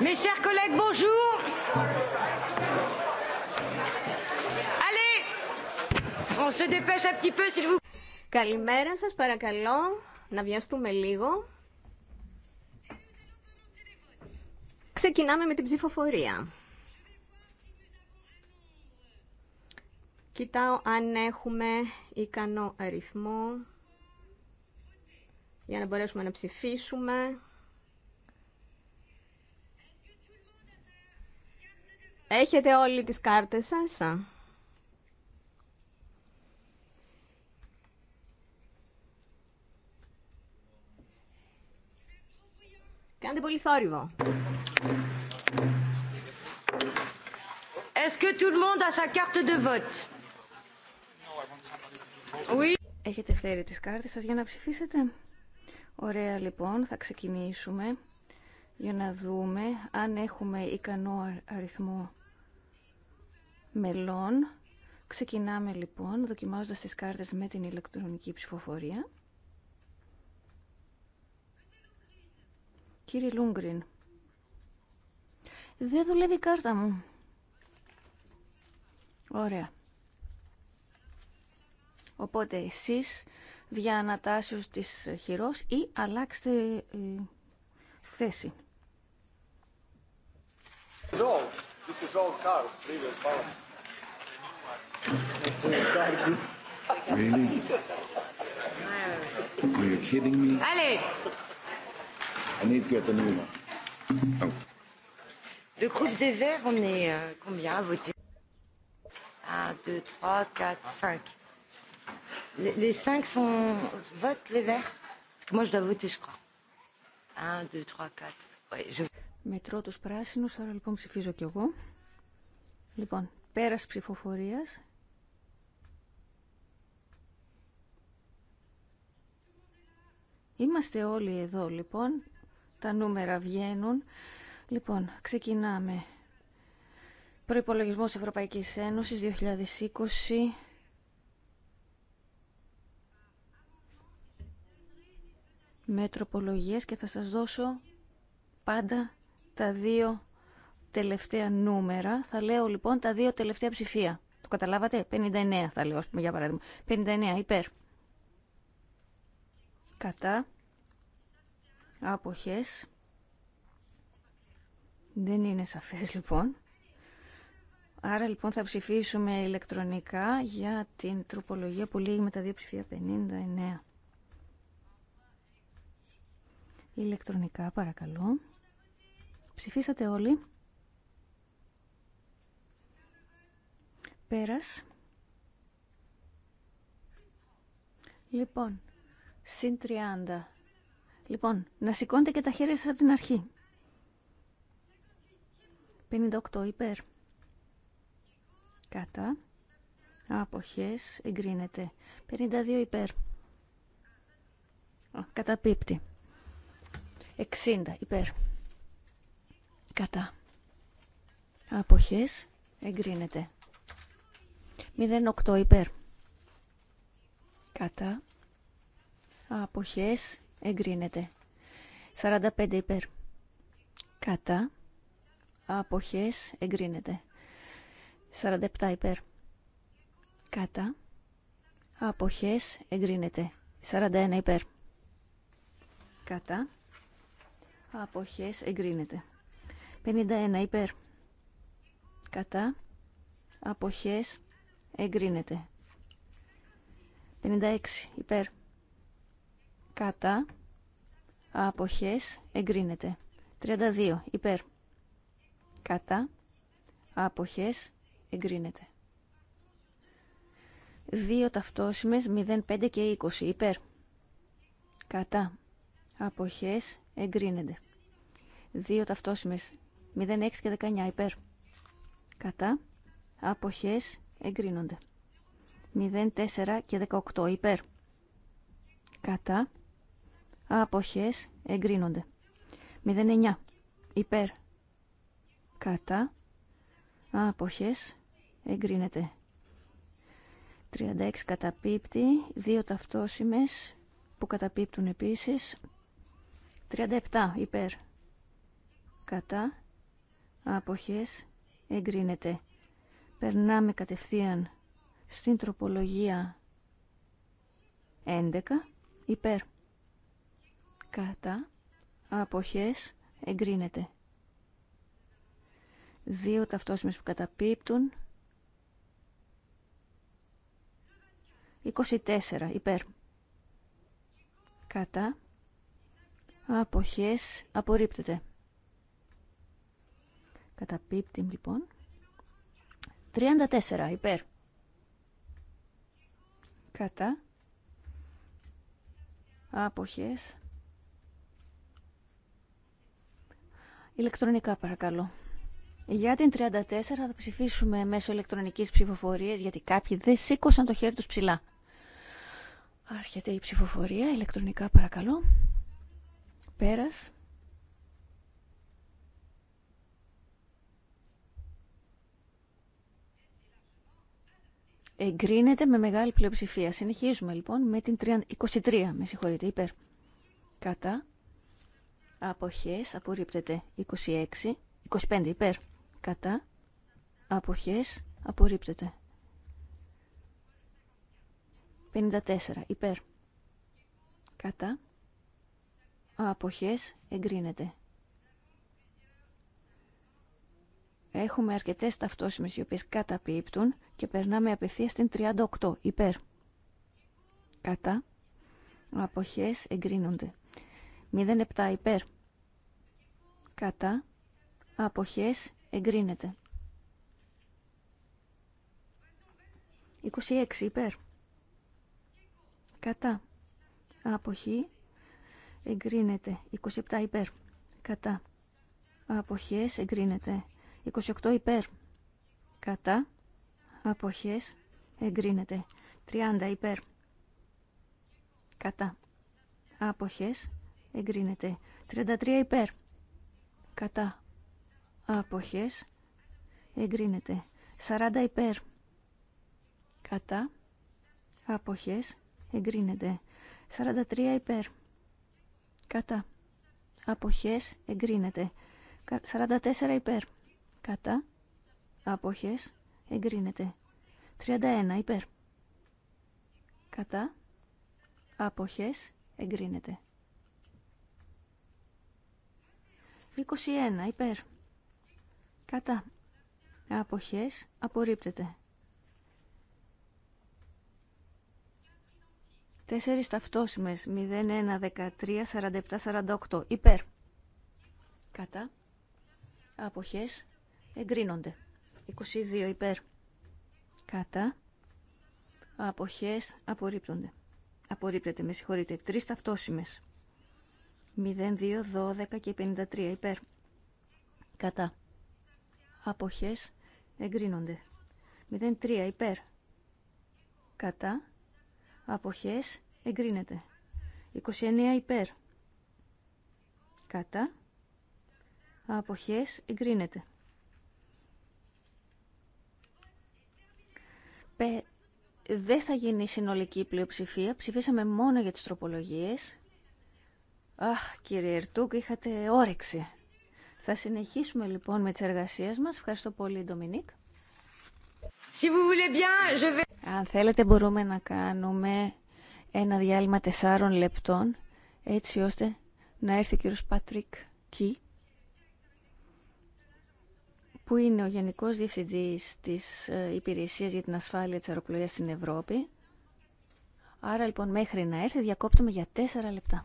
Mes chers collègues, bonjour. Allez, on se dépêche un Καλημέρα σας, παρακαλώ να βιαστούμε λίγο. Ξεκινάμε με την ψηφοφορία. Κοιτάω αν έχουμε ικανό αριθμό για να μπορέσουμε να ψηφίσουμε. Έχετε όλοι τις κάρτες σας. Κάντε πολύ θόρυβο. Est-ce Έχετε φέρει τις κάρτες σας για να ψηφίσετε. Ωραία λοιπόν, θα ξεκινήσουμε για να δούμε αν έχουμε ικανό αριθμό μελών. Ξεκινάμε λοιπόν δοκιμάζοντας τις κάρτες με την ηλεκτρονική ψηφοφορία. Κύριε Λούγκριν, δεν δουλεύει η κάρτα μου. Ωραία. Οπότε εσείς διανατάσσεως της χειρός ή αλλάξτε ε, θέση. Really? Are you kidding me? Allez! I need to get the new one. Oh. Le groupe des Verts, on est euh, combien à voter 1, 2, 3, 4, 5. Les 5 sont... votent les Verts Parce que moi, je dois voter, je crois. 1, 2, 3, 4. Ouais, je... Μετρώ τους πράσινους, άρα λοιπόν ψηφίζω κι εγώ. Λοιπόν, πέρας ψηφοφορίας, Είμαστε όλοι εδώ λοιπόν. Τα νούμερα βγαίνουν. Λοιπόν, ξεκινάμε. Προϋπολογισμός Ευρωπαϊκής Ένωσης 2020. Μετροπολογίες και θα σας δώσω πάντα τα δύο τελευταία νούμερα. Θα λέω λοιπόν τα δύο τελευταία ψηφία. Το καταλάβατε? 59 θα λέω για παράδειγμα. 59 υπέρ κατά άποχες δεν είναι σαφές λοιπόν άρα λοιπόν θα ψηφίσουμε ηλεκτρονικά για την τροπολογία που λύγει με τα δύο ψηφία 59 ηλεκτρονικά παρακαλώ ψηφίσατε όλοι πέρας Λοιπόν, Συν 30. Λοιπόν, να σηκώνετε και τα χέρια σας από την αρχή. 58 υπέρ. Κατά. Αποχές. Εγκρίνεται. 52 υπέρ. Καταπίπτει. 60 υπέρ. Κατά. Αποχές. Εγκρίνεται. 08 υπέρ. Κατά αποχές εγκρίνεται 45 υπέρ κατά αποχές εγκρίνεται 47 υπέρ κατά αποχές εγκρίνεται 41 υπέρ κατά αποχές εγκρίνεται 51 υπέρ κατά αποχές εγκρίνεται 56 υπέρ κατά, αποχές, εγκρίνεται. 32. Υπέρ, κατά, αποχές, εγκρίνεται. 2 ταυτόσημες 05 και 20. Υπέρ, κατά, αποχές, εγκρίνεται. 2 ταυτόσημες 06 και 19. Υπέρ, κατά, αποχές, εγκρίνονται. 04 και 18. Υπέρ, κατά, αποχές εγκρίνονται. 09. Υπέρ. Κατά. Αποχές εγκρίνεται. 36 καταπίπτει. Δύο ταυτόσημες που καταπίπτουν επίσης. 37. Υπέρ. Κατά. Αποχές εγκρίνεται. Περνάμε κατευθείαν στην τροπολογία 11. Υπέρ κατά αποχές εγκρίνεται. Δύο ταυτόσημες που καταπίπτουν. 24 υπέρ. Κατά αποχές απορρίπτεται. Καταπίπτει λοιπόν. 34 υπέρ. Κατά αποχές Ηλεκτρονικά παρακαλώ. Για την 34 θα ψηφίσουμε μέσω ηλεκτρονικής ψηφοφορίας γιατί κάποιοι δεν σήκωσαν το χέρι τους ψηλά. Άρχεται η ψηφοφορία ηλεκτρονικά παρακαλώ. Πέρας. Εγκρίνεται με μεγάλη πλειοψηφία. Συνεχίζουμε λοιπόν με την 23, με συγχωρείτε, υπέρ. Κατά. Αποχές απορρίπτεται 26, 25 υπέρ. Κατά. Αποχές απορρίπτεται. 54 υπέρ. Κατά. Αποχές εγκρίνεται. Έχουμε αρκετές ταυτόσημες οι οποίες καταπίπτουν και περνάμε απευθείας στην 38 υπέρ. Κατά. Αποχές εγκρίνονται. 07 υπέρ. Κατά. Αποχές εγκρίνεται. 26 υπέρ. Κατά. Αποχή εγκρίνεται. 27 υπέρ. Κατά. Αποχές εγκρίνεται. 28 υπέρ. Κατά. Αποχές εγκρίνεται. 30 υπέρ. Κατά. Άποχες εγκρίνεται. 33 υπέρ κατά αποχές εγκρίνεται. 40 υπέρ κατά αποχές εγκρίνεται. 43 υπέρ κατά αποχές εγκρίνεται. 44 υπέρ κατά αποχές εγκρίνεται. 31 υπέρ κατά αποχές εγκρίνεται. 21 υπέρ. Κατά. Αποχές απορρίπτεται. Τέσσερις 0 1, 13, 47, 48 υπέρ. Κατά. Αποχές εγκρίνονται. 22 υπέρ. Κατά. Αποχές απορρίπτονται. Απορρίπτεται, με συγχωρείτε. Τρεις ταυτόσημες. 02, 12 και 53 υπέρ. Κατά. Αποχές εγκρίνονται. 03 υπέρ. Κατά. Αποχές εγκρίνεται. 29 υπέρ. Κατά. Αποχές εγκρίνεται. Δεν θα γίνει συνολική πλειοψηφία. Ψηφίσαμε μόνο για τις τροπολογίες. Αχ, κύριε Ερτούκ, είχατε όρεξη. Θα συνεχίσουμε λοιπόν με τις εργασίες μας. Ευχαριστώ πολύ, Ντομινίκ. Αν θέλετε μπορούμε να κάνουμε ένα διάλειμμα τεσσάρων λεπτών, έτσι ώστε να έρθει ο κύριος Πάτρικ Κι, που είναι ο Γενικός Διευθυντής της ε, Υπηρεσίας για την Ασφάλεια της Αεροπλοίας στην Ευρώπη. Άρα λοιπόν μέχρι να έρθει διακόπτουμε για τέσσερα λεπτά.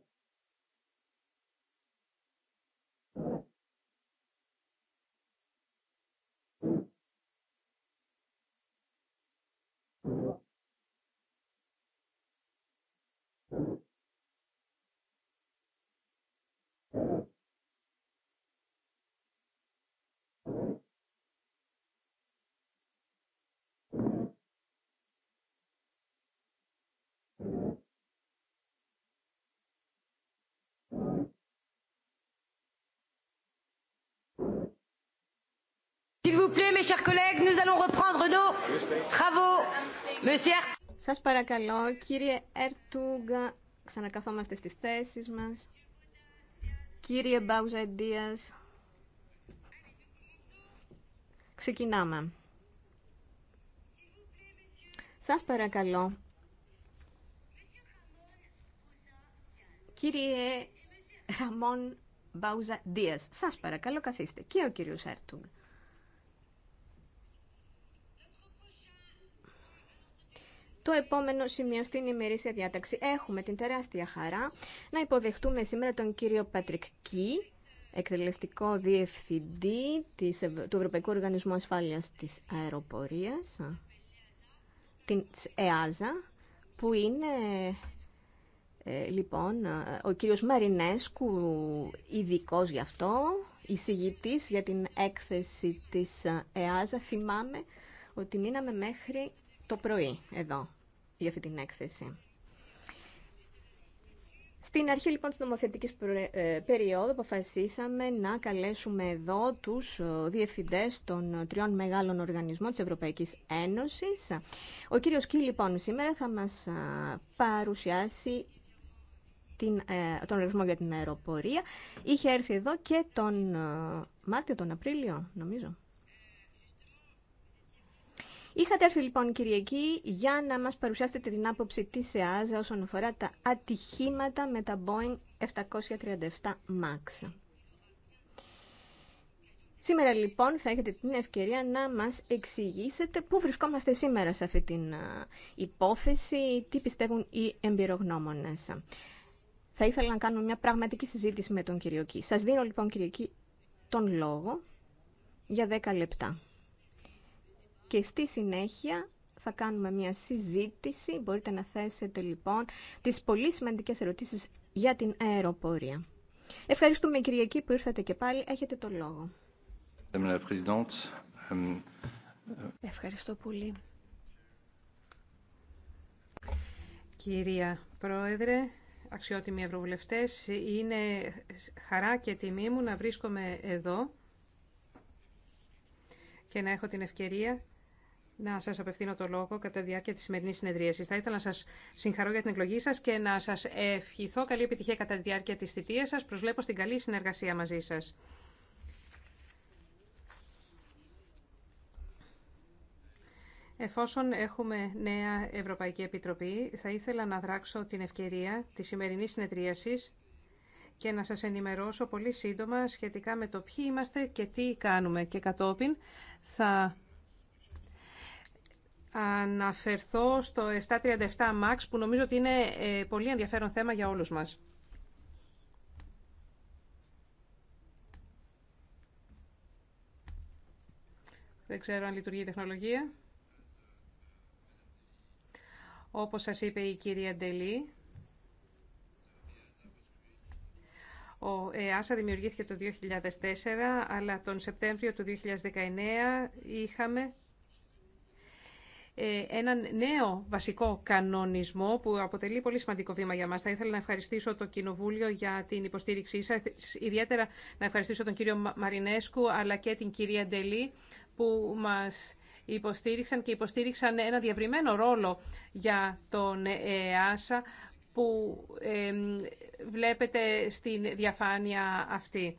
mes chers collègues, nous allons reprendre nos travaux. Monsieur... Σας παρακαλώ, κύριε Ερτούγκα, ξανακαθόμαστε στις θέσεις μας. Κύριε Μπάουζα ξεκινάμε. Σας παρακαλώ, κύριε Ραμόν Μπάουζα Δίας, σας παρακαλώ καθίστε και ο κύριος Ερτούγκα. Το επόμενο σημείο στην ημερήσια διάταξη. Έχουμε την τεράστια χαρά να υποδεχτούμε σήμερα τον κύριο Πατρικ Κι, εκτελεστικό διευθυντή του Ευρωπαϊκού Οργανισμού Ασφάλειας της Αεροπορίας, την ΕΑΖΑ, που είναι ε, λοιπόν, ε, ο κύριος Μαρινέσκου, ειδικό γι' αυτό, εισηγητής για την έκθεση της ΕΑΖΑ, θυμάμαι ότι μείναμε μέχρι το πρωί εδώ για αυτή την έκθεση. Στην αρχή λοιπόν της νομοθετικής ε, περίοδου αποφασίσαμε να καλέσουμε εδώ τους ε, διευθυντές των τριών μεγάλων οργανισμών της Ευρωπαϊκής Ένωσης. Ο κύριος Κί λοιπόν σήμερα θα μας παρουσιάσει την, ε, τον οργανισμό για την αεροπορία. Είχε έρθει εδώ και τον Μάρτιο, τον Απρίλιο νομίζω. Είχατε έρθει λοιπόν Κυριακή για να μας παρουσιάσετε την άποψη της ΕΑΖΑ όσον αφορά τα ατυχήματα με τα Boeing 737 MAX. Σήμερα λοιπόν θα έχετε την ευκαιρία να μας εξηγήσετε πού βρισκόμαστε σήμερα σε αυτή την υπόθεση, τι πιστεύουν οι εμπειρογνώμονες. Θα ήθελα να κάνουμε μια πραγματική συζήτηση με τον Κυριακή. Σας δίνω λοιπόν Κυριακή τον λόγο για 10 λεπτά και στη συνέχεια θα κάνουμε μια συζήτηση. Μπορείτε να θέσετε λοιπόν τις πολύ σημαντικές ερωτήσεις για την αεροπορία. Ευχαριστούμε Κυριακή που ήρθατε και πάλι. Έχετε το λόγο. Euh, Ευχαριστώ πολύ. Κυρία Πρόεδρε, αξιότιμοι ευρωβουλευτές, είναι χαρά και τιμή μου να βρίσκομαι εδώ και να έχω την ευκαιρία να σας απευθύνω το λόγο κατά τη διάρκεια της σημερινής συνεδρίασης. Θα ήθελα να σας συγχαρώ για την εκλογή σας και να σας ευχηθώ καλή επιτυχία κατά τη διάρκεια της θητείας σας. Προσβλέπω στην καλή συνεργασία μαζί σας. Εφόσον έχουμε νέα Ευρωπαϊκή Επιτροπή, θα ήθελα να δράξω την ευκαιρία της σημερινής συνεδρίασης και να σας ενημερώσω πολύ σύντομα σχετικά με το ποιοι είμαστε και τι κάνουμε. Και κατόπιν θα αναφερθώ στο 737 Max που νομίζω ότι είναι ε, πολύ ενδιαφέρον θέμα για όλους μας. Δεν ξέρω αν λειτουργεί η τεχνολογία. Όπως σας είπε η κυρία Ντελή, Ο ΕΑΣΑ δημιουργήθηκε το 2004, αλλά τον Σεπτέμβριο του 2019 είχαμε ε, έναν νέο βασικό κανονισμό που αποτελεί πολύ σημαντικό βήμα για μας. Θα ήθελα να ευχαριστήσω το Κοινοβούλιο για την υποστήριξή σας, ιδιαίτερα να ευχαριστήσω τον κύριο Μαρινέσκου αλλά και την κυρία Ντελή που μας υποστήριξαν και υποστήριξαν ένα διαβριμένο ρόλο για τον ΕΑΣΑ που βλέπετε στην διαφάνεια αυτή.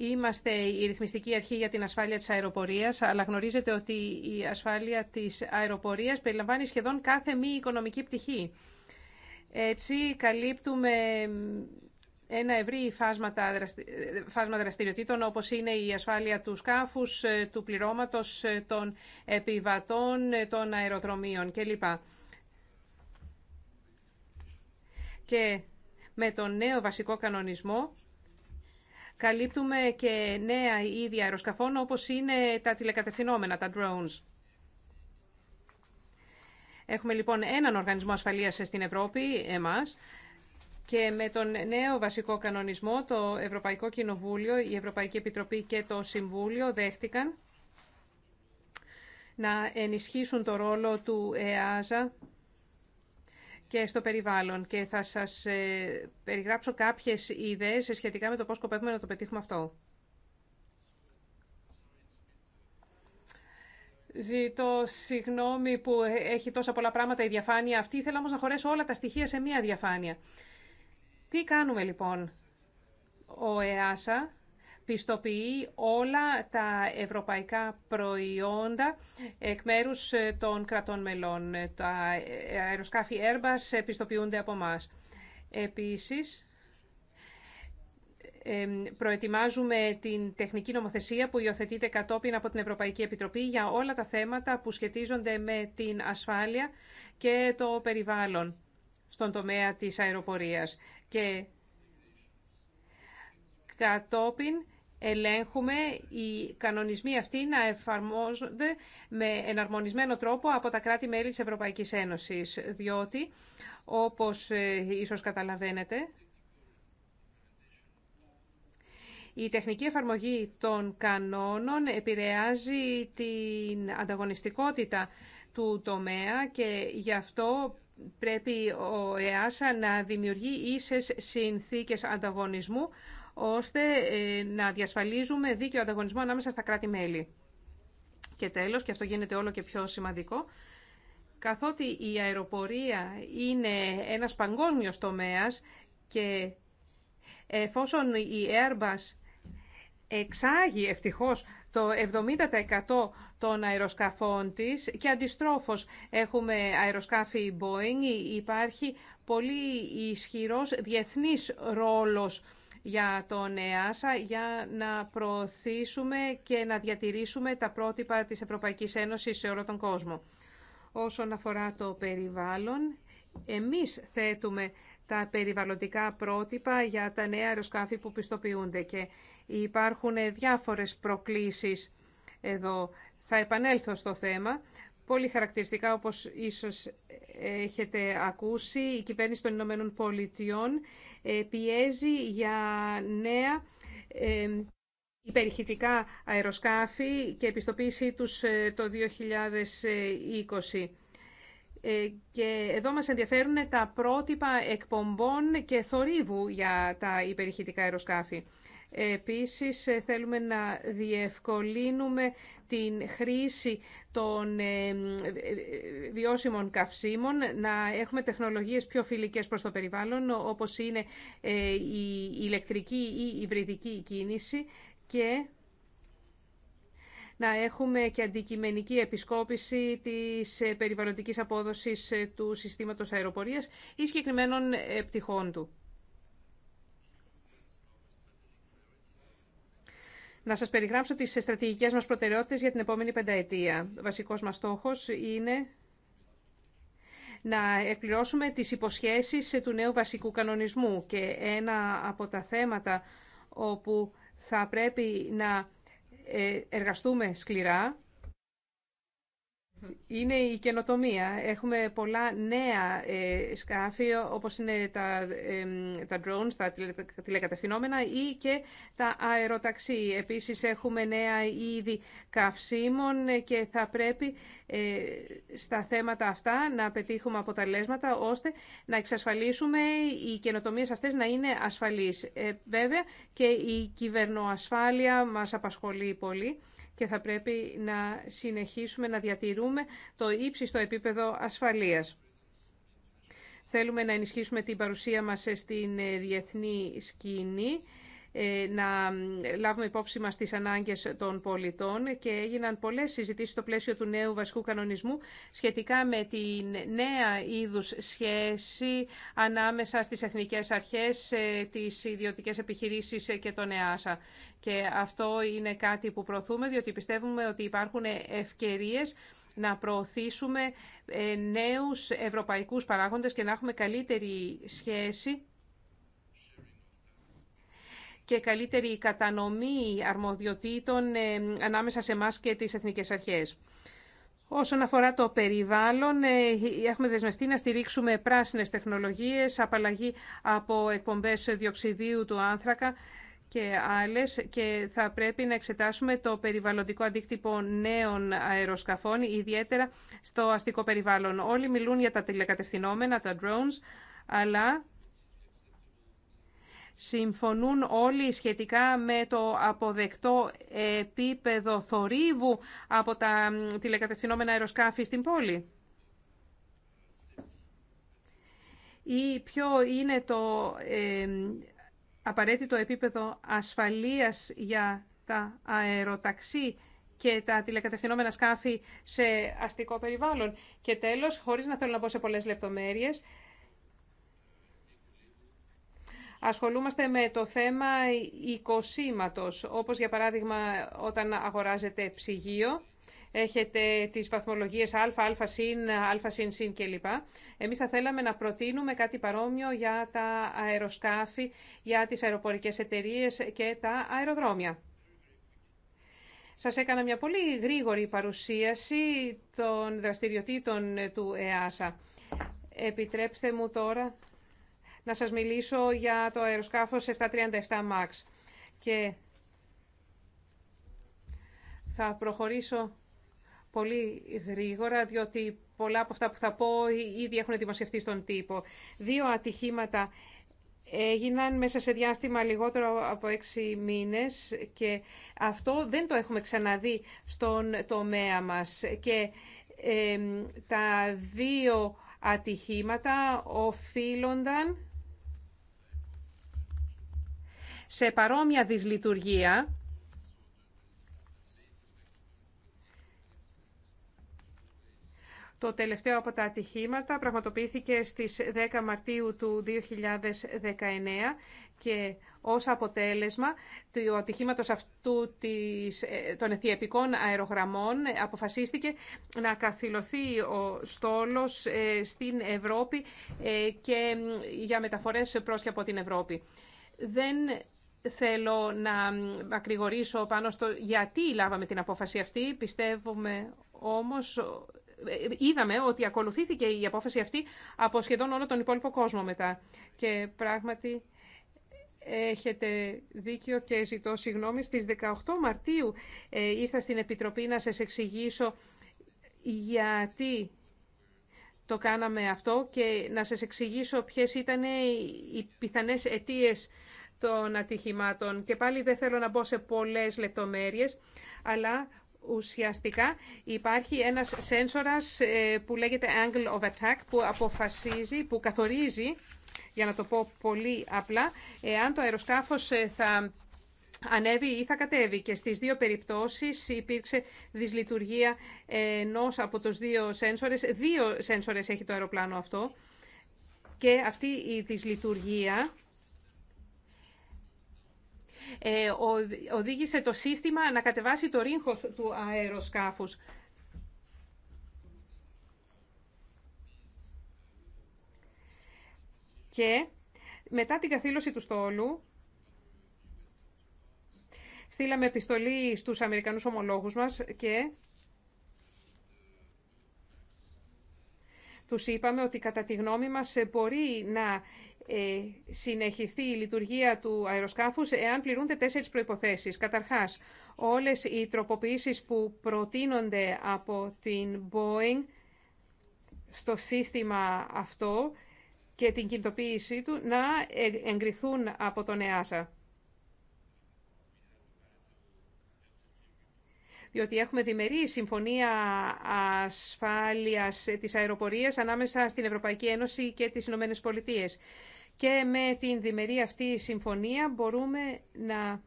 Είμαστε η ρυθμιστική αρχή για την ασφάλεια της αεροπορίας, αλλά γνωρίζετε ότι η ασφάλεια της αεροπορίας περιλαμβάνει σχεδόν κάθε μη οικονομική πτυχή. Έτσι, καλύπτουμε ένα ευρύ φάσμα δραστηριοτήτων, όπως είναι η ασφάλεια του σκάφους, του πληρώματος, των επιβατών, των αεροδρομίων κλπ. Και με τον νέο βασικό κανονισμό, καλύπτουμε και νέα είδη αεροσκαφών όπως είναι τα τηλεκατευθυνόμενα, τα drones. Έχουμε λοιπόν έναν οργανισμό ασφαλείας στην Ευρώπη, εμάς, και με τον νέο βασικό κανονισμό, το Ευρωπαϊκό Κοινοβούλιο, η Ευρωπαϊκή Επιτροπή και το Συμβούλιο δέχτηκαν να ενισχύσουν το ρόλο του ΕΑΖΑ και στο περιβάλλον και θα σας ε, περιγράψω κάποιες ιδέες σχετικά με το πώς σκοπεύουμε να το πετύχουμε αυτό. Ζητώ συγγνώμη που ε, έχει τόσα πολλά πράγματα η διαφάνεια αυτή, ήθελα όμως να χωρέσω όλα τα στοιχεία σε μία διαφάνεια. Τι κάνουμε λοιπόν. Ο ΕΑΣΑ πιστοποιεί όλα τα ευρωπαϊκά προϊόντα εκ μέρους ε, των κρατών μελών. Τα ε, αεροσκάφη Airbus πιστοποιούνται από μας. Επίσης, προετοιμάζουμε την τεχνική νομοθεσία που υιοθετείται κατόπιν από την Ευρωπαϊκή Επιτροπή για όλα τα θέματα που σχετίζονται με την ασφάλεια και το περιβάλλον στον τομέα της αεροπορίας. Και κατόπιν ελέγχουμε οι κανονισμοί αυτοί να εφαρμόζονται με εναρμονισμένο τρόπο από τα κράτη-μέλη της Ευρωπαϊκής Ένωσης, διότι, όπως ε, ίσως καταλαβαίνετε, η τεχνική εφαρμογή των κανόνων επηρεάζει την ανταγωνιστικότητα του τομέα και γι' αυτό πρέπει ο ΕΑΣΑ να δημιουργεί ίσες συνθήκες ανταγωνισμού ώστε ε, να διασφαλίζουμε δίκαιο ανταγωνισμό ανάμεσα στα κράτη-μέλη. Και τέλος, και αυτό γίνεται όλο και πιο σημαντικό, καθότι η αεροπορία είναι ένας παγκόσμιος τομέας και εφόσον η Airbus εξάγει ευτυχώς το 70% των αεροσκαφών της και αντιστρόφως έχουμε αεροσκάφη Boeing, υπάρχει πολύ ισχυρός διεθνής ρόλος για τον ΝΕΑΣΑ για να προωθήσουμε και να διατηρήσουμε τα πρότυπα της Ευρωπαϊκής Ένωσης σε όλο τον κόσμο. Όσον αφορά το περιβάλλον, εμείς θέτουμε τα περιβαλλοντικά πρότυπα για τα νέα αεροσκάφη που πιστοποιούνται και υπάρχουν διάφορες προκλήσεις εδώ. Θα επανέλθω στο θέμα. Πολύ χαρακτηριστικά, όπως ίσως έχετε ακούσει, η κυβέρνηση των Ηνωμένων Πολιτειών ε, πιέζει για νέα ε, υπερηχητικά αεροσκάφη και επιστοποίησή τους ε, το 2020. Και εδώ μας ενδιαφέρουν τα πρότυπα εκπομπών και θορύβου για τα υπερηχητικά αεροσκάφη. Επίσης ε, θέλουμε να διευκολύνουμε την χρήση των ε, ε, βιώσιμων καυσίμων, να έχουμε τεχνολογίες πιο φιλικές προς το περιβάλλον, όπως είναι η ηλεκτρική ή υβριδική κίνηση και να έχουμε και αντικειμενική επισκόπηση της περιβαλλοντικής απόδοσης του συστήματος αεροπορίας ή συγκεκριμένων πτυχών του. Να σας περιγράψω τις στρατηγικές μας προτεραιότητες για την επόμενη πενταετία. Ο βασικός μας στόχος είναι να εκπληρώσουμε τις υποσχέσεις του νέου βασικού κανονισμού και ένα από τα θέματα όπου θα πρέπει να ε, εργαστούμε σκληρά είναι η καινοτομία. Έχουμε πολλά νέα ε, σκάφη, όπως είναι τα, τα drones, τα τηλεκατευθυνόμενα ή και τα αεροταξί. Επίσης, έχουμε νέα είδη καυσίμων και θα πρέπει ε, στα θέματα αυτά να πετύχουμε αποτελέσματα, ώστε να εξασφαλίσουμε οι καινοτομίε αυτές να είναι ασφαλείς. Ε, βέβαια, και η κυβερνοασφάλεια μας απασχολεί πολύ και θα πρέπει να συνεχίσουμε να διατηρούμε το ύψιστο επίπεδο ασφαλείας. Θέλουμε να ενισχύσουμε την παρουσία μας στην ε, διεθνή σκηνή ε, να λάβουμε υπόψη μας τις ανάγκες των πολιτών και έγιναν πολλές συζητήσεις στο πλαίσιο του νέου βασικού κανονισμού σχετικά με τη νέα είδους σχέση ανάμεσα στις εθνικές αρχές, ε, τις ιδιωτικές επιχειρήσεις ε, και τον ΕΑΣΑ. Και αυτό είναι κάτι που προωθούμε διότι πιστεύουμε ότι υπάρχουν ευκαιρίες να προωθήσουμε νέους ευρωπαϊκούς παράγοντες και να έχουμε καλύτερη σχέση και καλύτερη κατανομή αρμοδιοτήτων ε, ανάμεσα σε εμά και τις εθνικές αρχές. Όσον αφορά το περιβάλλον, ε, έχουμε δεσμευτεί να στηρίξουμε πράσινες τεχνολογίες, απαλλαγή από εκπομπές διοξιδίου του άνθρακα και άλλες και θα πρέπει να εξετάσουμε το περιβαλλοντικό αντίκτυπο νέων αεροσκαφών, ιδιαίτερα στο αστικό περιβάλλον. Όλοι μιλούν για τα τηλεκατευθυνόμενα, τα drones, αλλά Συμφωνούν όλοι σχετικά με το αποδεκτό επίπεδο θορύβου από τα τηλεκατευθυνόμενα αεροσκάφη στην πόλη. Ή ποιο είναι το ε, απαραίτητο επίπεδο ασφαλείας για τα αεροταξί και τα τηλεκατευθυνόμενα σκάφη σε αστικό περιβάλλον. Και τέλος, χωρίς να θέλω να πω σε πολλές λεπτομέρειες, ασχολούμαστε με το θέμα οικοσήματος, όπως για παράδειγμα όταν αγοράζετε ψυγείο, έχετε τις βαθμολογίες α, α συν, α συν συν κλπ. Εμείς θα θέλαμε να προτείνουμε κάτι παρόμοιο για τα αεροσκάφη, για τις αεροπορικές εταιρείες και τα αεροδρόμια. Σας έκανα μια πολύ γρήγορη παρουσίαση των δραστηριοτήτων του ΕΑΣΑ. Επιτρέψτε μου τώρα να σας μιλήσω για το αεροσκάφος 737 MAX. Και θα προχωρήσω πολύ γρήγορα, διότι πολλά από αυτά που θα πω ήδη έχουν δημοσιευτεί στον τύπο. Δύο ατυχήματα έγιναν μέσα σε διάστημα λιγότερο από έξι μήνες και αυτό δεν το έχουμε ξαναδεί στον τομέα μας. Και τα δύο ατυχήματα οφείλονταν σε παρόμοια δυσλειτουργία Το τελευταίο από τα ατυχήματα πραγματοποιήθηκε στις 10 Μαρτίου του 2019 και ως αποτέλεσμα του ατυχήματος αυτού της, ε, των εθιεπικών αερογραμμών αποφασίστηκε να καθυλωθεί ο στόλος ε, στην Ευρώπη ε, και για μεταφορές προς και από την Ευρώπη. Δεν θέλω να ακρηγορήσω πάνω στο γιατί λάβαμε την απόφαση αυτή. Πιστεύουμε όμως, ε, είδαμε ότι ακολουθήθηκε η απόφαση αυτή από σχεδόν όλο τον υπόλοιπο κόσμο μετά. Και πράγματι έχετε δίκιο και ζητώ συγγνώμη. Στις 18 Μαρτίου ε, ήρθα στην Επιτροπή να σας εξηγήσω γιατί το κάναμε αυτό και να σας εξηγήσω ποιες ήταν οι πιθανές αιτίες των ατυχημάτων. Και πάλι δεν θέλω να μπω σε πολλές λεπτομέρειες, αλλά ουσιαστικά υπάρχει ένας σένσορας ε, που λέγεται angle of attack που αποφασίζει, που καθορίζει, για να το πω πολύ απλά, εάν το αεροσκάφος ε, θα ανέβει ή θα κατέβει. Και στις δύο περιπτώσεις υπήρξε δυσλειτουργία ενό από τους δύο σένσορες. Δύο σένσορες έχει το αεροπλάνο αυτό. Και αυτή η δυσλειτουργία ε, οδήγησε το σύστημα να κατεβάσει το ρίγχος του αεροσκάφους. Και μετά την καθήλωση του στόλου, στείλαμε επιστολή στους Αμερικανούς ομολόγους μας και τους είπαμε ότι κατά τη γνώμη μας μπορεί να ε, συνεχιστεί η λειτουργία του αεροσκάφους εάν πληρούνται τέσσερις προϋποθέσεις. Καταρχάς, όλες οι τροποποιήσεις που προτείνονται από την Boeing στο σύστημα αυτό και την κινητοποίησή του να ε, εγκριθούν από τον ΕΑΣΑ. διότι έχουμε διμερή συμφωνία ασφάλειας της αεροπορίας ανάμεσα στην Ευρωπαϊκή Ένωση και τις Ηνωμένε Πολιτείες. Και με την διμερή αυτή συμφωνία μπορούμε να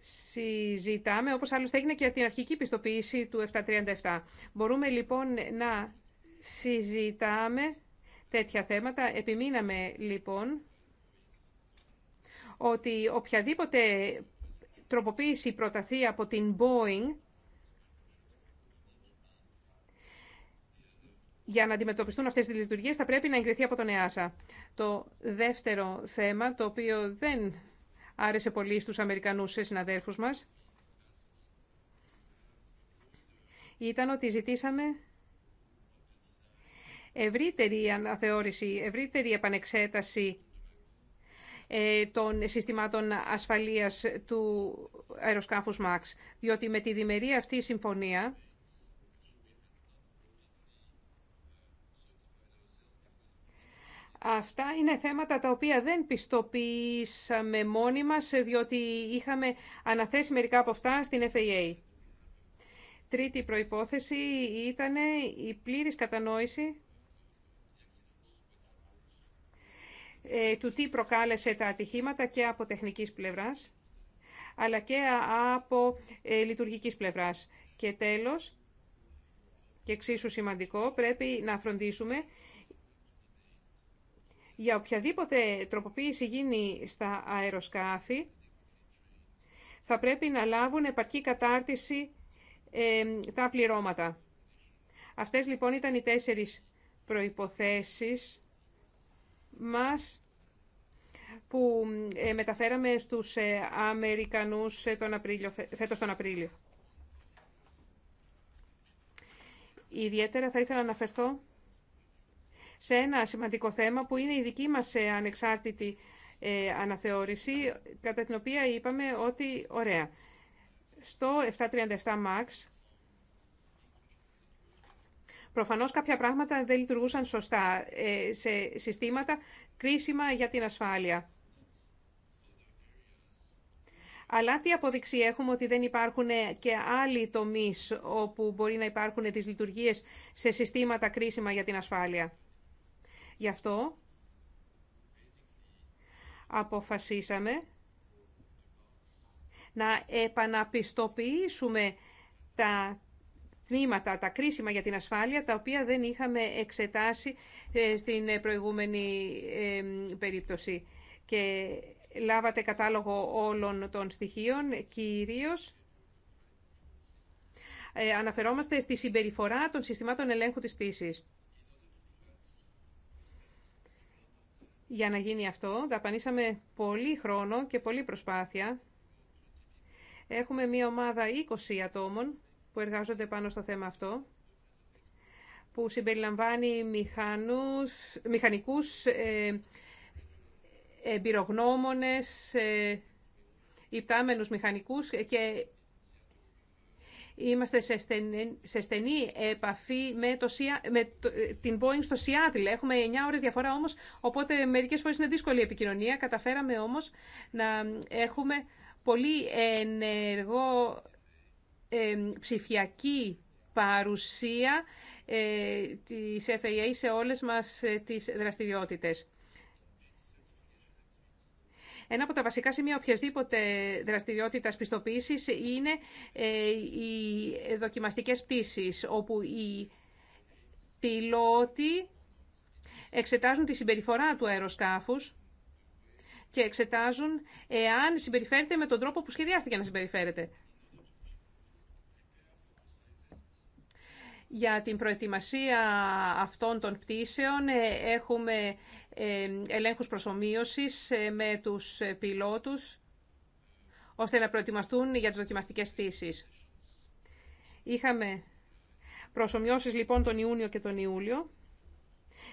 συζητάμε, όπως άλλωστε έγινε και την αρχική πιστοποίηση του 737. Μπορούμε λοιπόν να συζητάμε τέτοια θέματα. Επιμείναμε λοιπόν ότι οποιαδήποτε τροποποίηση προταθεί από την Boeing για να αντιμετωπιστούν αυτές τις λειτουργίες θα πρέπει να εγκριθεί από τον ΕΑΣΑ. Το δεύτερο θέμα, το οποίο δεν άρεσε πολύ στους Αμερικανούς συναδέρφους μας, ήταν ότι ζητήσαμε ευρύτερη αναθεώρηση, ευρύτερη επανεξέταση ε, των συστημάτων ασφαλείας του αεροσκάφους ΜΑΞ, διότι με τη διμερή αυτή συμφωνία Αυτά είναι θέματα τα οποία δεν πιστοποιήσαμε μόνοι μας, διότι είχαμε αναθέσει μερικά από αυτά στην FAA. Τρίτη προϋπόθεση ήταν η πλήρης κατανόηση ε, του τι προκάλεσε τα ατυχήματα και από τεχνικής πλευράς, αλλά και από ε, λειτουργικής πλευράς. Και τέλος, και εξίσου σημαντικό, πρέπει να φροντίσουμε για οποιαδήποτε τροποποίηση γίνει στα αεροσκάφη, θα πρέπει να λάβουν επαρκή κατάρτιση ε, τα πληρώματα. Αυτές λοιπόν ήταν οι τέσσερις προϋποθέσεις μας που ε, μεταφέραμε στους ε, Αμερικανούς τον Απρίλιο, φέτος τον Απρίλιο. Ιδιαίτερα θα ήθελα να αναφερθώ σε ένα σημαντικό θέμα που είναι η δική μας ε, ανεξάρτητη ε, αναθεώρηση, κατά την οποία είπαμε ότι, ωραία, στο 737 MAX Προφανώς κάποια πράγματα δεν λειτουργούσαν σωστά ε, σε συστήματα κρίσιμα για την ασφάλεια. Αλλά τι αποδειξή έχουμε ότι δεν υπάρχουν και άλλοι τομείς όπου μπορεί να υπάρχουν τις λειτουργίες σε συστήματα κρίσιμα για την ασφάλεια. Γι' αυτό αποφασίσαμε να επαναπιστοποιήσουμε τα τμήματα, τα κρίσιμα για την ασφάλεια, τα οποία δεν είχαμε εξετάσει ε, στην ε, προηγούμενη ε, περίπτωση. Και λάβατε κατάλογο όλων των στοιχείων, κυρίως αναφερόμαστε στη συμπεριφορά των συστημάτων ελέγχου της πτήσης. Για να γίνει αυτό, δαπανίσαμε πολύ χρόνο και πολύ προσπάθεια. Έχουμε μία ομάδα 20 ατόμων που εργάζονται πάνω στο θέμα αυτό, που συμπεριλαμβάνει μηχανούς, μηχανικούς, ε, εμπειρογνώμονες, ε, υπτάμενους μηχανικούς και Είμαστε σε στενή, σε στενή επαφή με, το, με την Boeing στο Seattle. Έχουμε 9 ώρες διαφορά όμως, οπότε μερικές φορές είναι δύσκολη η επικοινωνία. Καταφέραμε όμως να έχουμε πολύ ενεργό ψηφιακή παρουσία ε, της FAA σε όλες μας ε, τις δραστηριότητες. Ένα από τα βασικά σημεία οποιασδήποτε δραστηριότητας πιστοποίησης είναι ε, οι δοκιμαστικές πτήσεις, όπου οι πιλότοι εξετάζουν τη συμπεριφορά του αεροσκάφους και εξετάζουν εάν συμπεριφέρεται με τον τρόπο που σχεδιάστηκε να συμπεριφέρεται. Για την προετοιμασία αυτών των πτήσεων ε, έχουμε ελέγχους προσωμείωσης ε, με τους ε, πιλότους, ώστε να προετοιμαστούν για τις δοκιμαστικές πτήσεις. Είχαμε προσωμιώσεις λοιπόν τον Ιούνιο και τον Ιούλιο,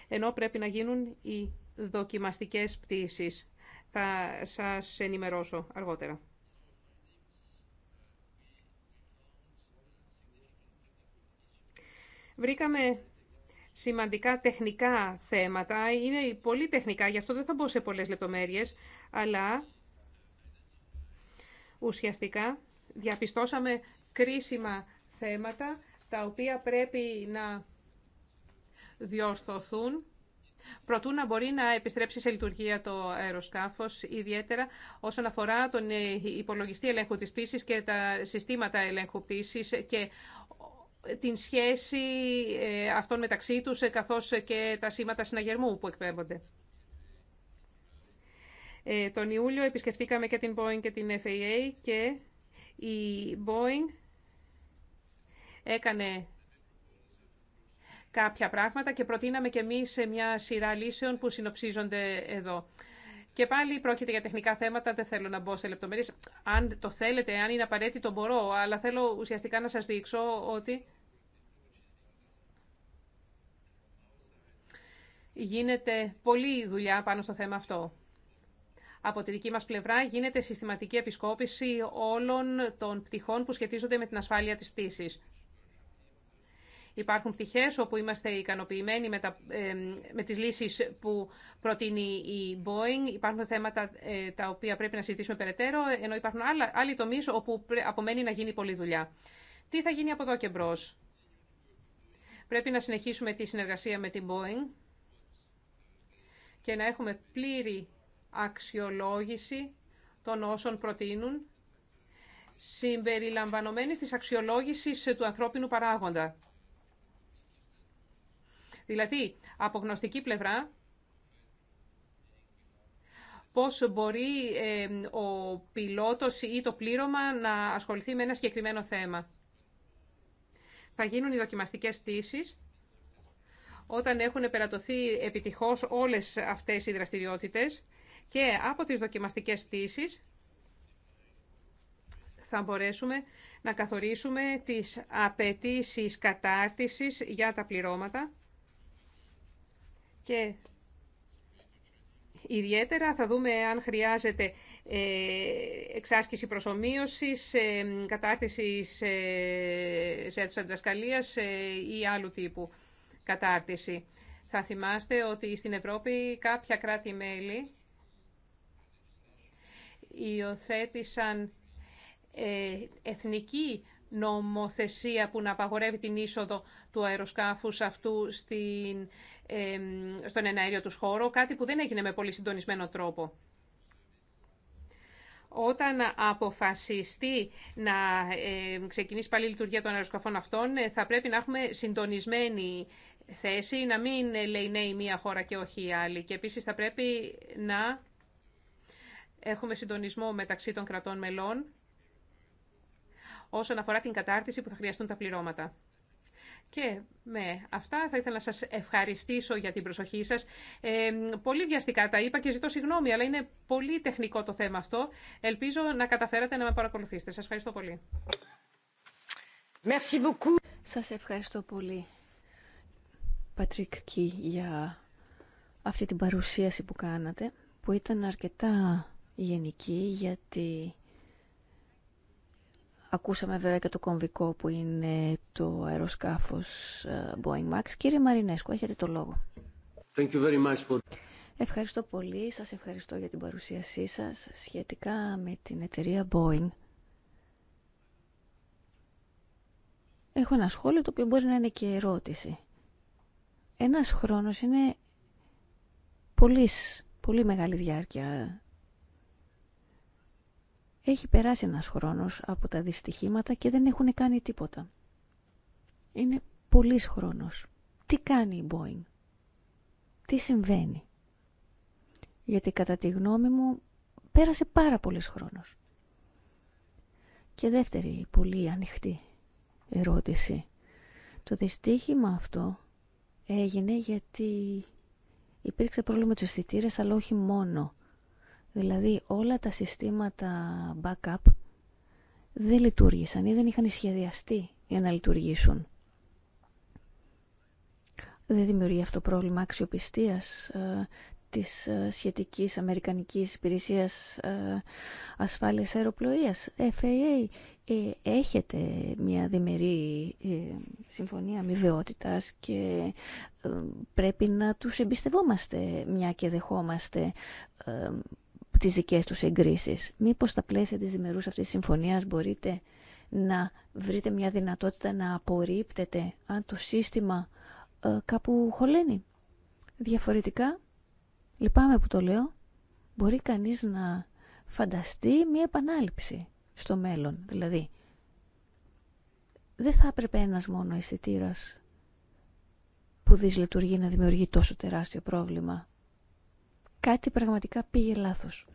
ενώ πρέπει να γίνουν οι δοκιμαστικές πτήσεις. Θα σας ενημερώσω αργότερα. Βρήκαμε σημαντικά τεχνικά θέματα. Είναι πολύ τεχνικά, γι' αυτό δεν θα μπω σε πολλές λεπτομέρειες, αλλά ουσιαστικά διαπιστώσαμε κρίσιμα θέματα τα οποία πρέπει να διορθωθούν προτού να μπορεί να επιστρέψει σε λειτουργία το αεροσκάφος, ιδιαίτερα όσον αφορά τον υπολογιστή ελέγχου της πτήσης και τα συστήματα ελέγχου πτήσης και την σχέση ε, αυτών μεταξύ τους, ε, καθώς ε, και τα σήματα συναγερμού που εκπέμπονται. Τον Ιούλιο επισκεφτήκαμε και την Boeing και την FAA και η Boeing έκανε κάποια πράγματα και προτείναμε και εμείς μια σειρά λύσεων που συνοψίζονται εδώ. Και πάλι πρόκειται για τεχνικά θέματα, δεν θέλω να μπω σε λεπτομέρειε. Αν το θέλετε, αν είναι απαραίτητο μπορώ, αλλά θέλω ουσιαστικά να σας δείξω ότι γίνεται πολλή δουλειά πάνω στο θέμα αυτό. Από τη δική μας πλευρά γίνεται συστηματική επισκόπηση όλων των πτυχών που σχετίζονται με την ασφάλεια της πτήσης. Υπάρχουν πτυχές όπου είμαστε ικανοποιημένοι με, τα, με τις λύσεις που προτείνει η Boeing. Υπάρχουν θέματα ε, τα οποία πρέπει να συζητήσουμε περαιτέρω, ενώ υπάρχουν άλλα, άλλοι τομείς όπου απομένει να γίνει πολλή δουλειά. Τι θα γίνει από εδώ και μπρος. Πρέπει να συνεχίσουμε τη συνεργασία με την Boeing και να έχουμε πλήρη αξιολόγηση των όσων προτείνουν, συμπεριλαμβανομένης της αξιολόγησης του ανθρώπινου παράγοντα. Δηλαδή, από γνωστική πλευρά, πώς μπορεί ο πιλότος ή το πλήρωμα να ασχοληθεί με ένα συγκεκριμένο θέμα. Θα γίνουν οι δοκιμαστικές πτήσεις όταν έχουν περατωθεί επιτυχώς όλες αυτές οι δραστηριότητες και από τις δοκιμαστικές πτήσει, θα μπορέσουμε να καθορίσουμε τις απαιτήσει κατάρτισης για τα πληρώματα και ιδιαίτερα θα δούμε αν χρειάζεται ε, εξάσκηση προσωμείωσης, ε, κατάρτιση σε, σε αίθουσα διδασκαλίας ε, ή άλλου τύπου κατάρτιση. Θα θυμάστε ότι στην Ευρώπη κάποια κράτη-μέλη υιοθέτησαν εθνική νομοθεσία που να απαγορεύει την είσοδο του αεροσκάφους αυτού στην, στον εναέριο τους χώρο, κάτι που δεν έγινε με πολύ συντονισμένο τρόπο. Όταν αποφασιστεί να ξεκινήσει πάλι η λειτουργία των αεροσκαφών αυτών, ε, θα πρέπει να έχουμε συντονισμένη θέση, να μην λέει ναι η μία χώρα και όχι η άλλη. Και επίσης θα πρέπει να έχουμε συντονισμό μεταξύ των κρατών μελών όσον αφορά την κατάρτιση που θα χρειαστούν τα πληρώματα. Και με αυτά θα ήθελα να σας ευχαριστήσω για την προσοχή σας. Ε, πολύ βιαστικά τα είπα και ζητώ συγγνώμη, αλλά είναι πολύ τεχνικό το θέμα αυτό. Ελπίζω να καταφέρατε να με παρακολουθήσετε. Σας ευχαριστώ πολύ. Merci beaucoup. Σας ευχαριστώ πολύ, Πατρίκ Κι, για αυτή την παρουσίαση που κάνατε, που ήταν αρκετά γενική, γιατί Ακούσαμε βέβαια και το κομβικό που είναι το αεροσκάφος ε, Boeing Max. Κύριε Μαρινέσκο, έχετε το λόγο. Thank you very Ευχαριστώ πολύ. Σας ευχαριστώ για την παρουσίασή σας σχετικά με την εταιρεία Boeing. Έχω ένα σχόλιο το οποίο μπορεί να είναι και ερώτηση. Ένας χρόνος είναι πολύς, πολύ μεγάλη διάρκεια έχει περάσει ένας χρόνος από τα δυστυχήματα και δεν έχουν κάνει τίποτα. Είναι πολύς χρόνος. Τι κάνει η Boeing. Τι συμβαίνει. Γιατί κατά τη γνώμη μου πέρασε πάρα πολύς χρόνος. Και δεύτερη πολύ ανοιχτή ερώτηση. Το δυστύχημα αυτό έγινε γιατί υπήρξε πρόβλημα του αισθητήρε, αλλά όχι μόνο. Δηλαδή όλα τα συστήματα backup δεν λειτουργήσαν ή δεν είχαν σχεδιαστεί για να λειτουργήσουν. Δεν δημιουργεί αυτό πρόβλημα αξιοπιστίας ε, της ε, σχετικής Αμερικανικής Υπηρεσίας ε, Ασφάλειας Αεροπλοείας, FAA. Ε, έχετε μια διμερή συμφωνία αμοιβαιότητας και πρέπει να τους εμπιστευόμαστε μια και δεχόμαστε τις δικές τους εγκρίσεις. Μήπως στα πλαίσια της δημερούς αυτής της συμφωνίας μπορείτε να βρείτε μια δυνατότητα να απορρίπτετε αν το σύστημα ε, κάπου χωλαίνει. Διαφορετικά, λυπάμαι που το λέω, μπορεί κανείς να φανταστεί μια επανάληψη στο μέλλον. Δηλαδή, δεν θα έπρεπε ένας μόνο αισθητήρα που δυσλειτουργεί να δημιουργεί τόσο τεράστιο πρόβλημα κάτι πραγματικά πήγε λάθος.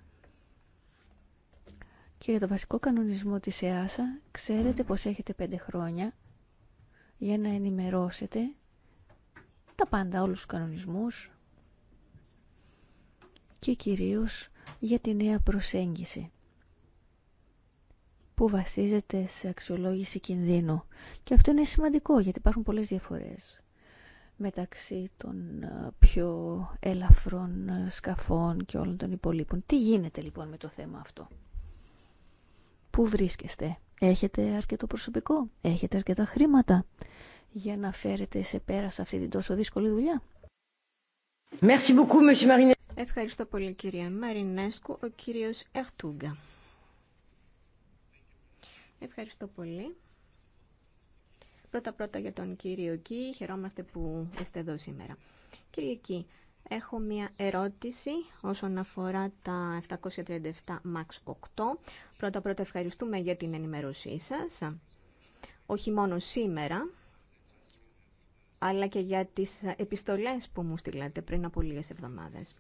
Και για το βασικό κανονισμό της ΕΑΣΑ ξέρετε πως έχετε πέντε χρόνια για να ενημερώσετε τα πάντα, όλους τους κανονισμούς και κυρίως για τη νέα προσέγγιση που βασίζεται σε αξιολόγηση κινδύνου. Και αυτό είναι σημαντικό γιατί υπάρχουν πολλές διαφορές μεταξύ των ε, πιο ελαφρών ε, σκαφών και όλων των υπολείπων. Τι γίνεται λοιπόν με το θέμα αυτό. Πού βρίσκεστε. Έχετε αρκετό προσωπικό. Έχετε αρκετά χρήματα για να φέρετε σε πέρα σε αυτή την τόσο δύσκολη δουλειά. Merci beaucoup, Ευχαριστώ πολύ κυρία Μαρινέσκου, ο κύριος Ερτούγκα. Ευχαριστώ πολύ. Πρώτα-πρώτα για τον κύριο Κι, χαιρόμαστε που είστε εδώ σήμερα. Κύριε Κι, έχω μία ερώτηση όσον αφορά τα 737 MAX 8. Πρώτα-πρώτα ευχαριστούμε για την ενημερωσή σας, όχι μόνο σήμερα, αλλά και για τις επιστολές που μου στείλατε πριν από λίγες εβδομάδες.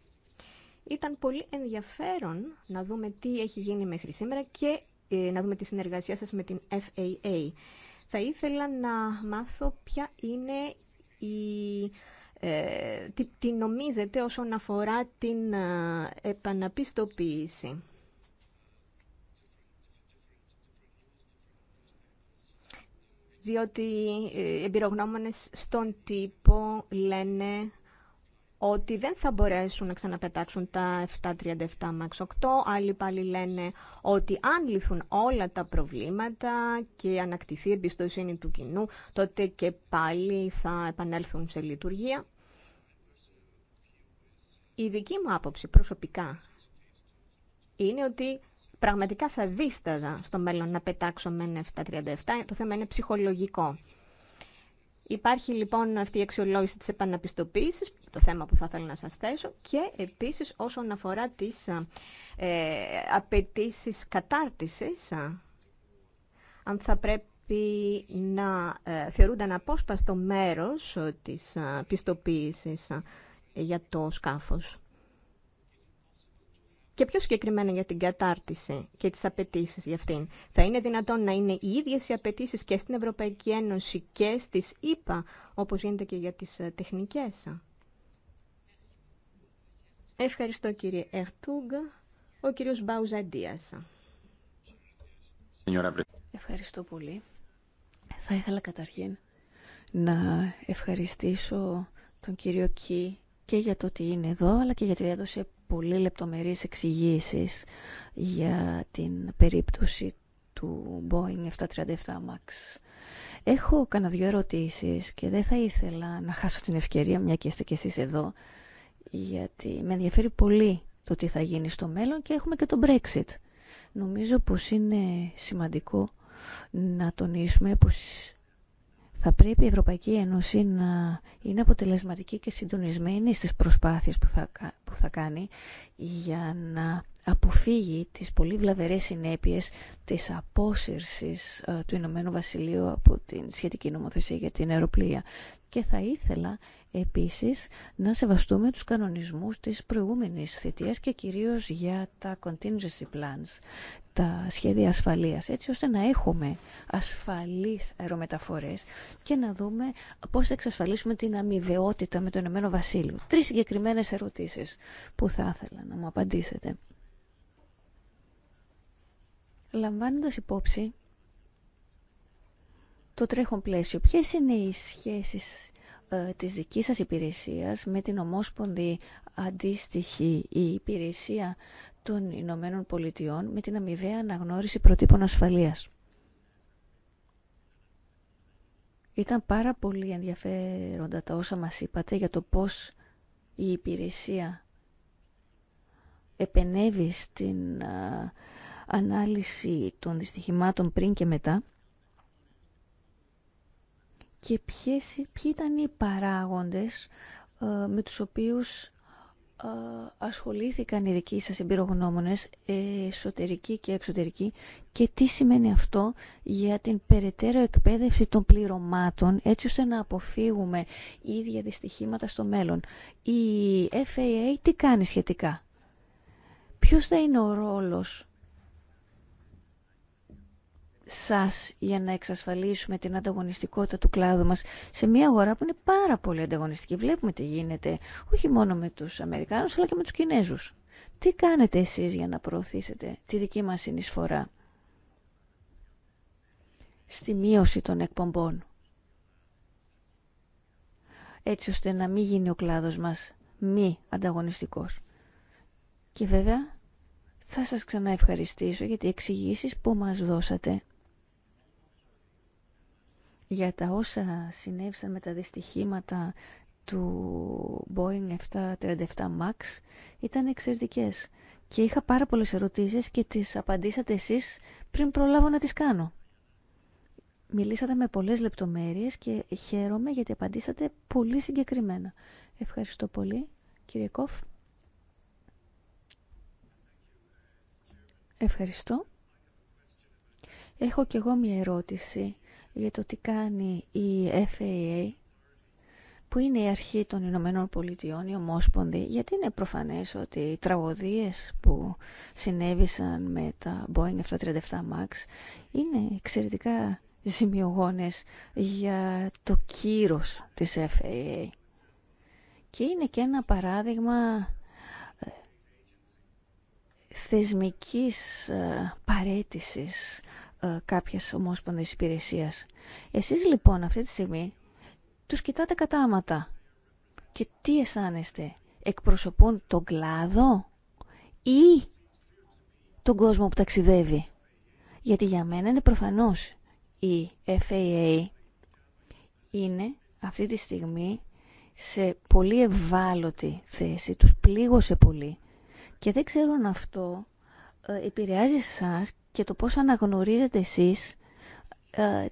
Ήταν πολύ ενδιαφέρον να δούμε τι έχει γίνει μέχρι σήμερα και ε, να δούμε τη συνεργασία σας με την FAA. Θα ήθελα να μάθω ποια είναι η... Ε, τι, τι νομίζετε όσον αφορά την ε, επαναπιστοποίηση. διότι οι ε, εμπειρογνώμονες στον τύπο λένε ότι δεν θα μπορέσουν να ξαναπετάξουν τα 737 MAX 8. Άλλοι πάλι λένε ότι αν λυθούν όλα τα προβλήματα και ανακτηθεί η εμπιστοσύνη του κοινού, τότε και πάλι θα επανέλθουν σε λειτουργία. Η δική μου άποψη προσωπικά είναι ότι πραγματικά θα δίσταζα στο μέλλον να πετάξω με ένα 737. Το θέμα είναι ψυχολογικό. Υπάρχει λοιπόν αυτή η αξιολόγηση της επαναπιστοποίησης, το θέμα που θα ήθελα να σας θέσω, και επίσης όσον αφορά τις ε, απαιτήσει κατάρτισης, ε, αν θα πρέπει να ε, θεωρούνται αναπόσπαστο μέρος ε, της ε, πιστοποίησης για το σκάφος και πιο συγκεκριμένα για την κατάρτιση και τις απαιτήσει για αυτήν. Θα είναι δυνατόν να είναι οι ίδιες οι απαιτήσει και στην Ευρωπαϊκή Ένωση και στις ΗΠΑ, όπως γίνεται και για τις ε, τεχνικές. Ευχαριστώ κύριε Ερτούγκ. Ο κύριος Μπαουζαντίας. Ευχαριστώ πολύ. Θα ήθελα καταρχήν να ευχαριστήσω τον κύριο Κι και για το ότι είναι εδώ, αλλά και για τη διάδοση πολύ λεπτομερείς εξηγήσει για την περίπτωση του Boeing 737 MAX. Έχω κανένα δύο ερωτήσεις και δεν θα ήθελα να χάσω την ευκαιρία, μια και είστε και εσείς εδώ, γιατί με ενδιαφέρει πολύ το τι θα γίνει στο μέλλον και έχουμε και το Brexit. Νομίζω πως είναι σημαντικό να τονίσουμε πως θα πρέπει η Ευρωπαϊκή Ένωση να είναι αποτελεσματική και συντονισμένη στις προσπάθειες που θα, που θα κάνει για να αποφύγει τις πολύ βλαβερές συνέπειες της απόσυρσης ε, του Ηνωμένου Βασιλείου από την σχετική νομοθεσία για την αεροπλία. Και θα ήθελα επίσης να σεβαστούμε τους κανονισμούς της προηγούμενης θητείας και κυρίως για τα contingency plans, τα σχέδια ασφαλείας, έτσι ώστε να έχουμε ασφαλείς αερομεταφορές και να δούμε πώς θα εξασφαλίσουμε την αμοιβαιότητα με το Ηνωμένο Βασίλειο. Τρεις συγκεκριμένες ερωτήσεις που θα ήθελα να μου απαντήσετε λαμβάνοντας υπόψη το τρέχον πλαίσιο. Ποιες είναι οι σχέσεις ε, της δικής σας υπηρεσίας με την Ομόσπονδη αντίστοιχη η υπηρεσία των Ηνωμένων Πολιτειών με την αμοιβαία αναγνώριση προτύπων ασφαλείας. Ήταν πάρα πολύ ενδιαφέροντα τα όσα μας είπατε για το πώς η υπηρεσία επενεύει στην ε, ανάλυση των δυστυχημάτων πριν και μετά και ποιες, ποιοι ήταν οι παράγοντες ε, με τους οποίους ε, ασχολήθηκαν οι δικοί σας εμπειρογνώμονες εσωτερικοί και εξωτερικοί και τι σημαίνει αυτό για την περαιτέρω εκπαίδευση των πληρωμάτων έτσι ώστε να αποφύγουμε ίδια δυστυχήματα στο μέλλον. Η FAA τι κάνει σχετικά. Ποιος θα είναι ο ρόλος σας για να εξασφαλίσουμε την ανταγωνιστικότητα του κλάδου μας σε μια αγορά που είναι πάρα πολύ ανταγωνιστική. Βλέπουμε τι γίνεται όχι μόνο με τους Αμερικάνους αλλά και με τους Κινέζους. Τι κάνετε εσείς για να προωθήσετε τη δική μας συνεισφορά στη μείωση των εκπομπών έτσι ώστε να μην γίνει ο κλάδος μας μη ανταγωνιστικός. Και βέβαια θα σας ξαναευχαριστήσω για τις εξηγήσει που μας δώσατε για τα όσα συνέβησαν με τα δυστυχήματα του Boeing 737 MAX ήταν εξαιρετικές και είχα πάρα πολλές ερωτήσεις και τις απαντήσατε εσείς πριν προλάβω να τις κάνω. Μιλήσατε με πολλές λεπτομέρειες και χαίρομαι γιατί απαντήσατε πολύ συγκεκριμένα. Ευχαριστώ πολύ, κύριε Κόφ. Ευχαριστώ. Έχω κι εγώ μια ερώτηση για το τι κάνει η FAA που είναι η αρχή των Ηνωμένων Πολιτειών, η Ομόσπονδη, γιατί είναι προφανές ότι οι τραγωδίες που συνέβησαν με τα Boeing 737 MAX είναι εξαιρετικά ζημιογόνες για το κύρος της FAA. Και είναι και ένα παράδειγμα ε, θεσμικής ε, παρέτησης ε, Κάποιε ομόσπονδες υπηρεσίας. Εσείς λοιπόν αυτή τη στιγμή τους κοιτάτε κατάματα. Και τι αισθάνεστε, εκπροσωπούν τον κλάδο ή τον κόσμο που ταξιδεύει. Γιατί για μένα είναι προφανώς η FAA είναι αυτή τη στιγμή σε πολύ ευάλωτη θέση, τους πλήγωσε πολύ. Και δεν ξέρω αν αυτό ε, επηρεάζει σας; και το πώς αναγνωρίζετε εσείς ε,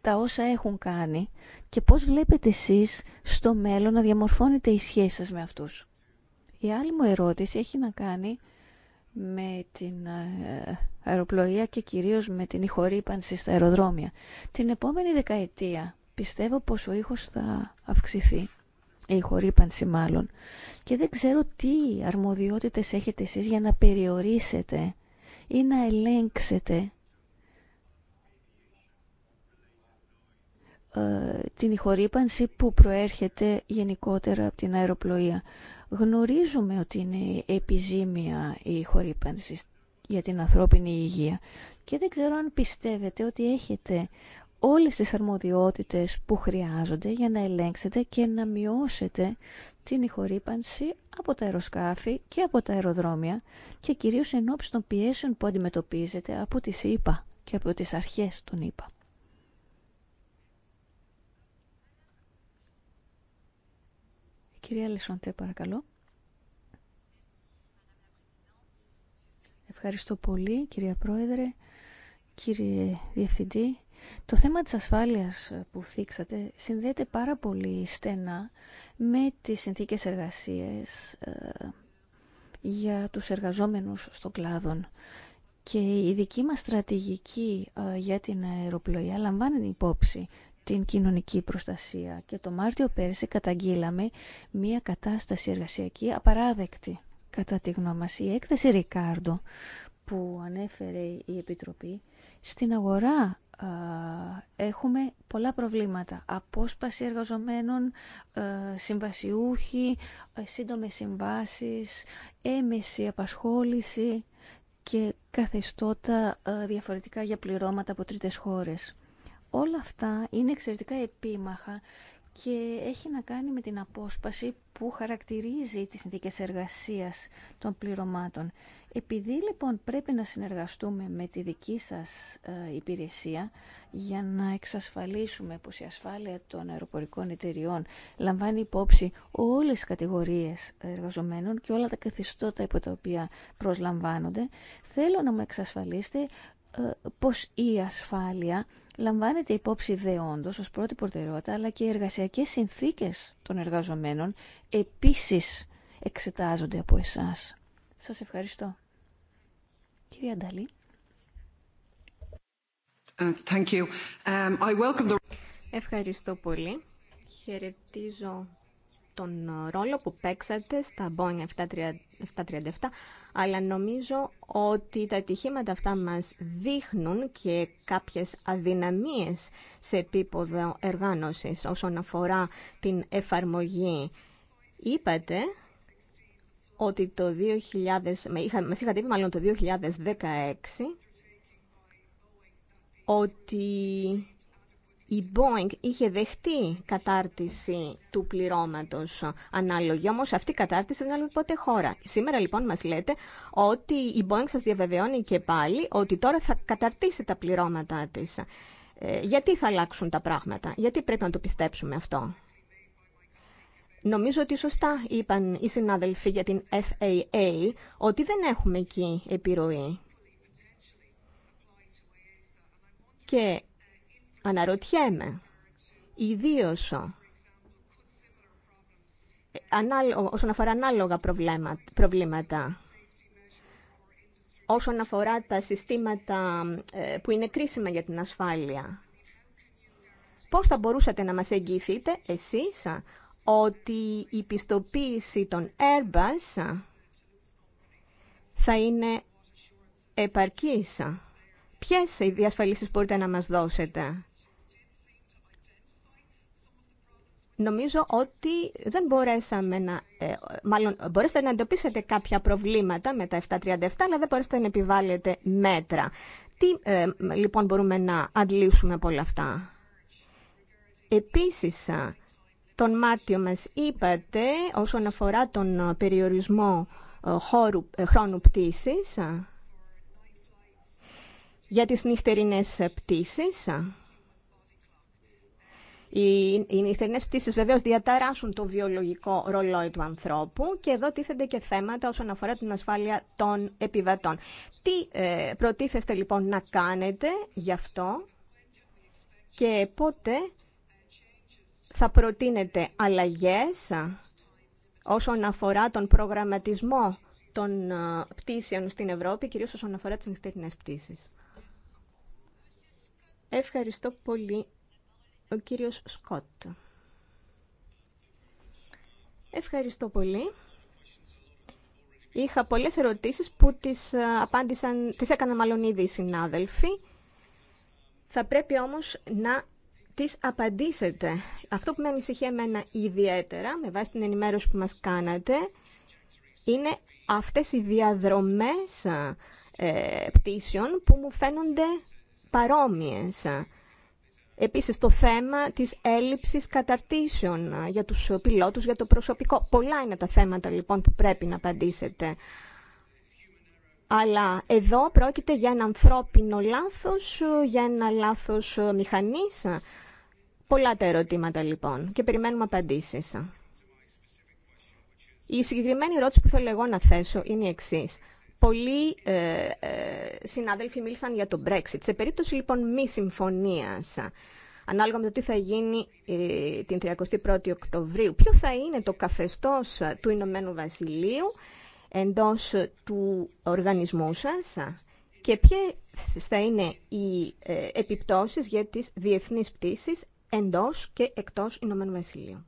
τα όσα έχουν κάνει και πώς βλέπετε εσείς στο μέλλον να διαμορφώνετε οι σχέση σας με αυτούς. Η άλλη μου ερώτηση έχει να κάνει με την ε, αεροπλοεία και κυρίως με την ηχορύπανση στα αεροδρόμια. Την επόμενη δεκαετία πιστεύω πως ο ήχος θα αυξηθεί, η ηχορύπανση μάλλον, και δεν ξέρω τι αρμοδιότητες έχετε εσείς για να περιορίσετε ή να ελέγξετε ε, την ηχορύπανση που προέρχεται γενικότερα από την αεροπλοεία. Γνωρίζουμε ότι είναι επιζήμια η ηχορύπανση για την ανθρώπινη υγεία και δεν ξέρω αν πιστεύετε ότι έχετε όλες τις αρμοδιότητες που χρειάζονται για να ελέγξετε και να μειώσετε την ηχορύπανση από τα αεροσκάφη και από τα αεροδρόμια και κυρίως εν ώψη των πιέσεων που αντιμετωπίζεται από τις ΗΠΑ και από τις αρχές των ΗΠΑ. κυρία Λεσοντέ, παρακαλώ. Ευχαριστώ πολύ, κυρία Πρόεδρε, κύριε Διευθυντή, το θέμα της ασφάλειας ε, που θίξατε συνδέεται πάρα πολύ στενά με τις συνθήκες εργασίας ε, για τους εργαζόμενους στον κλάδο. Και η δική μας στρατηγική ε, για την αεροπλοεία λαμβάνει υπόψη την κοινωνική προστασία. Και το Μάρτιο πέρσι καταγγείλαμε μια κατάσταση εργασιακή απαράδεκτη, κατά τη γνώμη μας. Η έκθεση Ρικάρντο που ανέφερε η Επιτροπή στην αγορά έχουμε πολλά προβλήματα. Απόσπαση εργαζομένων, ε, συμβασιούχοι, ε, σύντομες συμβάσεις, έμεση απασχόληση και καθεστώτα ε, διαφορετικά για πληρώματα από τρίτες χώρες. Όλα αυτά είναι εξαιρετικά επίμαχα και έχει να κάνει με την απόσπαση που χαρακτηρίζει τις συνθήκες εργασίας των πληρωμάτων. Επειδή λοιπόν πρέπει να συνεργαστούμε με τη δική σας ε, υπηρεσία για να εξασφαλίσουμε πως η ασφάλεια των αεροπορικών εταιριών λαμβάνει υπόψη όλες τις κατηγορίες εργαζομένων και όλα τα καθιστώτα υπό τα οποία προσλαμβάνονται, θέλω να μου εξασφαλίσετε ε, πως η ασφάλεια λαμβάνεται υπόψη δεόντως ως πρώτη προτεραιότητα, αλλά και οι εργασιακές συνθήκες των εργαζομένων επίσης εξετάζονται από εσάς. Σας ευχαριστώ. Κυρία Νταλή. Ε, um, Ευχαριστώ πολύ. Χαιρετίζω τον ρόλο που παίξατε στα Boeing 737, αλλά νομίζω ότι τα ατυχήματα αυτά μας δείχνουν και κάποιες αδυναμίες σε επίπεδο εργάνωσης όσον αφορά την εφαρμογή. Είπατε ότι το 2000, είχατε πει μάλλον το 2016 ότι η Boeing είχε δεχτεί κατάρτιση του πληρώματος ανάλογη, όμως αυτή η κατάρτιση δεν έλαβε ποτέ χώρα. Σήμερα λοιπόν μας λέτε ότι η Boeing σας διαβεβαιώνει και πάλι ότι τώρα θα καταρτήσει τα πληρώματά της. Ε, γιατί θα αλλάξουν τα πράγματα, γιατί πρέπει να το πιστέψουμε αυτό. Νομίζω ότι σωστά είπαν οι συνάδελφοι για την FAA ότι δεν έχουμε εκεί επιρροή. Και αναρωτιέμαι, ιδίω όσον αφορά ανάλογα προβλήματα, όσον αφορά τα συστήματα ε, που είναι κρίσιμα για την ασφάλεια. Πώς θα μπορούσατε να μας εγγυηθείτε εσείς ότι η πιστοποίηση των Airbus θα είναι επαρκής. Ποιες οι διασφαλίσεις μπορείτε να μας δώσετε. Νομίζω ότι δεν μπορέσαμε να... Ε, μάλλον, μπορέσατε να εντοπίσετε κάποια προβλήματα με τα 737, αλλά δεν μπορέσατε να επιβάλλετε μέτρα. Τι, ε, λοιπόν, μπορούμε να αντλήσουμε από όλα αυτά. Επίσης, τον Μάρτιο μας είπατε όσον αφορά τον ε, περιορισμό ε, χώρου, ε, χρόνου πτήσης για τις νυχτερινές πτήσεις. Οι, οι νυχτερινές πτήσεις βεβαίως διαταράσσουν το βιολογικό ρολόι του ανθρώπου και εδώ τίθενται και θέματα όσον αφορά την ασφάλεια των επιβατών. Τι προτίθεστε λοιπόν να κάνετε γι' αυτό και πότε θα προτείνετε αλλαγές όσον αφορά τον προγραμματισμό των ε, πτήσεων στην Ευρώπη, κυρίως όσον αφορά τις νυχτερινές πτήσεις. Ευχαριστώ πολύ, ο κύριος Σκότ. Ευχαριστώ πολύ. Είχα πολλές ερωτήσεις που τις, ε, απάντησαν, τις έκαναν μάλλον ήδη οι συνάδελφοι. Θα πρέπει όμως να τις απαντήσετε. Αυτό που με ανησυχεί εμένα ιδιαίτερα, με βάση την ενημέρωση που μας κάνατε, είναι αυτές οι διαδρομές ε, πτήσεων που μου φαίνονται παρόμοιες. Επίσης το θέμα της έλλειψης καταρτήσεων για τους πιλότους, για το προσωπικό. Πολλά είναι τα θέματα λοιπόν που πρέπει να απαντήσετε. Αλλά εδώ πρόκειται για ένα ανθρώπινο λάθος, για ένα λάθος μηχανής. Πολλά τα ερωτήματα λοιπόν και περιμένουμε απαντήσεις. Η συγκεκριμένη ερώτηση που θέλω εγώ να θέσω είναι η εξή. Πολλοί ε, ε, συνάδελφοι μίλησαν για το Brexit. Σε περίπτωση λοιπόν μη συμφωνίας, ανάλογα με το τι θα γίνει ε, την 31η Οκτωβρίου, ποιο θα είναι το καθεστώς του Ηνωμένου Βασιλείου εντός του οργανισμού σας και ποιες θα είναι οι ε, επιπτώσεις για τις διεθνείς πτήσεις εντός και εκτός Ηνωμένου Βασιλείου.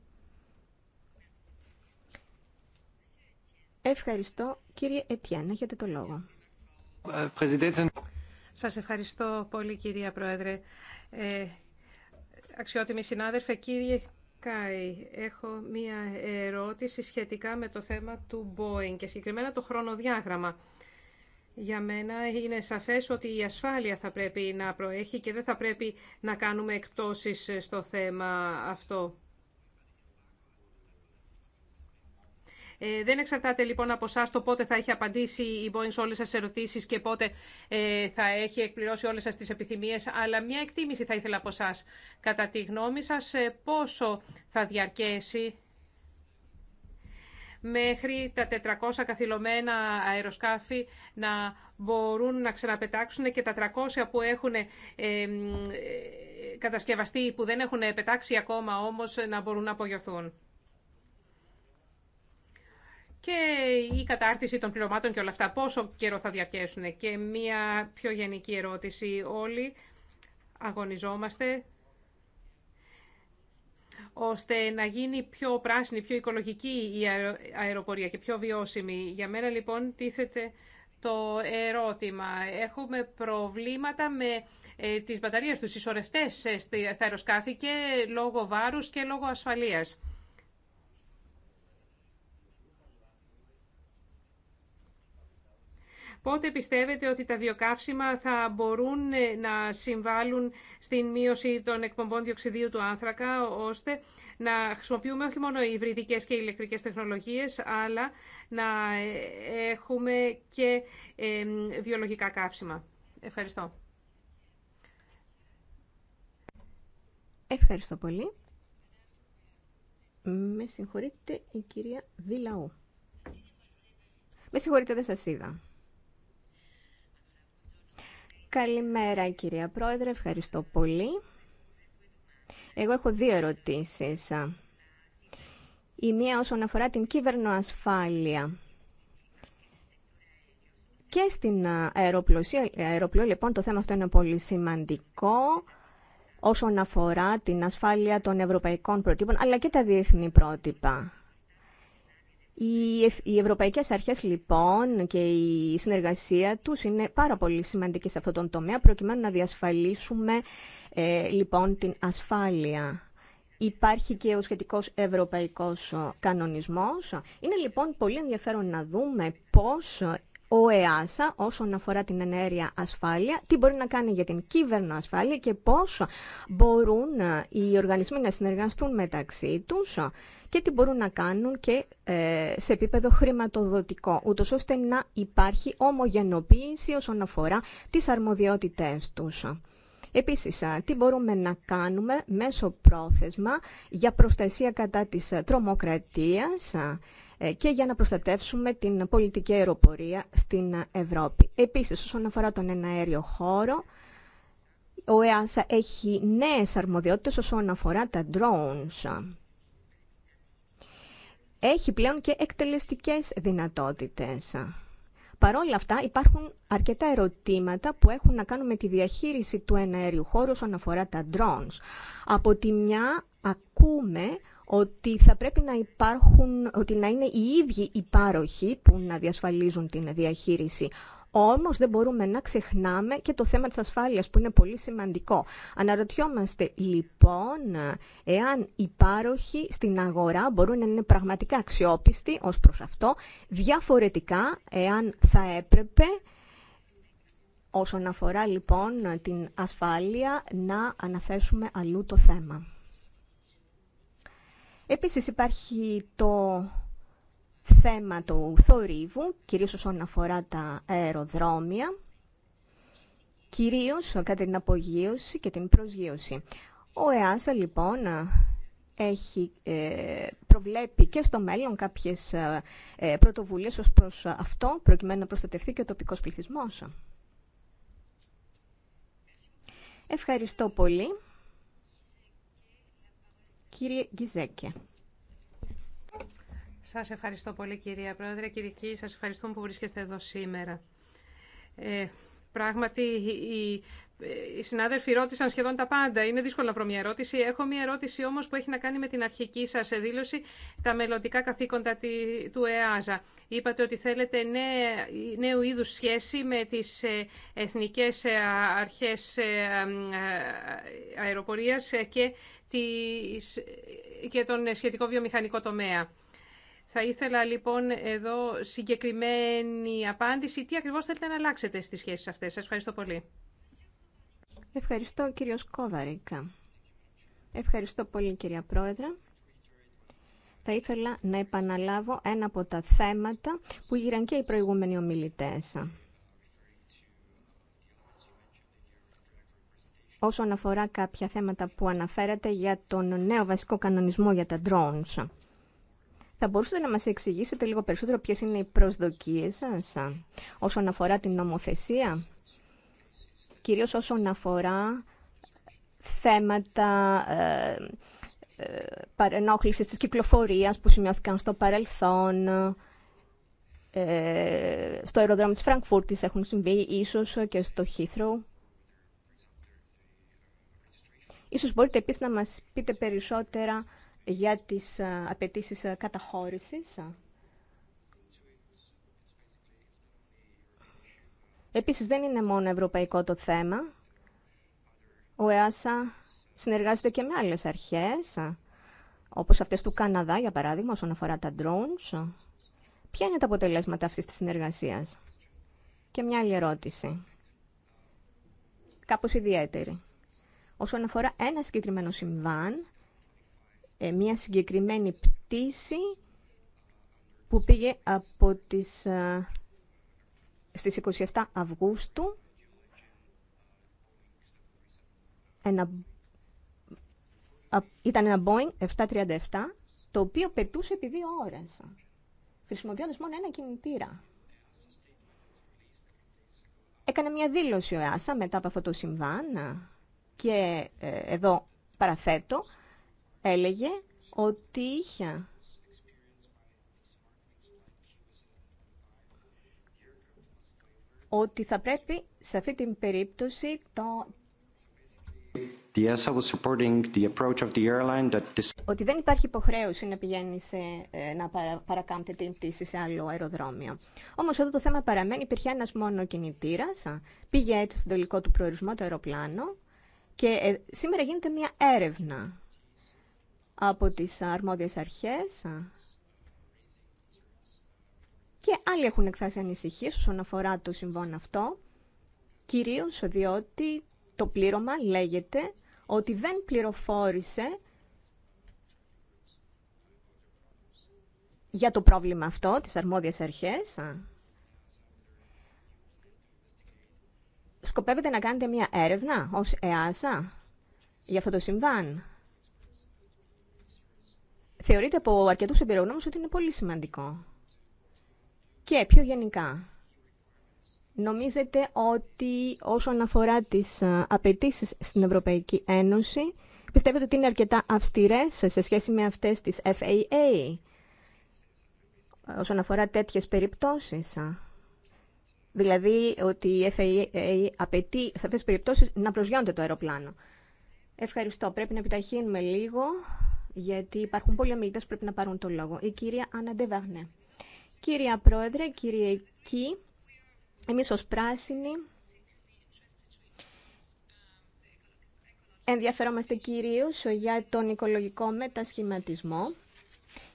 Ευχαριστώ. Κύριε Ετιάν, έχετε το λόγο. Σας ευχαριστώ πολύ, κυρία Πρόεδρε. Ε, αξιότιμοι συνάδελφοι, κύριε Κάι, έχω μία ερώτηση σχετικά με το θέμα του Boeing και συγκεκριμένα το χρονοδιάγραμμα. Για μένα είναι σαφές ότι η ασφάλεια θα πρέπει να προέχει και δεν θα πρέπει να κάνουμε εκπτώσεις στο θέμα αυτό. Ε, δεν εξαρτάται λοιπόν από εσά το πότε θα έχει απαντήσει η Boeing σε όλε τι ερωτήσει και πότε ε, θα έχει εκπληρώσει όλε σα τι επιθυμίε, αλλά μια εκτίμηση θα ήθελα από εσά. Κατά τη γνώμη σα, ε, πόσο θα διαρκέσει μέχρι τα 400 καθυλωμένα αεροσκάφη να μπορούν να ξαναπετάξουν και τα 300 που έχουν ε, κατασκευαστεί, που δεν έχουν πετάξει ακόμα όμως, να μπορούν να απογειωθούν και η κατάρτιση των πληρωμάτων και όλα αυτά, πόσο καιρό θα διαρκέσουν. Και μία πιο γενική ερώτηση. Όλοι αγωνιζόμαστε ώστε να γίνει πιο πράσινη, πιο οικολογική η αεροπορία και πιο βιώσιμη. Για μένα λοιπόν τίθεται το ερώτημα. Έχουμε προβλήματα με ε, τις μπαταρίες, τους συσσωρευτές ε, στα αεροσκάφη και λόγω βάρους και λόγω ασφαλείας. Πότε πιστεύετε ότι τα βιοκαύσιμα θα μπορούν ε, να συμβάλλουν στην μείωση των εκπομπών διοξιδίου του άνθρακα, ώστε να χρησιμοποιούμε όχι μόνο υβριδικές και ηλεκτρικές τεχνολογίες, αλλά να ε, έχουμε και ε, βιολογικά καύσιμα. Ευχαριστώ. Ευχαριστώ πολύ. Με συγχωρείτε η κυρία Δήλαου. Με συγχωρείτε δεν σας είδα. Καλημέρα κυρία Πρόεδρε, ευχαριστώ πολύ. Εγώ έχω δύο ερωτήσεις. Η μία όσον αφορά την κυβερνοασφάλεια. Και στην αεροπλοεία, λοιπόν, το θέμα αυτό είναι πολύ σημαντικό όσον αφορά την ασφάλεια των ευρωπαϊκών προτύπων, αλλά και τα διεθνή πρότυπα. Οι ευρωπαϊκές αρχές λοιπόν και η συνεργασία τους είναι πάρα πολύ σημαντική σε αυτόν τον τομέα προκειμένου να διασφαλίσουμε ε, λοιπόν την ασφάλεια. Υπάρχει και ο σχετικός ευρωπαϊκός ε, κανονισμός. Είναι λοιπόν πολύ ενδιαφέρον να δούμε πώς ο ΕΑΣΑ όσον αφορά την ενέργεια ασφάλεια, τι μπορεί να κάνει για την κύβερνο ασφάλεια και πώς μπορούν ε, οι οργανισμοί να συνεργαστούν μεταξύ τους και τι μπορούν να κάνουν και ε, σε επίπεδο χρηματοδοτικό, ούτως ώστε να υπάρχει ομογενοποίηση όσον αφορά τις αρμοδιότητές τους. Επίσης, ε, τι μπορούμε να κάνουμε μέσω πρόθεσμα για προστασία κατά της τρομοκρατίας ε, και για να προστατεύσουμε την πολιτική αεροπορία στην Ευρώπη. Επίσης, όσον αφορά τον εναέριο χώρο, ο ΕΑΣΑ έχει νέες αρμοδιότητες όσον αφορά τα drones. Έχει πλέον και εκτελεστικές δυνατότητες. Παρόλα αυτά υπάρχουν αρκετά ερωτήματα που έχουν να κάνουν με τη διαχείριση του εναέριου χώρου όσον αφορά τα drones. Από τη μια ακούμε ότι θα πρέπει να υπάρχουν, ότι να είναι οι ίδιοι οι πάροχοι που να διασφαλίζουν την διαχείριση. Όμως δεν μπορούμε να ξεχνάμε και το θέμα της ασφάλεια, που είναι πολύ σημαντικό. Αναρωτιόμαστε λοιπόν εάν οι πάροχοι στην αγορά μπορούν να είναι πραγματικά αξιόπιστοι ω προς αυτό, διαφορετικά εάν θα έπρεπε όσον αφορά λοιπόν την ασφάλεια να αναθέσουμε αλλού το θέμα. Επίσης υπάρχει το θέμα του θορύβου, κυρίως όσον αφορά τα αεροδρόμια, κυρίως κατά την απογείωση και την προσγείωση. Ο ΕΑΣΑ λοιπόν έχει, ε, προβλέπει και στο μέλλον κάποιες ε, ε, πρωτοβουλίες ως προς αυτό, προκειμένου να προστατευτεί και ο τοπικός πληθυσμός. Ευχαριστώ πολύ. Κύριε Γκυζέκια. Σας ευχαριστώ πολύ κυρία Πρόεδρε. Κυρική, σας ευχαριστούμε που βρίσκεστε εδώ σήμερα. Ε, πράγματι, η ε, οι συνάδελφοι ρώτησαν σχεδόν τα πάντα. Είναι δύσκολο να βρω μια ερώτηση. Έχω μια ερώτηση όμω που έχει να κάνει με την αρχική σα δήλωση, τα μελλοντικά καθήκοντα του ΕΑΖΑ. Είπατε ότι θέλετε νέου είδου σχέση με τι ε, εθνικέ ε, αρχέ αεροπορία και τον σχετικό βιομηχανικό τομέα. Θα ήθελα λοιπόν εδώ συγκεκριμένη απάντηση. Τι ακριβώς θέλετε να αλλάξετε στις σχέσεις αυτές. Σας ευχαριστώ πολύ. Ευχαριστώ κύριο Κόβαρικα. Ευχαριστώ πολύ κυρία Πρόεδρε. Θα ήθελα να επαναλάβω ένα από τα θέματα που γύραν και οι προηγούμενοι ομιλητές. όσον αφορά κάποια θέματα που αναφέρατε για τον νέο βασικό κανονισμό για τα drones. Θα μπορούσατε να μας εξηγήσετε λίγο περισσότερο ποιες είναι οι προσδοκίες σας όσον αφορά την νομοθεσία κυρίως όσον αφορά θέματα ε, ε, παρενόχλησης της κυκλοφορίας που σημειώθηκαν στο παρελθόν, ε, στο αεροδρόμιο της Φραγκφούρτης έχουν συμβεί, ίσως και στο Χήθρο. Ίσως μπορείτε επίσης να μας πείτε περισσότερα για τις ε, απαιτήσεις ε, καταχώρησης. Επίσης δεν είναι μόνο ευρωπαϊκό το θέμα. Ο ΕΑΣΑ συνεργάζεται και με άλλες αρχές, όπως αυτές του Καναδά, για παράδειγμα, όσον αφορά τα drones. Ποια είναι τα αποτελέσματα αυτής της συνεργασίας. Και μια άλλη ερώτηση, κάπως ιδιαίτερη. Όσον αφορά ένα συγκεκριμένο συμβάν, ε, μια συγκεκριμένη πτήση που πήγε από τις ε, στις 27 Αυγούστου ένα, ήταν ένα Boeing 737 το οποίο πετούσε επί δύο ώρες χρησιμοποιώντας μόνο ένα κινητήρα. Έκανε μια δήλωση ο ΕΑΣΑ μετά από αυτό το συμβάν και ε, εδώ παραθέτω έλεγε ότι είχε ότι θα πρέπει σε αυτή την περίπτωση το... Ότι δεν υπάρχει υποχρέωση να πηγαίνει σε, ε, να παρακάμπτε την πτήση σε άλλο αεροδρόμιο. Όμω εδώ το θέμα παραμένει: υπήρχε ένα μόνο κινητήρα, πήγε έτσι στον τελικό του προορισμό το αεροπλάνο και ε, σήμερα γίνεται μια έρευνα από τις αρμόδιες αρχές και άλλοι έχουν εκφράσει ανησυχίες όσον αφορά το συμβόν αυτό, κυρίως διότι το πλήρωμα λέγεται ότι δεν πληροφόρησε για το πρόβλημα αυτό, τις αρμόδιες αρχές. Σκοπεύετε να κάνετε μια έρευνα ως ΕΑΣΑ για αυτό το συμβάν. Θεωρείται από αρκετούς εμπειρογνώμους ότι είναι πολύ σημαντικό. Και πιο γενικά, νομίζετε ότι όσον αφορά τις ε, απαιτήσει στην Ευρωπαϊκή Ένωση, πιστεύετε ότι είναι αρκετά αυστηρές σε σχέση με αυτές της FAA, ε, όσον αφορά τέτοιες περιπτώσεις. Ε? Δηλαδή ότι η FAA απαιτεί σε αυτές τις περιπτώσεις να προσγειώνεται το αεροπλάνο. Ευχαριστώ. Πρέπει να επιταχύνουμε λίγο, γιατί υπάρχουν πολλοί ομιλητές που πρέπει να πάρουν το λόγο. Η κυρία Άννα Ντεβαγνέ. Κυρία Πρόεδρε, Κι, εμείς ως πράσινοι ενδιαφερόμαστε κυρίως για τον οικολογικό μετασχηματισμό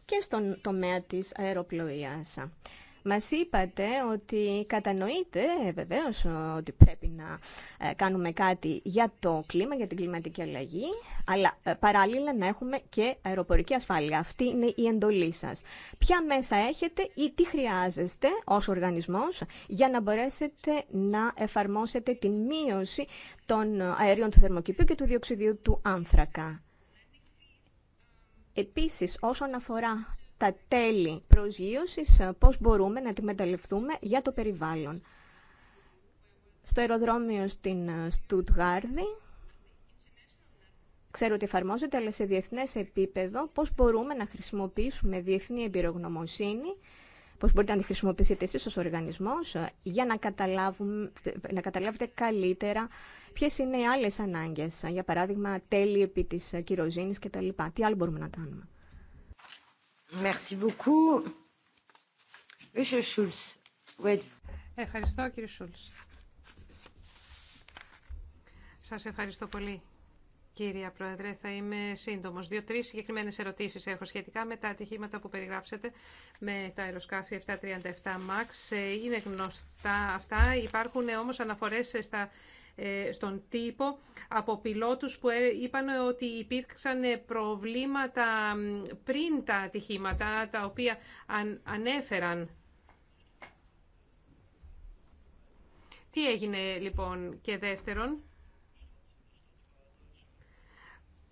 και στον τομέα της αεροπλοείας. Μας είπατε ότι κατανοείτε ε, βεβαίως ότι πρέπει να ε, κάνουμε κάτι για το κλίμα, για την κλιματική αλλαγή, αλλά ε, παράλληλα να έχουμε και αεροπορική ασφάλεια. Αυτή είναι η εντολή σας. Ποια μέσα έχετε ή τι χρειάζεστε ως οργανισμός για να μπορέσετε να εφαρμόσετε την μείωση των αερίων του θερμοκηπίου και του διοξιδίου του άνθρακα. Επίσης, όσον αφορά τα τέλη προσγείωσης, ε, πώς μπορούμε να τη μεταλλευτούμε για το περιβάλλον. Στο αεροδρόμιο στην ε, Στουτγάρδη, ξέρω ότι εφαρμόζεται, αλλά σε διεθνές επίπεδο, πώς μπορούμε να χρησιμοποιήσουμε διεθνή εμπειρογνωμοσύνη, πώς μπορείτε να τη χρησιμοποιήσετε εσείς ως οργανισμός, ε, για να, καταλάβουμε, να καταλάβετε καλύτερα ποιες είναι οι άλλες ανάγκες, για παράδειγμα τέλη επί της κυροζήνης κτλ. Τι άλλο μπορούμε να κάνουμε. Merci beaucoup. Schulz. Ευχαριστώ κύριε Σούλς. Σας ευχαριστώ πολύ. Κύριε Πρόεδρε, θα είμαι σύντομος. Δύο-τρεις συγκεκριμένες ερωτήσεις έχω σχετικά με τα ατυχήματα που περιγράψετε με τα αεροσκάφη 737 MAX. Ε, είναι γνωστά αυτά. Υπάρχουν όμως αναφορές στα ε, στον τύπο από πιλότους που ε, είπαν ότι υπήρξαν ε, προβλήματα πριν τα ατυχήματα τα οποία ανέφεραν. Τι έγινε λοιπόν και δεύτερον.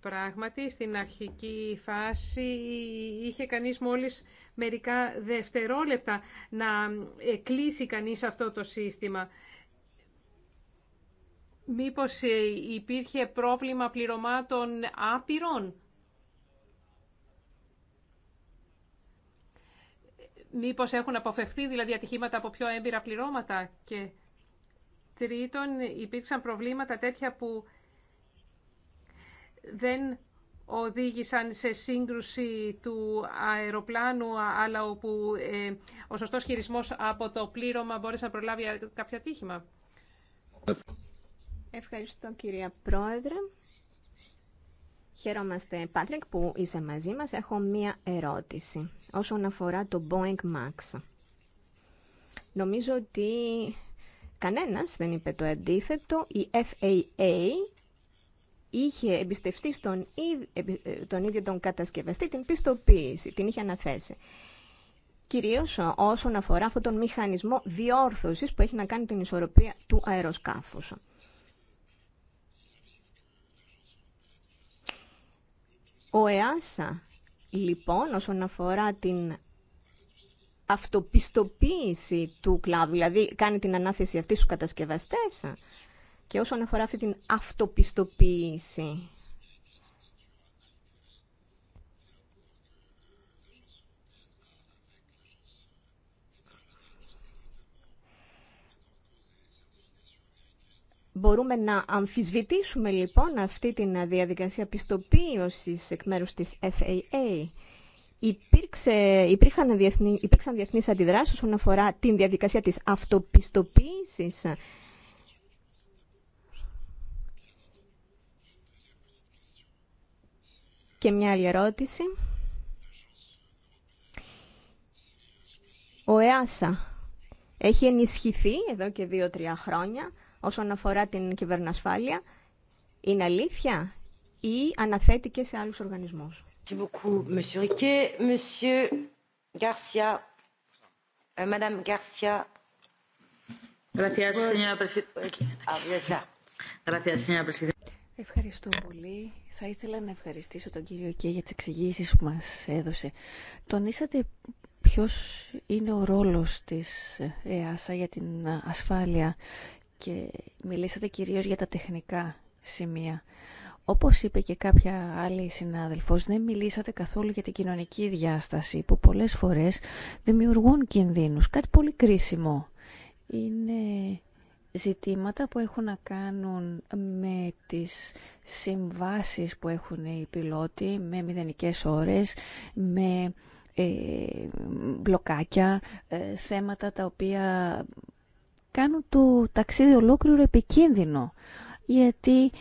Πράγματι, στην αρχική φάση είχε κανείς μόλις μερικά δευτερόλεπτα να κλείσει κανείς αυτό το σύστημα. Μήπως ε, υπήρχε πρόβλημα πληρωμάτων άπειρων. Μήπως έχουν αποφευθεί δηλαδή ατυχήματα από πιο έμπειρα πληρώματα. Και τρίτον υπήρξαν προβλήματα τέτοια που δεν οδήγησαν σε σύγκρουση του αεροπλάνου, αλλά όπου ε, ο σωστός χειρισμός από το πλήρωμα μπόρεσε να προλάβει ε, κάποιο ατύχημα. Ευχαριστώ κυρία Πρόεδρε. Χαιρόμαστε, Πάτρικ, που είσαι μαζί μας. Έχω μία ερώτηση όσον αφορά το Boeing Max. Νομίζω ότι κανένας δεν είπε το αντίθετο. Η FAA είχε εμπιστευτεί στον ε, τον ίδιο τον κατασκευαστή την πιστοποίηση, την είχε αναθέσει. Κυρίως όσον αφορά αυτόν τον μηχανισμό διόρθωσης που έχει να κάνει την ισορροπία του αεροσκάφους. Ο ΕΑΣΑ, λοιπόν, όσον αφορά την αυτοπιστοποίηση του κλάδου, δηλαδή κάνει την ανάθεση αυτή στους κατασκευαστές, και όσον αφορά αυτή την αυτοπιστοποίηση, Μπορούμε να αμφισβητήσουμε λοιπόν αυτή την διαδικασία πιστοποίησης εκ μέρους της FAA. Υπήρξε, υπήρχαν διεθνή, υπήρξαν διεθνείς αντιδράσεις όσον αφορά την διαδικασία της αυτοπιστοποίησης. Και μια άλλη ερώτηση. Ο ΕΑΣΑ έχει ενισχυθεί εδώ και δύο-τρία χρόνια όσον αφορά την κυβερνασφάλεια είναι αλήθεια ή αναθέτει και σε άλλους οργανισμούς. Ευχαριστώ πολύ. Θα ήθελα να ευχαριστήσω τον κύριο Κέ για τις εξηγήσεις που μας έδωσε. Τονίσατε ποιος είναι ο ρόλος της ΕΑΣΑ για την ασφάλεια και μιλήσατε κυρίως για τα τεχνικά σημεία. Όπως είπε και κάποια άλλη συνάδελφος, δεν μιλήσατε καθόλου για την κοινωνική διάσταση που πολλές φορές δημιουργούν κινδύνους. Κάτι πολύ κρίσιμο. Είναι ζητήματα που έχουν να κάνουν με τις συμβάσεις που έχουν οι πιλότοι, με μηδενικές ώρες, με ε, μπλοκάκια, ε, θέματα τα οποία κάνουν το ταξίδι ολόκληρο επικίνδυνο. Γιατί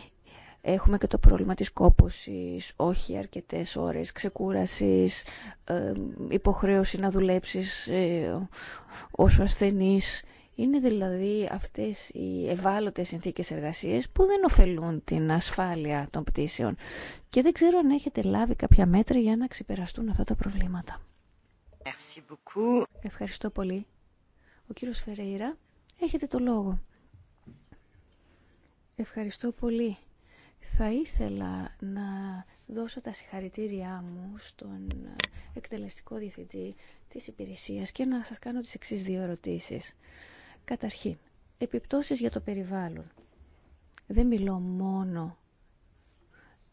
έχουμε και το πρόβλημα της κόπωσης, όχι αρκετές ώρες ξεκούρασης, υποχρέωση να δουλέψεις ε, όσο ασθενής. Είναι δηλαδή αυτές οι ευάλωτες συνθήκες εργασίας που δεν ωφελούν την ασφάλεια των πτήσεων. Και δεν ξέρω αν έχετε λάβει κάποια μέτρα για να ξεπεραστούν αυτά τα προβλήματα. Ευχαριστώ πολύ. Ο κύριος Φερέιρα. Έχετε το λόγο. Ευχαριστώ πολύ. Θα ήθελα να δώσω τα συγχαρητήριά μου στον εκτελεστικό διευθυντή της υπηρεσίας και να σας κάνω τις εξής δύο ερωτήσεις. Καταρχήν, επιπτώσεις για το περιβάλλον. Δεν μιλώ μόνο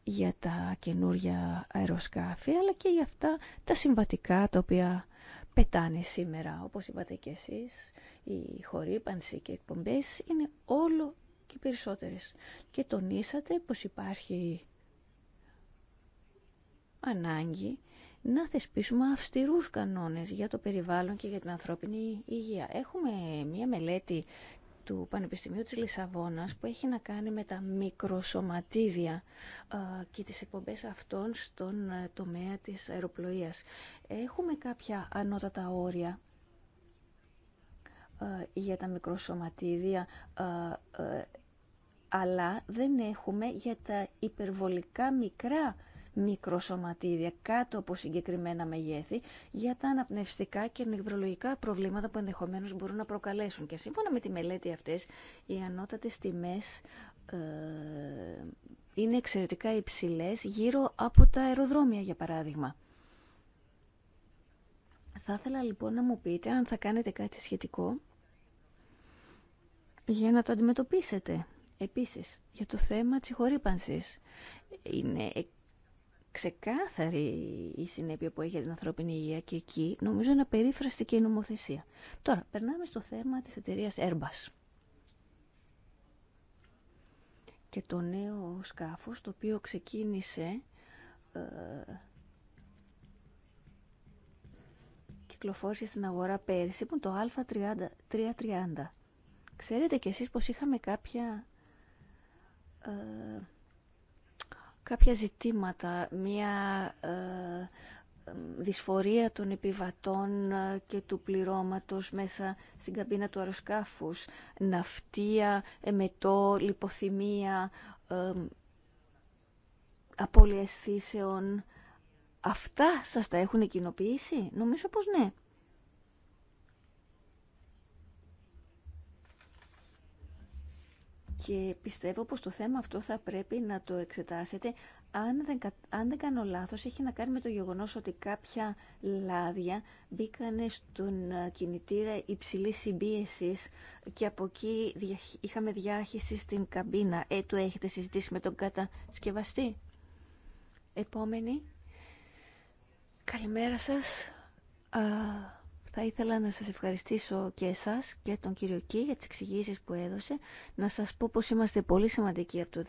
για τα καινούργια αεροσκάφη, αλλά και για αυτά τα συμβατικά τα οποία πετάνε σήμερα, όπως είπατε και εσείς, η χορύπανση και οι είναι όλο και περισσότερες. Και τονίσατε πως υπάρχει ανάγκη να θεσπίσουμε αυστηρούς κανόνες για το περιβάλλον και για την ανθρώπινη υγεία. Έχουμε μία μελέτη του Πανεπιστημίου της Λισαβόνας που έχει να κάνει με τα μικροσωματίδια και τις εκπομπές αυτών στον ε, τομέα της αεροπλοείας. Έχουμε κάποια ανώτατα όρια ε, για τα μικροσωματίδια ε, αλλά δεν έχουμε για τα υπερβολικά μικρά μικροσωματίδια κάτω από συγκεκριμένα μεγέθη για τα αναπνευστικά και νευρολογικά προβλήματα που ενδεχομένως μπορούν να προκαλέσουν. Και σύμφωνα με τη μελέτη αυτές, οι ανώτατες τιμές ε, είναι εξαιρετικά υψηλές γύρω από τα αεροδρόμια, για παράδειγμα. Θα ήθελα λοιπόν να μου πείτε αν θα κάνετε κάτι σχετικό για να το αντιμετωπίσετε. Επίσης, για το θέμα της χορύπανσης. Είναι ξεκάθαρη η συνέπεια που έχει για την ανθρώπινη υγεία και εκεί νομίζω είναι απερίφραστη και η νομοθεσία. Τώρα, περνάμε στο θέμα της εταιρεία Airbus και το νέο σκάφος το οποίο ξεκίνησε ε, κυκλοφόρησε στην αγορά πέρυσι που λοιπόν, το Α330. Ξέρετε κι εσείς πως είχαμε κάποια ε, κάποια ζητήματα, μία ε, δυσφορία των επιβατών ε, και του πληρώματος μέσα στην καμπίνα του αεροσκάφους, ναυτία, εμετό, λιποθυμία, ε, απώλειες θύσεων, Αυτά σας τα έχουν κοινοποιήσει? Νομίζω πως ναι. και πιστεύω πως το θέμα αυτό θα πρέπει να το εξετάσετε. Αν δεν, αν δεν κάνω λάθος, έχει να κάνει με το γεγονός ότι κάποια λάδια μπήκανε στον ε, κινητήρα υψηλή συμπίεση και από εκεί είχαμε διάχυση στην καμπίνα. Ε, το έχετε συζητήσει με τον κατασκευαστή. Επόμενη. Καλημέρα σας. Θα ήθελα να σας ευχαριστήσω και εσάς και τον κύριο Κή για τις εξηγήσεις που έδωσε. Να σας πω πως είμαστε πολύ σημαντικοί από το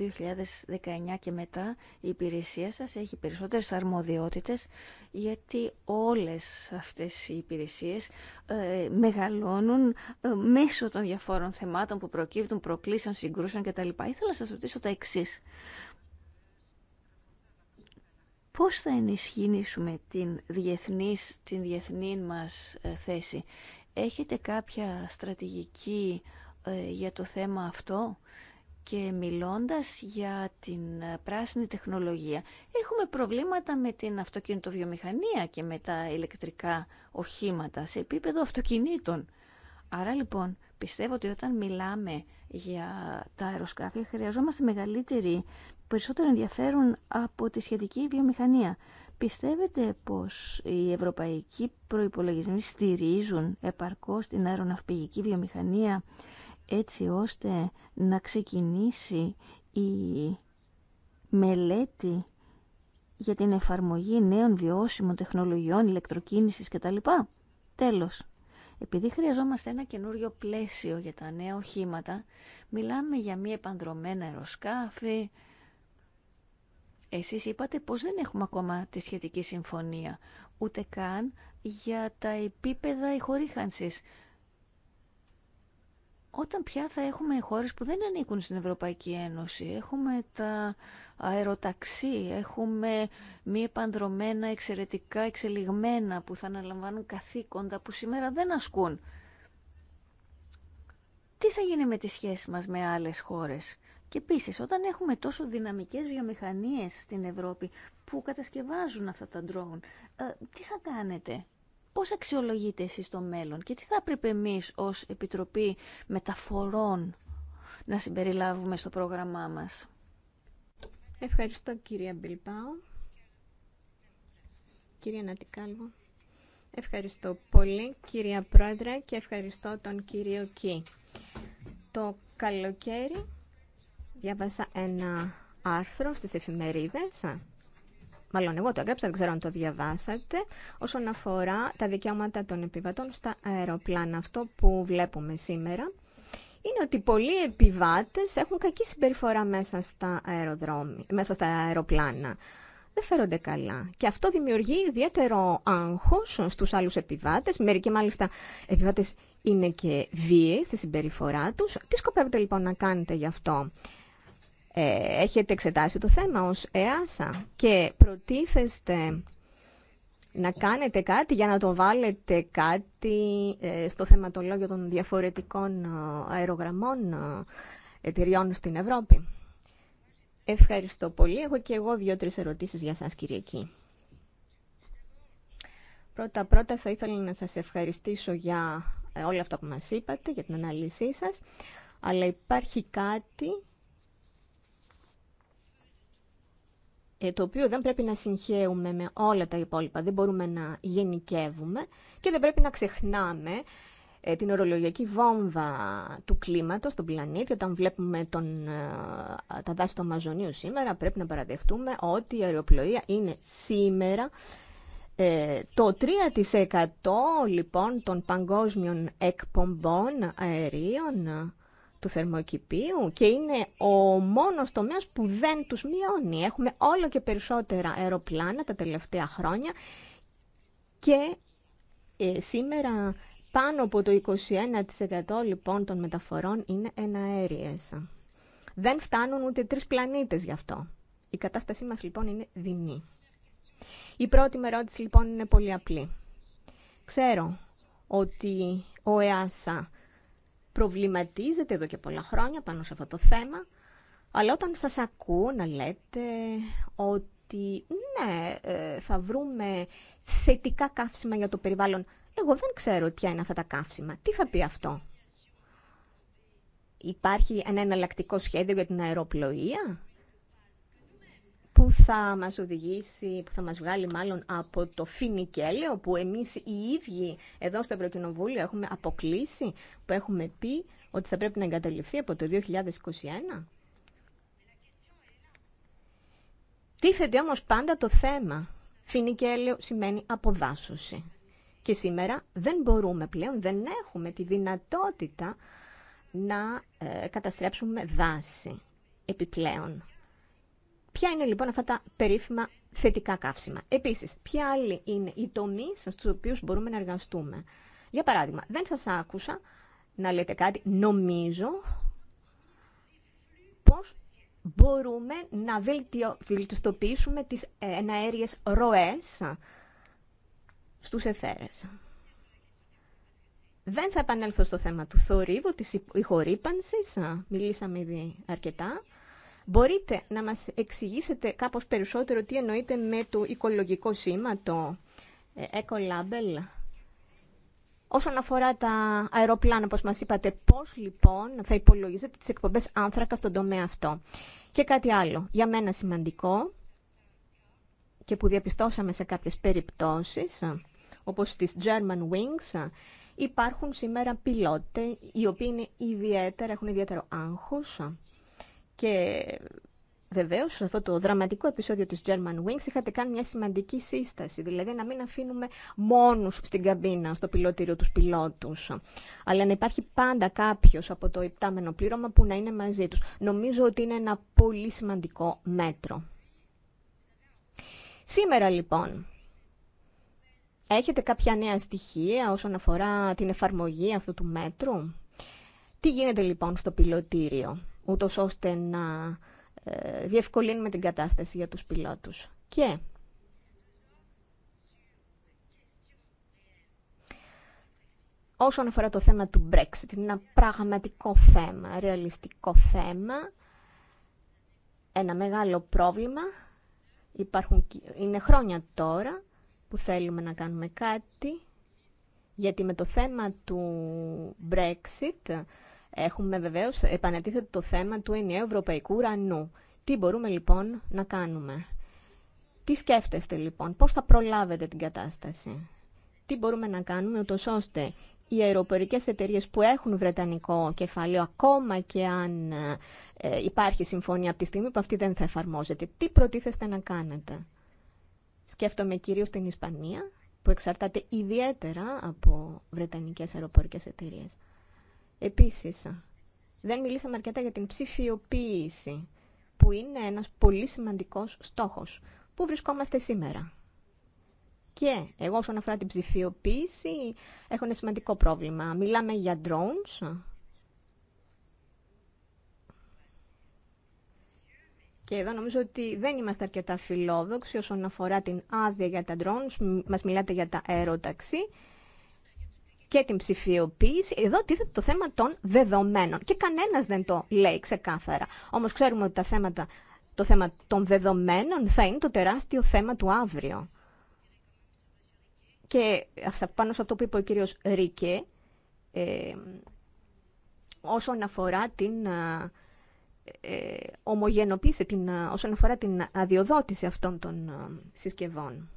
2019 και μετά. Η υπηρεσία σας έχει περισσότερες αρμοδιότητες γιατί όλες αυτές οι υπηρεσίες ε, μεγαλώνουν ε, μέσω των διαφόρων θεμάτων που προκύπτουν, προκλήσεων, συγκρούσεων κτλ. Ήθελα να σας ρωτήσω τα εξή πώς θα ενισχύσουμε την διεθνής, την διεθνή μας ε, θέση. Έχετε κάποια στρατηγική ε, για το θέμα αυτό και μιλώντας για την ε, πράσινη τεχνολογία. Έχουμε προβλήματα με την αυτοκινητοβιομηχανία και με τα ηλεκτρικά οχήματα σε επίπεδο αυτοκινήτων. Άρα λοιπόν πιστεύω ότι όταν μιλάμε για τα αεροσκάφια χρειαζόμαστε μεγαλύτερη περισσότερο ενδιαφέρουν από τη σχετική βιομηχανία. Πιστεύετε πως οι ευρωπαϊκοί προϋπολογισμοί στηρίζουν επαρκώς την αεροναυπηγική βιομηχανία έτσι ώστε να ξεκινήσει η μελέτη για την εφαρμογή νέων βιώσιμων τεχνολογιών, ηλεκτροκίνησης κτλ. Τέλος, επειδή χρειαζόμαστε ένα καινούριο πλαίσιο για τα νέα οχήματα, μιλάμε για μη επανδρομένα αεροσκάφη, εσείς είπατε πως δεν έχουμε ακόμα τη σχετική συμφωνία, ούτε καν για τα επίπεδα ηχορήχανσης. Όταν πια θα έχουμε χώρες που δεν ανήκουν στην Ευρωπαϊκή Ένωση, έχουμε τα αεροταξί, έχουμε μη επανδρομένα εξαιρετικά εξελιγμένα που θα αναλαμβάνουν καθήκοντα που σήμερα δεν ασκούν τι θα γίνει με τις σχέσεις μας με άλλες χώρες. Και επίση, όταν έχουμε τόσο δυναμικές βιομηχανίες στην Ευρώπη που κατασκευάζουν αυτά τα ντρόουν, ε, τι θα κάνετε, πώς αξιολογείτε εσείς το μέλλον και τι θα έπρεπε εμείς ως Επιτροπή Μεταφορών να συμπεριλάβουμε στο πρόγραμμά μας. Ευχαριστώ κυρία Μπιλπάου. Κυρία Νατικάλβο. Ευχαριστώ πολύ κυρία Πρόεδρε και ευχαριστώ τον κύριο Κι. Το καλοκαίρι διάβασα ένα άρθρο στις εφημερίδες μάλλον εγώ το έγραψα, δεν ξέρω αν το διαβάσατε, όσον αφορά τα δικαιώματα των επιβατών στα αεροπλάνα. Αυτό που βλέπουμε σήμερα είναι ότι πολλοί επιβάτες έχουν κακή συμπεριφορά μέσα στα, αεροδρόμια, μέσα στα αεροπλάνα. Δεν φέρονται καλά. Και αυτό δημιουργεί ιδιαίτερο άγχος στους άλλους επιβάτες. Μερικοί μάλιστα επιβάτες είναι και βίαιοι στη συμπεριφορά τους. Τι σκοπεύετε λοιπόν να κάνετε γι' αυτό. Ε, έχετε εξετάσει το θέμα ως ΕΑΣΑ και προτίθεστε να κάνετε κάτι για να το βάλετε κάτι ε, στο θεματολόγιο των διαφορετικών ε, αερογραμμών ε, εταιριών στην Ευρώπη. Ευχαριστώ πολύ. Έχω και εγώ δύο-τρεις ερωτήσεις για σας, Κυριακή. Πρώτα-πρώτα θα ήθελα να σας ευχαριστήσω για ε, όλα αυτά που μας είπατε, για την ανάλυση σας, αλλά υπάρχει κάτι ε, το οποίο δεν πρέπει να συγχαίουμε με όλα τα υπόλοιπα, δεν μπορούμε να γενικεύουμε και δεν πρέπει να ξεχνάμε ε, την ορολογιακή βόμβα του κλίματος στον πλανήτη. Όταν βλέπουμε τον, τα δάση του Αμαζονίου σήμερα, πρέπει να παραδεχτούμε ότι η αεροπλοεία είναι σήμερα ε, το 3% λοιπόν των παγκόσμιων εκπομπών αερίων ε, του θερμοκηπίου και είναι ο μόνος τομέας που δεν τους μειώνει. Έχουμε όλο και περισσότερα αεροπλάνα τα τελευταία χρόνια και ε, σήμερα πάνω από το 21% λοιπόν των μεταφορών είναι εναέριες. Δεν φτάνουν ούτε τρεις πλανήτες γι' αυτό. Η κατάστασή μας λοιπόν είναι δεινή. Η πρώτη με ερώτηση λοιπόν είναι πολύ απλή. Ξέρω ότι ο ΕΑΣΑ προβληματίζεται εδώ και πολλά χρόνια πάνω σε αυτό το θέμα, αλλά όταν σας ακούω να λέτε ότι ναι, ε, θα βρούμε θετικά καύσιμα για το περιβάλλον, εγώ δεν ξέρω ποια είναι αυτά τα καύσιμα. Τι θα πει αυτό. Υπάρχει ένα εναλλακτικό σχέδιο για την αεροπλοεία που θα μας οδηγήσει, που θα μας βγάλει μάλλον από το φινικέλαιο που εμείς οι ίδιοι εδώ στο Ευρωκοινοβούλιο έχουμε αποκλείσει, που έχουμε πει ότι θα πρέπει να εγκαταλειφθεί από το 2021. Τίθεται όμως πάντα το θέμα. Φινικέλαιο σημαίνει αποδάσωση. Και σήμερα δεν μπορούμε πλέον, δεν έχουμε τη δυνατότητα να ε, καταστρέψουμε δάση επιπλέον. Ποια είναι λοιπόν αυτά τα περίφημα θετικά καύσιμα. Επίσης, ποια άλλη είναι οι τομή στους οποίους μπορούμε να εργαστούμε. Για παράδειγμα, δεν σας άκουσα να λέτε κάτι, νομίζω, πώς μπορούμε να βελτιστοποιήσουμε τις ε, εναέριες ροές στους εθέρες. Δεν θα επανέλθω στο θέμα του θορύβου, της ηχορύπανσης, μιλήσαμε ήδη αρκετά. Μπορείτε να μας εξηγήσετε κάπως περισσότερο τι εννοείτε με το οικολογικό σήμα, το ε, eco-label, Όσον αφορά τα αεροπλάνα, όπως μας είπατε, πώς λοιπόν θα υπολογίζετε τις εκπομπές άνθρακα στον τομέα αυτό. Και κάτι άλλο, για μένα σημαντικό και που διαπιστώσαμε σε κάποιες περιπτώσεις, όπως στις German Wings, υπάρχουν σήμερα πιλότε οι οποίοι είναι ιδιαίτερα, έχουν ιδιαίτερο άγχος και Βεβαίω, σε αυτό το δραματικό επεισόδιο τη German Wings είχατε κάνει μια σημαντική σύσταση, δηλαδή να μην αφήνουμε μόνου στην καμπίνα, στο πιλότηριο του πιλότου, αλλά να υπάρχει πάντα κάποιο από το υπτάμενο πλήρωμα που να είναι μαζί του. Νομίζω ότι είναι ένα πολύ σημαντικό μέτρο. Σήμερα λοιπόν, έχετε κάποια νέα στοιχεία όσον αφορά την εφαρμογή αυτού του μέτρου. Τι γίνεται λοιπόν στο πιλωτήριο ούτως ώστε να ε, διευκολύνουμε την κατάσταση για τους πιλότους. Και όσον αφορά το θέμα του Brexit, είναι ένα πραγματικό θέμα, ρεαλιστικό θέμα, ένα μεγάλο πρόβλημα. Υπάρχουν, είναι χρόνια τώρα που θέλουμε να κάνουμε κάτι, γιατί με το θέμα του Brexit Έχουμε βεβαίω επανατίθεται το θέμα του ενιαίου ευρωπαϊκού ουρανού. Τι μπορούμε λοιπόν να κάνουμε. Τι σκέφτεστε λοιπόν, πώς θα προλάβετε την κατάσταση. Τι μπορούμε να κάνουμε ούτως ώστε οι αεροπορικές εταιρείες που έχουν βρετανικό κεφαλαίο ακόμα και αν ε, ε, υπάρχει συμφωνία από τη στιγμή που αυτή δεν θα εφαρμόζεται. Τι προτίθεστε να κάνετε. Σκέφτομαι κυρίως την Ισπανία που εξαρτάται ιδιαίτερα από βρετανικές αεροπορικές εταιρείες. Επίσης, δεν μιλήσαμε αρκετά για την ψηφιοποίηση, που είναι ένας πολύ σημαντικός στόχος. Πού βρισκόμαστε σήμερα. Και εγώ όσον αφορά την ψηφιοποίηση έχω ένα σημαντικό πρόβλημα. Μιλάμε για drones. Και εδώ νομίζω ότι δεν είμαστε αρκετά φιλόδοξοι όσον αφορά την άδεια για τα drones. Μας μιλάτε για τα αεροταξί και την ψηφιοποίηση, εδώ τίθεται το θέμα των δεδομένων. Και κανένας δεν το λέει ξεκάθαρα. Όμως ξέρουμε ότι τα θέματα, το θέμα των δεδομένων θα είναι το τεράστιο θέμα του αύριο. Και πάνω σε αυτό που είπε ο κύριος Ρίκε, ε, όσον αφορά την ε, ε ομογενοποίηση, την, ε, όσον αφορά την αδειοδότηση αυτών των συσκευών.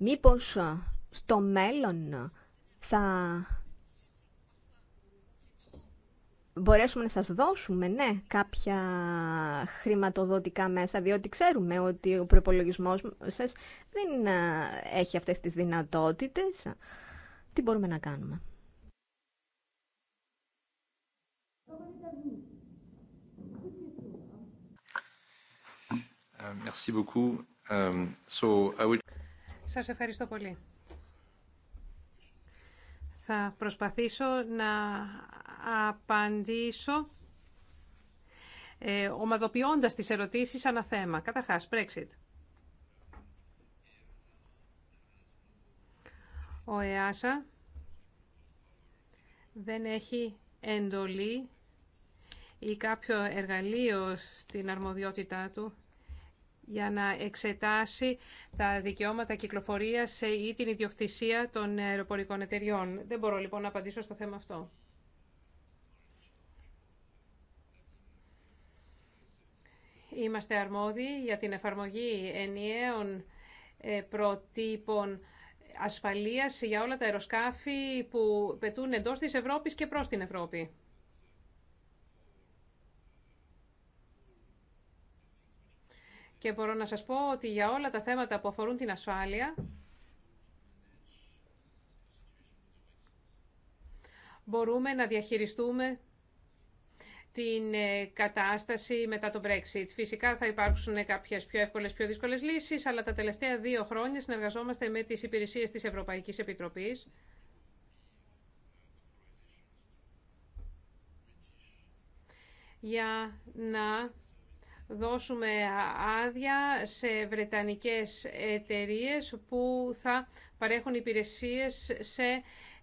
Μήπως στο μέλλον θα μπορέσουμε να σας δώσουμε, ναι, κάποια χρηματοδοτικά μέσα, διότι ξέρουμε ότι ο προπολογισμό σας δεν έχει αυτές τις δυνατότητες. Τι μπορούμε να κάνουμε. Merci beaucoup. Σας ευχαριστώ πολύ. Θα προσπαθήσω να απαντήσω ε, ομαδοποιώντας τις ερωτήσεις ανά θέμα. Καταρχάς, Brexit. Ο ΕΑΣΑ δεν έχει εντολή ή κάποιο εργαλείο στην αρμοδιότητά του για να εξετάσει τα δικαιώματα κυκλοφορίας ή την ιδιοκτησία των αεροπορικών εταιριών. Δεν μπορώ λοιπόν να απαντήσω στο θέμα αυτό. Είμαστε αρμόδιοι για την εφαρμογή ενιαίων ε, προτύπων ασφαλείας για όλα τα αεροσκάφη που πετούν εντός της Ευρώπης και προς την Ευρώπη. και μπορώ να σας πω ότι για όλα τα θέματα που αφορούν την ασφάλεια μπορούμε να διαχειριστούμε την ε, κατάσταση μετά το Brexit. Φυσικά θα υπάρξουν κάποιες πιο εύκολες, πιο δύσκολες λύσεις, αλλά τα τελευταία δύο χρόνια συνεργαζόμαστε με τις υπηρεσίες της Ευρωπαϊκής Επιτροπής. για να δώσουμε άδεια σε βρετανικές εταιρείες που θα παρέχουν υπηρεσίες σε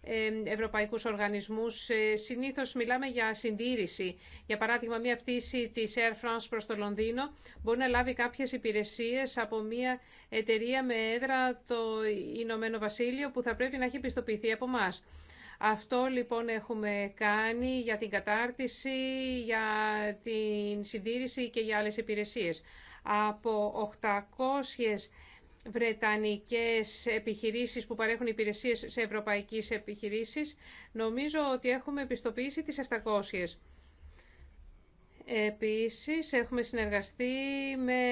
ε, ευρωπαϊκούς οργανισμούς. Ε, συνήθως μιλάμε για συντήρηση. Για παράδειγμα, μια πτήση της Air France προς το Λονδίνο μπορεί να λάβει κάποιες υπηρεσίες από μια εταιρεία με έδρα το Ηνωμένο Βασίλειο που θα πρέπει να έχει επιστοποιηθεί από εμά. Αυτό λοιπόν έχουμε κάνει για την κατάρτιση, για την συντήρηση και για άλλες υπηρεσίες. Από 800 βρετανικές επιχειρήσεις που παρέχουν υπηρεσίες σε ευρωπαϊκές επιχειρήσεις, νομίζω ότι έχουμε επιστοποιήσει τις 700. Επίσης, έχουμε συνεργαστεί με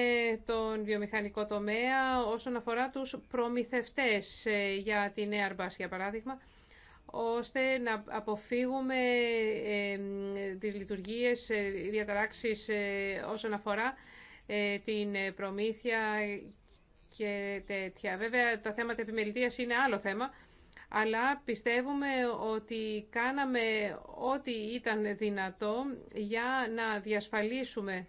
τον βιομηχανικό τομέα όσον αφορά τους προμηθευτές ε, για την Airbus, για παράδειγμα, ώστε να αποφύγουμε ε, τις λειτουργίες ε, διαταράξεις ε, όσον αφορά την προμήθεια και τέτοια. Βέβαια, θέμα θέματα επιμελητίας είναι άλλο θέμα, αλλά πιστεύουμε ότι κάναμε ό,τι ήταν δυνατό για να διασφαλίσουμε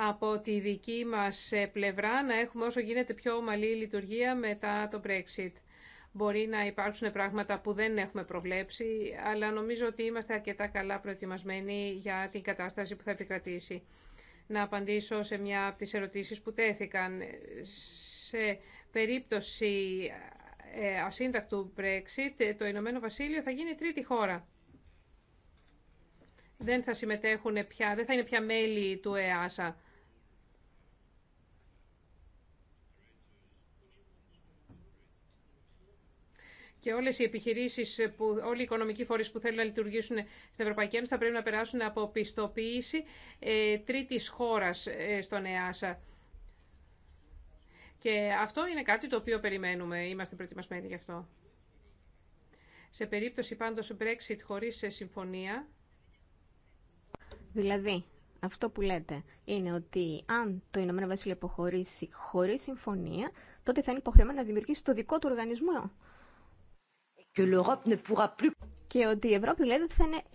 από τη δική μας ε, πλευρά να έχουμε όσο γίνεται πιο ομαλή λειτουργία μετά το Brexit. Μπορεί να υπάρξουν πράγματα που δεν έχουμε προβλέψει, αλλά νομίζω ότι είμαστε αρκετά καλά προετοιμασμένοι για την κατάσταση που θα επικρατήσει. Να απαντήσω σε μια από τις ερωτήσεις που τέθηκαν. Σε περίπτωση ε, ασύντακτου Brexit, το Ηνωμένο Βασίλειο θα γίνει τρίτη χώρα. Δεν θα πια, δεν θα είναι πια μέλη του ΕΑΣΑ. και όλε οι επιχειρήσει, όλοι οι οικονομικοί φορεί που θέλουν να λειτουργήσουν στην Ευρωπαϊκή Ένωση θα πρέπει να περάσουν από πιστοποίηση ε, τρίτης χώρας ε, στον ΕΑΣΑ. Και αυτό είναι κάτι το οποίο περιμένουμε, είμαστε προετοιμασμένοι γι' αυτό. Σε περίπτωση πάντως Brexit χωρίς ε, συμφωνία... Δηλαδή, αυτό που λέτε είναι ότι αν το Ηνωμένο Βασίλειο αποχωρήσει χωρίς συμφωνία, τότε θα είναι υποχρεωμένο να δημιουργήσει το δικό του οργανισμό και ότι η Ευρώπη δηλαδή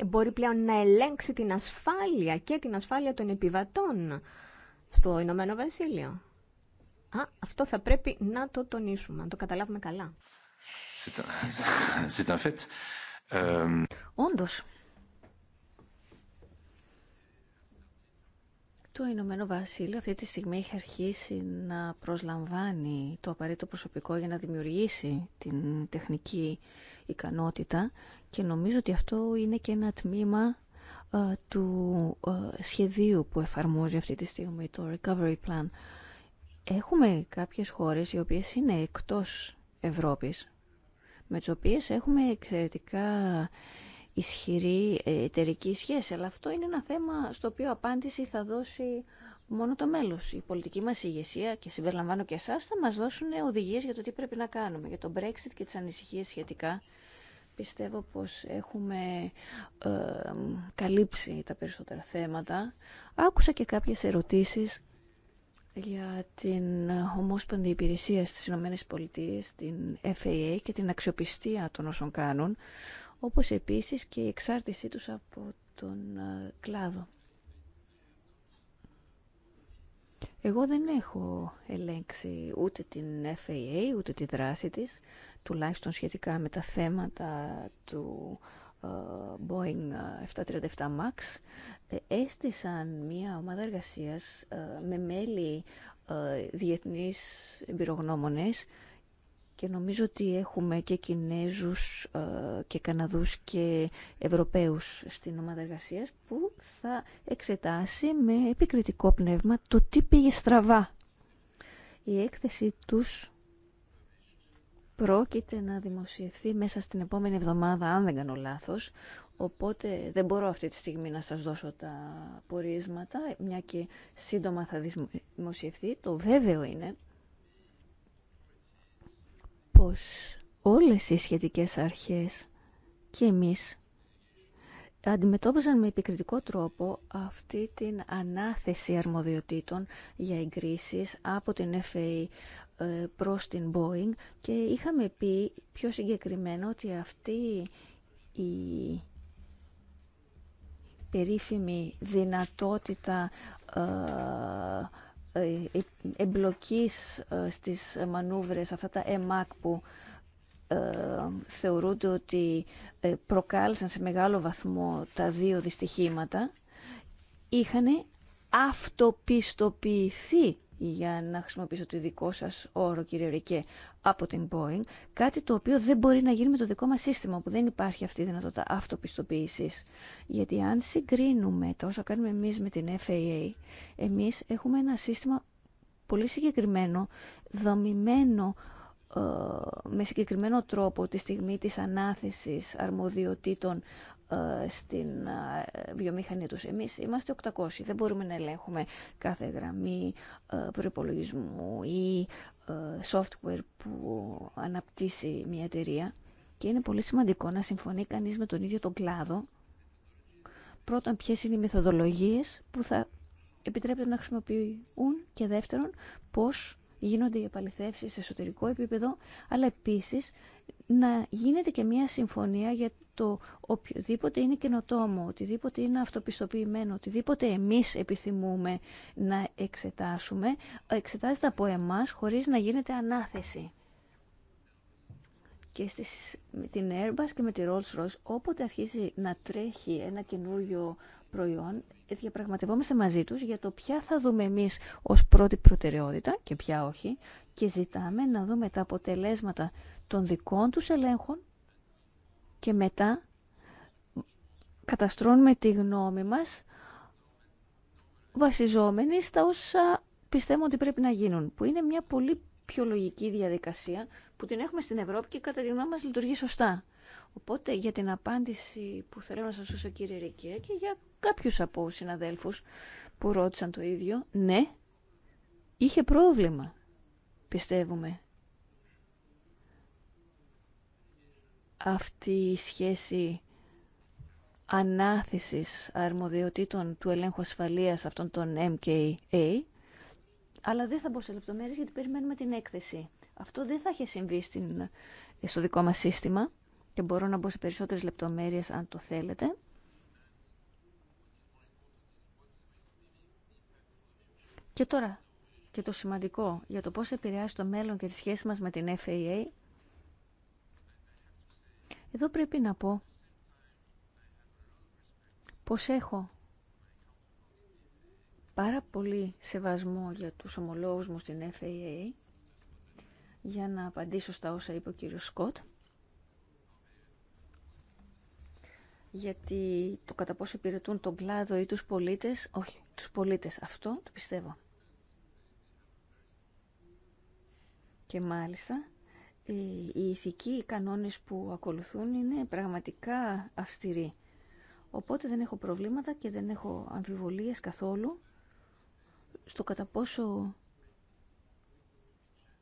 μπορεί πλέον να ελέγξει την ασφάλεια και την ασφάλεια των επιβατών στο Ηνωμένο Βασίλειο. Α, αυτό θα πρέπει να το τονίσουμε, να το καταλάβουμε καλά. Euh, Όντως, Το Ηνωμένο Βασίλειο αυτή τη στιγμή έχει αρχίσει να προσλαμβάνει το απαραίτητο προσωπικό για να δημιουργήσει την τεχνική ικανότητα και νομίζω ότι αυτό είναι και ένα τμήμα ε, του ε, σχεδίου που εφαρμόζει αυτή τη στιγμή το Recovery Plan. Έχουμε κάποιες χώρες οι οποίες είναι εκτός Ευρώπης, με τις οποίες έχουμε εξαιρετικά ισχυρή ε, εταιρική σχέση, αλλά αυτό είναι ένα θέμα στο οποίο απάντηση θα δώσει μόνο το μέλος. Η πολιτική μας ηγεσία και συμπεριλαμβάνω και εσά θα μας δώσουν οδηγίες για το τι πρέπει να κάνουμε. Για το Brexit και τι ανησυχίε σχετικά πιστεύω πως έχουμε ε, καλύψει τα περισσότερα θέματα. Άκουσα και κάποιες ερωτήσεις για την ομόσπονδη υπηρεσία στις ΗΠΑ, την FAA και την αξιοπιστία των όσων κάνουν, όπως επίσης και η εξάρτησή τους από τον ε, κλάδο. Εγώ δεν έχω ελέγξει ούτε την FAA, ούτε τη δράση της, τουλάχιστον σχετικά με τα θέματα του ε, Boeing 737 ε, MAX. Ε, Έστησαν μια ομάδα εργασίας με μέλη διεθνείς εμπειρογνώμονες και νομίζω ότι έχουμε και Κινέζους ε, και Καναδούς και Ευρωπαίους στην ομάδα εργασίας που θα εξετάσει με επικριτικό πνεύμα το τι πήγε στραβά. Η έκθεση τους πρόκειται να δημοσιευθεί μέσα στην επόμενη εβδομάδα, αν δεν κάνω λάθος, οπότε δεν μπορώ αυτή τη στιγμή να σας δώσω τα πορίσματα, μια και σύντομα θα δημοσιευθεί. Το βέβαιο είναι πως όλες οι σχετικές αρχές και εμείς αντιμετώπιζαν με επικριτικό τρόπο αυτή την ανάθεση αρμοδιοτήτων για εγκρίσει από την FAA ε, προς την Boeing και είχαμε πει πιο συγκεκριμένο ότι αυτή η περίφημη δυνατότητα ε, ε, εμπλοκής ε, στις μανούβρες, αυτά τα ΕΜΑΚ που ε, θεωρούνται ότι προκάλεσαν σε μεγάλο βαθμό τα δύο δυστυχήματα, είχαν αυτοπιστοποιηθεί για να χρησιμοποιήσω το δικό σας όρο, κύριε Ρικέ, από την Boeing, κάτι το οποίο δεν μπορεί να γίνει με το δικό μας σύστημα, που δεν υπάρχει αυτή η δυνατότητα αυτοπιστοποίηση. Γιατί αν συγκρίνουμε τα όσα κάνουμε εμείς με την FAA, εμείς έχουμε ένα σύστημα πολύ συγκεκριμένο, δομημένο, ε, με συγκεκριμένο τρόπο τη στιγμή της ανάθεσης αρμοδιοτήτων ε, στην ε, βιομηχανία τους. Εμείς είμαστε 800, δεν μπορούμε να ελέγχουμε κάθε γραμμή ε, προπολογισμού ή software που αναπτύσσει μια εταιρεία και είναι πολύ σημαντικό να συμφωνεί κανείς με τον ίδιο τον κλάδο πρώτον ποιες είναι οι μεθοδολογίες που θα επιτρέπεται να χρησιμοποιούν και δεύτερον πώς γίνονται οι επαληθεύσεις σε εσωτερικό επίπεδο, αλλά επίσης να γίνεται και μια συμφωνία για το οποιοδήποτε είναι καινοτόμο, οτιδήποτε είναι αυτοπιστοποιημένο, οτιδήποτε εμείς επιθυμούμε να εξετάσουμε, εξετάζεται από εμάς χωρίς να γίνεται ανάθεση και στις, με την Airbus και με τη Rolls Royce όποτε αρχίζει να τρέχει ένα καινούριο προϊόν διαπραγματευόμαστε μαζί τους για το ποια θα δούμε εμείς ως πρώτη προτεραιότητα και ποια όχι και ζητάμε να δούμε τα αποτελέσματα των δικών τους ελέγχων και μετά καταστρώνουμε τη γνώμη μας βασιζόμενοι στα όσα πιστεύουμε ότι πρέπει να γίνουν, που είναι μια πολύ πιο λογική διαδικασία που την έχουμε στην Ευρώπη και κατά τη γνώμη μας λειτουργεί σωστά. Οπότε για την απάντηση που θέλω να σας δώσω κύριε Ρικέ και για κάποιους από συναδέλφους που ρώτησαν το ίδιο, ναι, είχε πρόβλημα, πιστεύουμε. Αυτή η σχέση ανάθησης αρμοδιοτήτων του ελέγχου ασφαλείας αυτών των MKA, αλλά δεν θα μπω σε λεπτομέρειες γιατί περιμένουμε την έκθεση. Αυτό δεν θα είχε συμβεί στην, στο δικό μας σύστημα και μπορώ να μπω σε περισσότερες λεπτομέρειες αν το θέλετε. Και τώρα, και το σημαντικό για το πώς επηρεάζει το μέλλον και τη σχέση μας με την FAA, εδώ πρέπει να πω πως έχω πάρα πολύ σεβασμό για τους ομολόγους μου στην FAA για να απαντήσω στα όσα είπε ο κύριος Σκοτ γιατί το κατά πόσο υπηρετούν τον κλάδο ή τους πολίτες, όχι, τους πολίτες, αυτό το πιστεύω. Και μάλιστα, οι ηθικοί οι κανόνες που ακολουθούν είναι πραγματικά αυστηροί. Οπότε δεν έχω προβλήματα και δεν έχω αμφιβολίες καθόλου στο κατά πόσο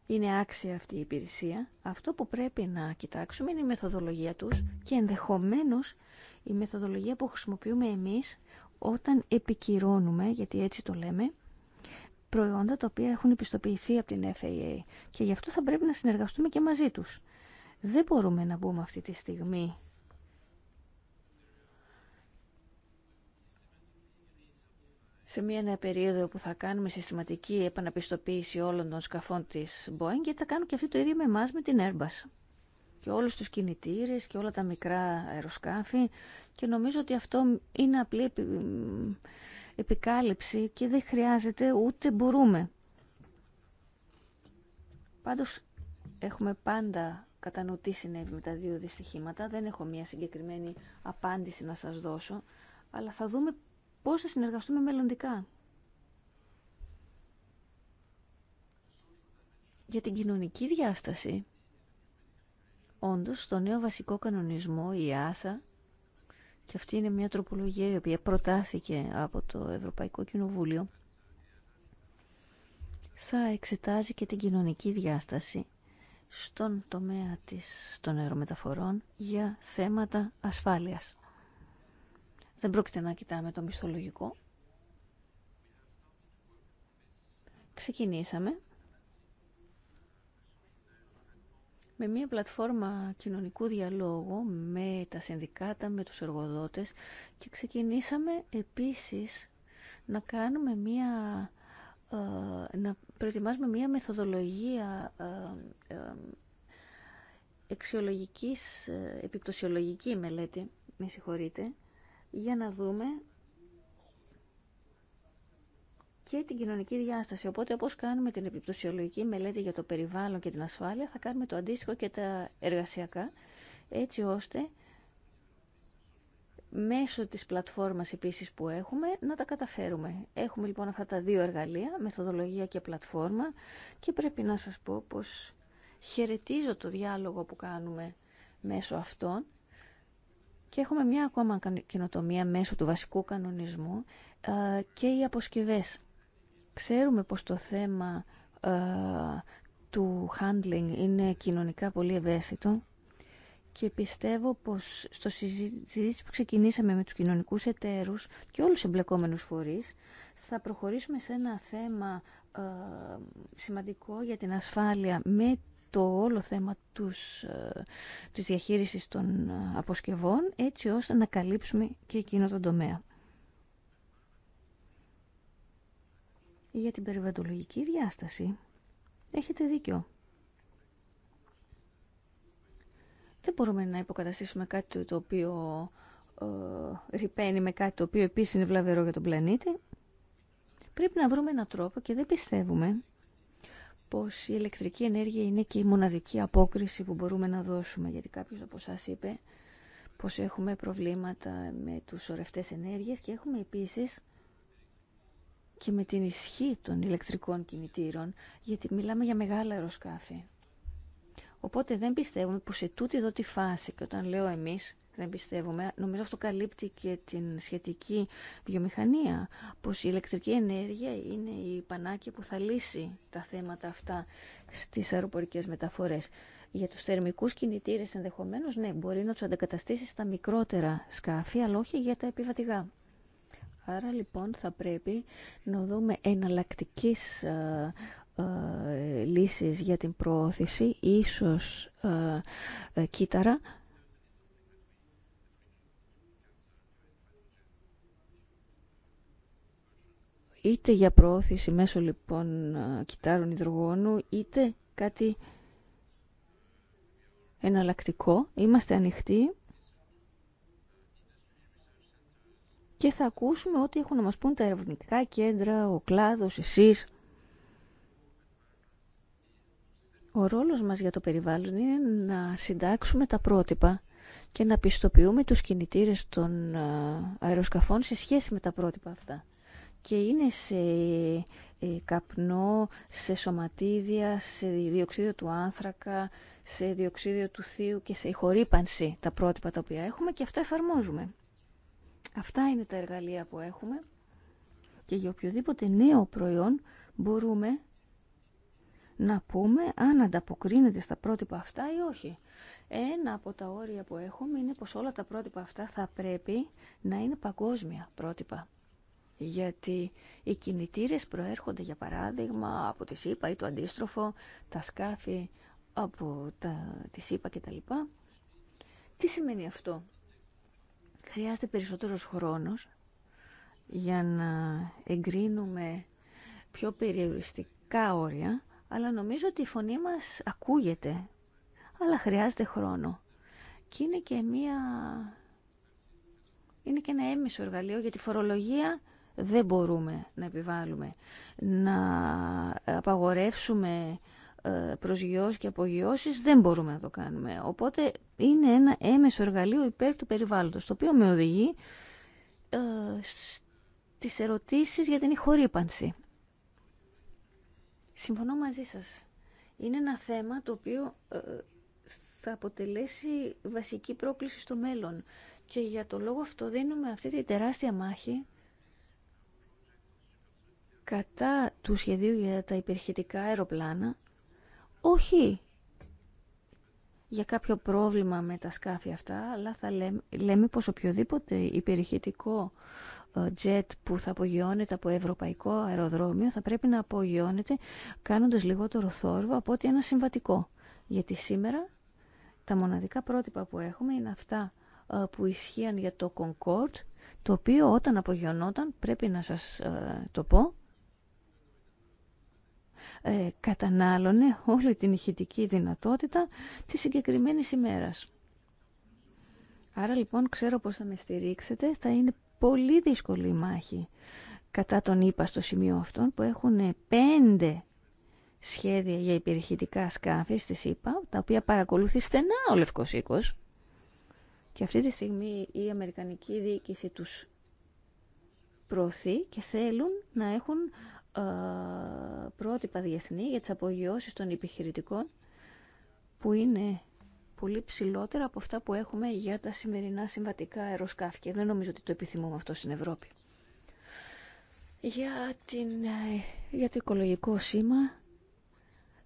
είναι άξια αυτή η υπηρεσία. Αυτό που πρέπει να κοιτάξουμε είναι η μεθοδολογία τους και ενδεχομένως η μεθοδολογία που χρησιμοποιούμε εμείς όταν επικυρώνουμε, γιατί έτσι το λέμε, προϊόντα τα οποία έχουν επιστοποιηθεί από την FAA και γι' αυτό θα πρέπει να συνεργαστούμε και μαζί τους. Δεν μπορούμε να μπούμε αυτή τη στιγμή σε μια νέα περίοδο που θα κάνουμε συστηματική επαναπιστοποίηση όλων των σκαφών της Boeing γιατί θα κάνουν και αυτοί το ίδιο με εμά με την Airbus και όλους τους κινητήρες και όλα τα μικρά αεροσκάφη και νομίζω ότι αυτό είναι απλή επικάλυψη και δεν χρειάζεται ούτε μπορούμε. Πάντως έχουμε πάντα κατά νου τι συνέβη με τα δύο δυστυχήματα. Δεν έχω μια συγκεκριμένη απάντηση να σας δώσω, αλλά θα δούμε πώς θα συνεργαστούμε μελλοντικά. Για την κοινωνική διάσταση, Όντως, στο νέο βασικό κανονισμό, η ΆΣΑ, και αυτή είναι μια τροπολογία η οποία προτάθηκε από το Ευρωπαϊκό Κοινοβούλιο, θα εξετάζει και την κοινωνική διάσταση στον τομέα της, των αερομεταφορών για θέματα ασφάλειας. Δεν πρόκειται να κοιτάμε το μισθολογικό. Ξεκινήσαμε με μια πλατφόρμα κοινωνικού διαλόγου με τα συνδικάτα, με τους εργοδότες και ξεκινήσαμε επίσης να κάνουμε μια ε, να προετοιμάσουμε μια μεθοδολογία ε, ε, εξιολογικής, επιπτωσιολογική μελέτη, με συγχωρείτε, για να δούμε και την κοινωνική διάσταση. Οπότε, όπως κάνουμε την επιπτωσιολογική μελέτη για το περιβάλλον και την ασφάλεια, θα κάνουμε το αντίστοιχο και τα εργασιακά, έτσι ώστε μέσω της πλατφόρμας επίσης που έχουμε να τα καταφέρουμε. Έχουμε λοιπόν αυτά τα δύο εργαλεία, μεθοδολογία και πλατφόρμα και πρέπει να σας πω πως χαιρετίζω το διάλογο που κάνουμε μέσω αυτών και έχουμε μια ακόμα καινοτομία μέσω του βασικού κανονισμού ε, και οι αποσκευές. Ξέρουμε πως το θέμα ε, του handling είναι κοινωνικά πολύ ευαίσθητο και πιστεύω πως στο συζήτηση που ξεκινήσαμε με τους κοινωνικούς εταίρους και όλους τους εμπλεκόμενους φορείς θα προχωρήσουμε σε ένα θέμα ε, σημαντικό για την ασφάλεια με το όλο θέμα τους, ε, της διαχείρισης των ε, αποσκευών έτσι ώστε να καλύψουμε και εκείνο τον τομέα. για την περιβαλλοντολογική διάσταση, έχετε δίκιο. Δεν μπορούμε να υποκαταστήσουμε κάτι το οποίο ε, ρηπαίνει με κάτι το οποίο επίσης είναι βλαβερό για τον πλανήτη. Πρέπει να βρούμε έναν τρόπο και δεν πιστεύουμε πως η ηλεκτρική ενέργεια είναι και η μοναδική απόκριση που μπορούμε να δώσουμε. Γιατί κάποιος από σας είπε πως έχουμε προβλήματα με τους ορευτές ενέργειες και έχουμε επίσης και με την ισχύ των ηλεκτρικών κινητήρων, γιατί μιλάμε για μεγάλα αεροσκάφη. Οπότε δεν πιστεύουμε που σε τούτη εδώ τη φάση, και όταν λέω εμείς, δεν πιστεύουμε, νομίζω αυτό καλύπτει και την σχετική βιομηχανία, πως η ηλεκτρική ενέργεια είναι η πανάκια που θα λύσει τα θέματα αυτά στις αεροπορικές μεταφορές. Για τους θερμικούς κινητήρες ενδεχομένως, ναι, μπορεί να τους αντεκαταστήσει στα μικρότερα σκάφη, αλλά όχι για τα επιβατηγά. Άρα λοιπόν θα πρέπει να δούμε εναλλακτικής ε, ε, λύσεις για την προώθηση, ίσως ε, ε κύτταρα, είτε για προώθηση μέσω λοιπόν ε, κυτάρων υδρογόνου, είτε κάτι εναλλακτικό. Είμαστε ανοιχτοί και θα ακούσουμε ό,τι έχουν να μας πούν τα ερευνητικά κέντρα, ο κλάδος, εσείς. Ο ρόλος μας για το περιβάλλον είναι να συντάξουμε τα πρότυπα και να πιστοποιούμε τους κινητήρες των ε, αεροσκαφών σε σχέση με τα πρότυπα αυτά. Και είναι σε ε, καπνό, σε σωματίδια, σε διοξίδιο του άνθρακα, σε διοξίδιο του θείου και σε ηχορύπανση τα πρότυπα τα οποία έχουμε και αυτά εφαρμόζουμε. Αυτά είναι τα εργαλεία που έχουμε και για οποιοδήποτε νέο προϊόν μπορούμε να πούμε αν ανταποκρίνεται στα πρότυπα αυτά ή όχι. Ένα από τα όρια που έχουμε είναι πως όλα τα πρότυπα αυτά θα πρέπει να είναι παγκόσμια πρότυπα. Γιατί οι κινητήρες προέρχονται για παράδειγμα από τη ΣΥΠΑ ή το αντίστροφο, τα σκάφη από τα, τη ΣΥΠΑ κτλ. Τι σημαίνει αυτό χρειάζεται περισσότερος χρόνος για να εγκρίνουμε πιο περιοριστικά όρια, αλλά νομίζω ότι η φωνή μας ακούγεται, αλλά χρειάζεται χρόνο. Και είναι και μία... Είναι και ένα έμισο εργαλείο για φορολογία δεν μπορούμε να επιβάλλουμε. Να απαγορεύσουμε ε, προσγειώσεις και απογειώσεις δεν μπορούμε να το κάνουμε. Οπότε είναι ένα έμεσο εργαλείο υπέρ του περιβάλλοντος, το οποίο με οδηγεί ε, στις ερωτήσεις για την ηχορύπανση. Συμφωνώ μαζί σας. Είναι ένα θέμα το οποίο ε, θα αποτελέσει βασική πρόκληση στο μέλλον. Και για το λόγο αυτό δίνουμε αυτή τη τεράστια μάχη κατά του σχεδίου για τα υπερχητικά αεροπλάνα όχι για κάποιο πρόβλημα με τα σκάφη αυτά, αλλά θα λέμε, λέμε πως οποιοδήποτε υπερηχητικό jet ε, που θα απογειώνεται από ευρωπαϊκό αεροδρόμιο θα πρέπει να απογειώνεται κάνοντας λιγότερο θόρυβο από ότι ένα συμβατικό. Γιατί σήμερα τα μοναδικά πρότυπα που έχουμε είναι αυτά ε, που ισχύαν για το Concorde, το οποίο όταν απογειωνόταν, πρέπει να σας ε, το πω, ε, κατανάλωνε όλη την ηχητική δυνατότητα της συγκεκριμένης ημέρας. Άρα λοιπόν ξέρω πως θα με στηρίξετε, θα είναι πολύ δύσκολη η μάχη κατά τον είπα στο σημείο αυτών που έχουν πέντε σχέδια για υπηρεχητικά σκάφη στη ΗΠΑ, τα οποία παρακολουθεί στενά ο Λευκός Οίκος. Και αυτή τη στιγμή η Αμερικανική διοίκηση τους προωθεί και θέλουν να έχουν ε, πρότυπα διεθνή για τις απογειώσεις των επιχειρητικών που είναι πολύ ψηλότερα από αυτά που έχουμε για τα σημερινά συμβατικά αεροσκάφη και δεν νομίζω ότι το επιθυμούμε αυτό στην Ευρώπη. Για, την, ε, για το οικολογικό σήμα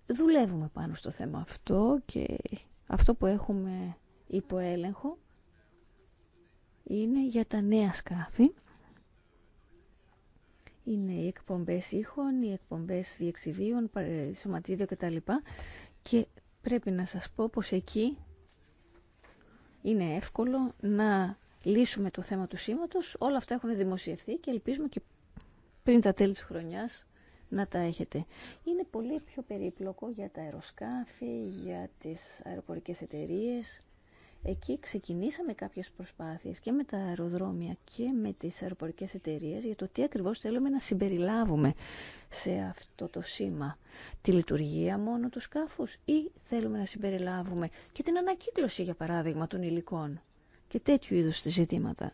δουλεύουμε πάνω στο θέμα αυτό και αυτό που έχουμε υποέλεγχο είναι για τα νέα σκάφη είναι οι εκπομπές ήχων, οι εκπομπές διεξιδίων, σωματίδιο κτλ. Και πρέπει να σας πω πως εκεί είναι εύκολο να λύσουμε το θέμα του σήματος. Όλα αυτά έχουν δημοσιευθεί και ελπίζουμε και πριν τα τέλη της χρονιάς να τα έχετε. Είναι πολύ πιο περίπλοκο για τα αεροσκάφη, για τις αεροπορικές εταιρείες, Εκεί ξεκινήσαμε κάποιες προσπάθειες και με τα αεροδρόμια και με τις αεροπορικές εταιρείες για το τι ακριβώς θέλουμε να συμπεριλάβουμε σε αυτό το σήμα. Τη λειτουργία μόνο του σκάφους ή θέλουμε να συμπεριλάβουμε και την ανακύκλωση, για παράδειγμα, των υλικών και τέτοιου είδους ζητήματα.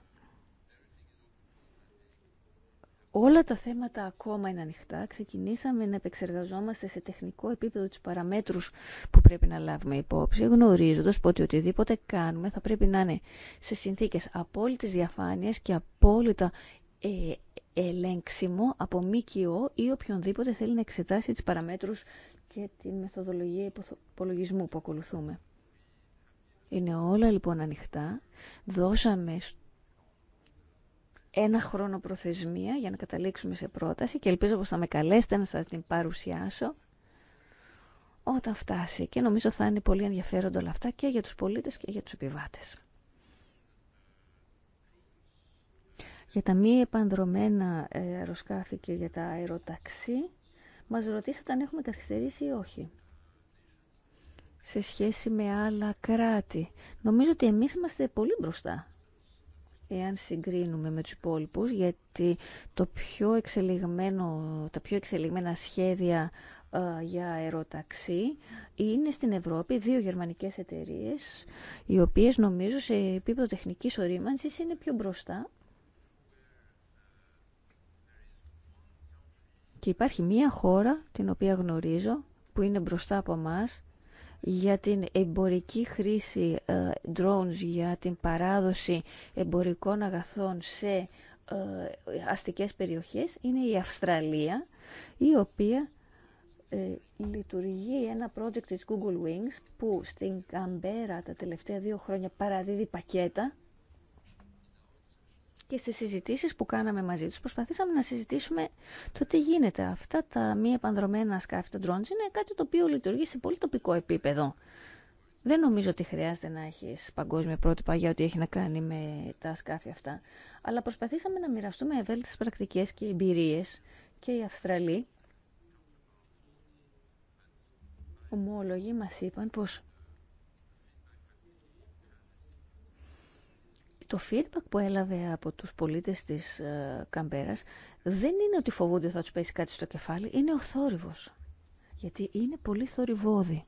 Όλα τα θέματα ακόμα είναι ανοιχτά. Ξεκινήσαμε να επεξεργαζόμαστε σε τεχνικό επίπεδο τις παραμέτρους που πρέπει να λάβουμε υπόψη, γνωρίζοντας ότι οτιδήποτε κάνουμε θα πρέπει να είναι σε συνθήκες απόλυτης διαφάνειας και απόλυτα ε, ελέγξιμο από ΜΚΟ ή οποιονδήποτε θέλει να εξετάσει τις παραμέτρους και τη μεθοδολογία υπολογισμού που ακολουθούμε. Είναι όλα λοιπόν ανοιχτά. Δώσαμε ένα χρόνο προθεσμία για να καταλήξουμε σε πρόταση και ελπίζω πως θα με καλέσετε να σας την παρουσιάσω όταν φτάσει και νομίζω θα είναι πολύ ενδιαφέροντα όλα αυτά και για τους πολίτες και για τους επιβάτες. Για τα μη επανδρομένα ε, αεροσκάφη και για τα αεροταξί μας ρωτήσατε αν έχουμε καθυστερήσει ή όχι σε σχέση με άλλα κράτη. Νομίζω ότι εμείς είμαστε πολύ μπροστά εάν συγκρίνουμε με τους υπόλοιπου, γιατί το πιο εξελιγμένο, τα πιο εξελιγμένα σχέδια ε, για αεροταξί είναι στην Ευρώπη δύο γερμανικές εταιρείες οι οποίες νομίζω σε επίπεδο τεχνικής ορίμανσης είναι πιο μπροστά και υπάρχει μία χώρα την οποία γνωρίζω που είναι μπροστά από μας για την εμπορική χρήση ε, drones για την παράδοση εμπορικών αγαθών σε ε, αστικές περιοχές είναι η Αυστραλία η οποία ε, λειτουργεί ένα project της Google Wings που στην Καμπέρα τα τελευταία δύο χρόνια παραδίδει πακέτα και στις συζητήσεις που κάναμε μαζί τους προσπαθήσαμε να συζητήσουμε το τι γίνεται. Αυτά τα μη επανδρομένα σκάφη των drones είναι κάτι το οποίο λειτουργεί σε πολύ τοπικό επίπεδο. Δεν νομίζω ότι χρειάζεται να έχει παγκόσμια πρότυπα για ό,τι έχει να κάνει με τα σκάφη αυτά. Αλλά προσπαθήσαμε να μοιραστούμε ευέλικτε πρακτικέ και εμπειρίε και οι Αυστραλοί. Ομόλογοι μα είπαν πω. το feedback που έλαβε από τους πολίτες της ε, Καμπέρας δεν είναι ότι φοβούνται ότι θα τους πέσει κάτι στο κεφάλι, είναι ο θόρυβος. Γιατί είναι πολύ θορυβόδη.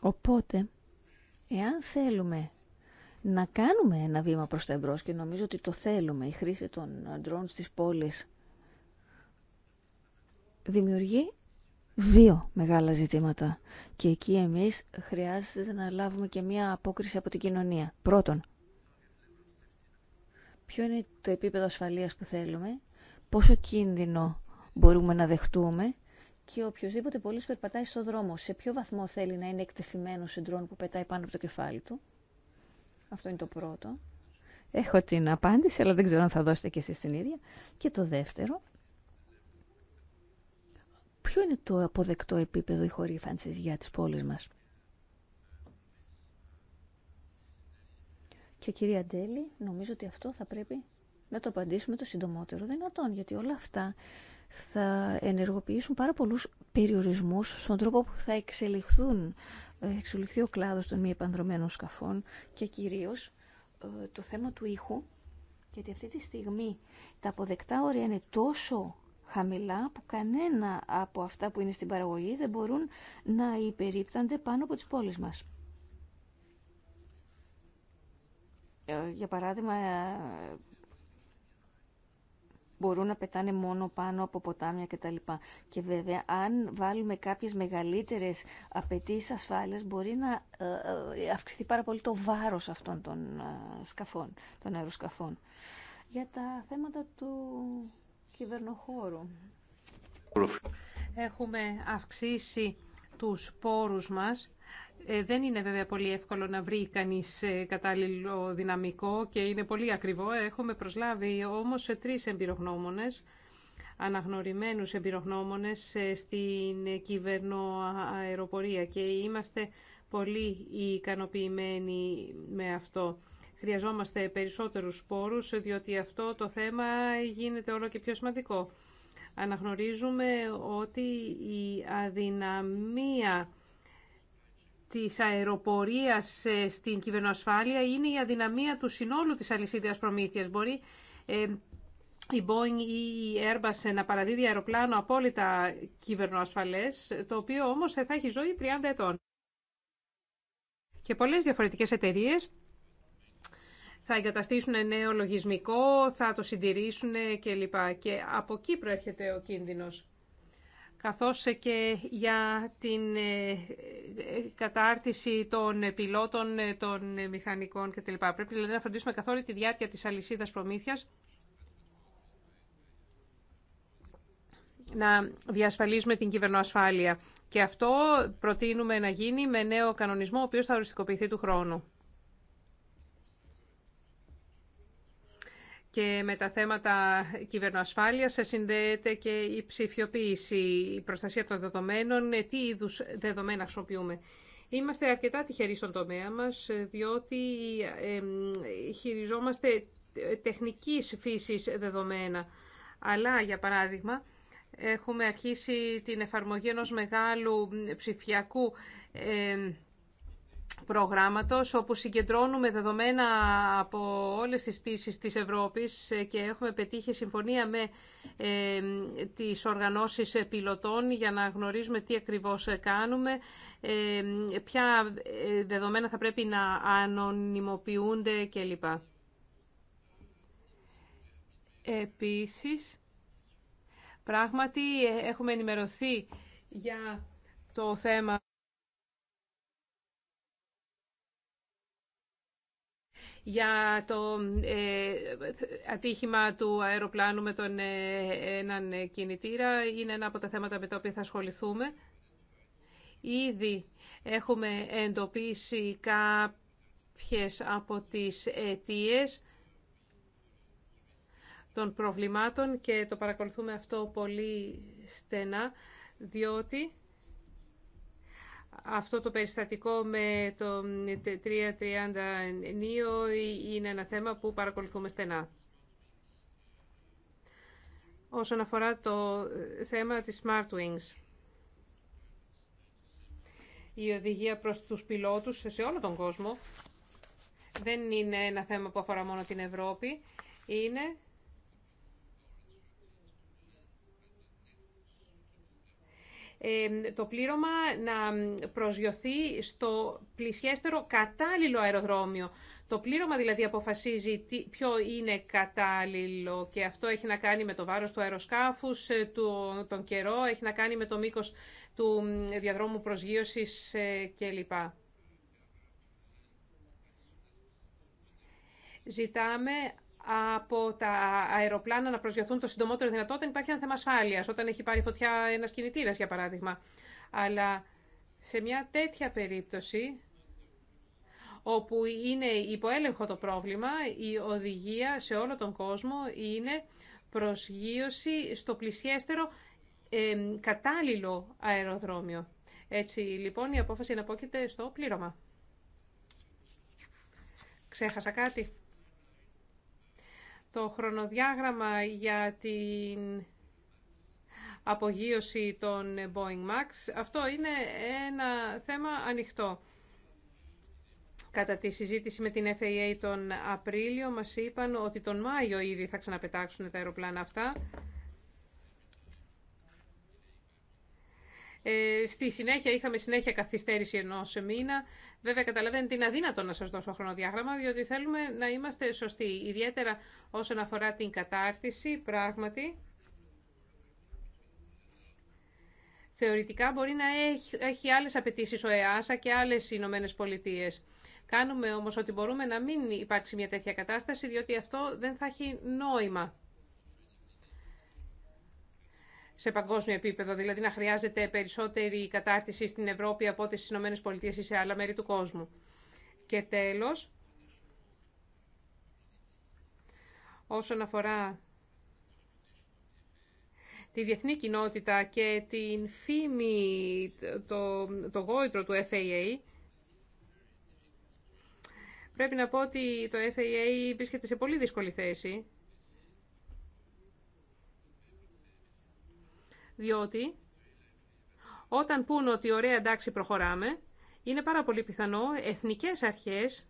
Οπότε, εάν θέλουμε να κάνουμε ένα βήμα προς τα εμπρός και νομίζω ότι το θέλουμε, η χρήση των drones στις πόλεις δημιουργεί δύο μεγάλα ζητήματα και εκεί εμείς χρειάζεται να λάβουμε και μία απόκριση από την κοινωνία. Πρώτον, ποιο είναι το επίπεδο ασφαλείας που θέλουμε, πόσο κίνδυνο μπορούμε να δεχτούμε και οποιοδήποτε πολύς περπατάει στον δρόμο, σε ποιο βαθμό θέλει να είναι εκτεθειμένο σε ντρόν που πετάει πάνω από το κεφάλι του. Αυτό είναι το πρώτο. Έχω την απάντηση, αλλά δεν ξέρω αν θα δώσετε και εσείς την ίδια. Και το δεύτερο, ποιο είναι το αποδεκτό επίπεδο ηχορύφανσης για τις πόλεις μας. Και κυρία Ντέλη, νομίζω ότι αυτό θα πρέπει να το απαντήσουμε το συντομότερο δυνατόν, γιατί όλα αυτά θα ενεργοποιήσουν πάρα πολλούς περιορισμούς στον τρόπο που θα εξελιχθούν, ε, εξελιχθεί ο κλάδος των μη επανδρομένων σκαφών και κυρίως ε, το θέμα του ήχου, γιατί αυτή τη στιγμή τα αποδεκτά όρια είναι τόσο χαμηλά που κανένα από αυτά που είναι στην παραγωγή δεν μπορούν να υπερίπτανται πάνω από τις πόλεις μας. Ε, για παράδειγμα, ε, μπορούν να πετάνε μόνο πάνω από ποτάμια κτλ. Και βέβαια, αν βάλουμε κάποιες μεγαλύτερες απαιτήσει ασφάλειας, μπορεί να ε, αυξηθεί πάρα πολύ το βάρος αυτών των σκαφών, των αεροσκαφών. Για τα θέματα του κυβερνοχώρου. Έχουμε αυξήσει τους πόρους μας. Ε, δεν είναι βέβαια πολύ εύκολο να βρει κανείς ε, κατάλληλο δυναμικό και είναι πολύ ακριβό. Έχουμε προσλάβει όμως τρεις εμπειρογνώμονες, αναγνωριμένους εμπειρογνώμονες ε, στην κυβερνοαεροπορία και είμαστε πολύ ικανοποιημένοι με αυτό. Χρειαζόμαστε περισσότερους σπόρους, διότι αυτό το θέμα γίνεται όλο και πιο σημαντικό. Αναγνωρίζουμε ότι η αδυναμία της αεροπορίας ε, στην κυβερνοασφάλεια είναι η αδυναμία του συνόλου της αλυσίδιας προμήθειας. Μπορεί ε, η Boeing ή η Airbus να παραδίδει αεροπλάνο απόλυτα κυβερνοασφαλές, το οποίο όμως θα έχει ζωή 30 ετών. Και πολλές διαφορετικές εταιρείες θα εγκαταστήσουν νέο λογισμικό, θα το συντηρήσουν κλπ. Και από εκεί προέρχεται ο κίνδυνος. Καθώς και για την ε, κατάρτιση των πιλότων, ε, των ε, μηχανικών κλπ. Πρέπει δηλαδή, να φροντίσουμε καθόλου τη διάρκεια της αλυσίδας προμήθειας να διασφαλίζουμε την κυβερνοασφάλεια. Και αυτό προτείνουμε να γίνει με νέο κανονισμό, ο οποίος θα οριστικοποιηθεί του χρόνου. και με τα θέματα κυβερνοασφάλειας συνδέεται και η ψηφιοποίηση, η προστασία των δεδομένων, ε, τι είδους δεδομένα χρησιμοποιούμε. Είμαστε αρκετά τυχεροί στον τομέα μας, ε, διότι χειριζόμαστε ε, τεχνικής φύσης δεδομένα. Αλλά, για παράδειγμα, έχουμε αρχίσει την εφαρμογή ενός μεγάλου ψηφιακού προγράμματος όπου συγκεντρώνουμε δεδομένα από όλες τις στήσεις της Ευρώπης ε, και έχουμε πετύχει συμφωνία με ε, τις οργανώσεις πιλωτών για να γνωρίζουμε τι ακριβώς κάνουμε, ε, ποια ε, δεδομένα θα πρέπει να ανωνυμοποιούνται κλπ. Επίσης, πράγματι έχουμε ενημερωθεί για το θέμα για το ε, ατύχημα του αεροπλάνου με τον ε, έναν κινητήρα. Είναι ένα από τα θέματα με τα οποία θα ασχοληθούμε. Ήδη έχουμε εντοπίσει κάποιες από τις αιτίες των προβλημάτων και το παρακολουθούμε αυτό πολύ στενά, διότι αυτό το περιστατικό με το 330 είναι ένα θέμα που παρακολουθούμε στενά. Όσον αφορά το θέμα της Smart Wings, η οδηγία προς τους πιλότους σε όλο τον κόσμο δεν είναι ένα θέμα που αφορά μόνο την Ευρώπη, είναι το πλήρωμα να προσγειωθεί στο πλησιέστερο κατάλληλο αεροδρόμιο. Το πλήρωμα δηλαδή αποφασίζει τι, ποιο είναι κατάλληλο και αυτό έχει να κάνει με το βάρος του αεροσκάφους, ε, του, τον καιρό, έχει να κάνει με το μήκος του διαδρόμου προσγείωσης ε, κλπ. Ζητάμε από τα αεροπλάνα να προσγειωθούν το συντομότερο δυνατό όταν υπάρχει ένα θέμα ασφάλεια, όταν έχει πάρει φωτιά ένα κινητήρα, για παράδειγμα. Αλλά σε μια τέτοια περίπτωση, όπου είναι υποέλεγχο το πρόβλημα, η οδηγία σε όλο τον κόσμο είναι προσγείωση στο πλησιέστερο ε, κατάλληλο αεροδρόμιο. Έτσι λοιπόν η απόφαση να στο πλήρωμα. Ξέχασα κάτι το χρονοδιάγραμμα για την απογείωση των Boeing Max. Αυτό είναι ένα θέμα ανοιχτό. Κατά τη συζήτηση με την FAA τον Απρίλιο μας είπαν ότι τον Μάιο ήδη θα ξαναπετάξουν τα αεροπλάνα αυτά. Ε, στη συνέχεια είχαμε συνέχεια καθυστέρηση ενός μήνα. Βέβαια, καταλαβαίνετε, είναι αδύνατο να σα δώσω χρονοδιάγραμμα, διότι θέλουμε να είμαστε σωστοί, ιδιαίτερα όσον αφορά την κατάρτιση, πράγματι. Θεωρητικά μπορεί να έχει, έχει άλλες απαιτήσει ο ΕΑΣΑ και άλλες Ηνωμένε Πολιτείε. Κάνουμε όμως ότι μπορούμε να μην υπάρξει μια τέτοια κατάσταση, διότι αυτό δεν θα έχει νόημα σε παγκόσμιο επίπεδο, δηλαδή να χρειάζεται περισσότερη κατάρτιση στην Ευρώπη από ό,τι στις ΗΠΑ ή σε άλλα μέρη του κόσμου. Και τέλος, όσον αφορά τη διεθνή κοινότητα και την φήμη, το, το γόητρο του FAA, πρέπει να πω ότι το FAA βρίσκεται σε πολύ δύσκολη θέση. διότι όταν πούν ότι ωραία εντάξει προχωράμε, είναι πάρα πολύ πιθανό εθνικές αρχές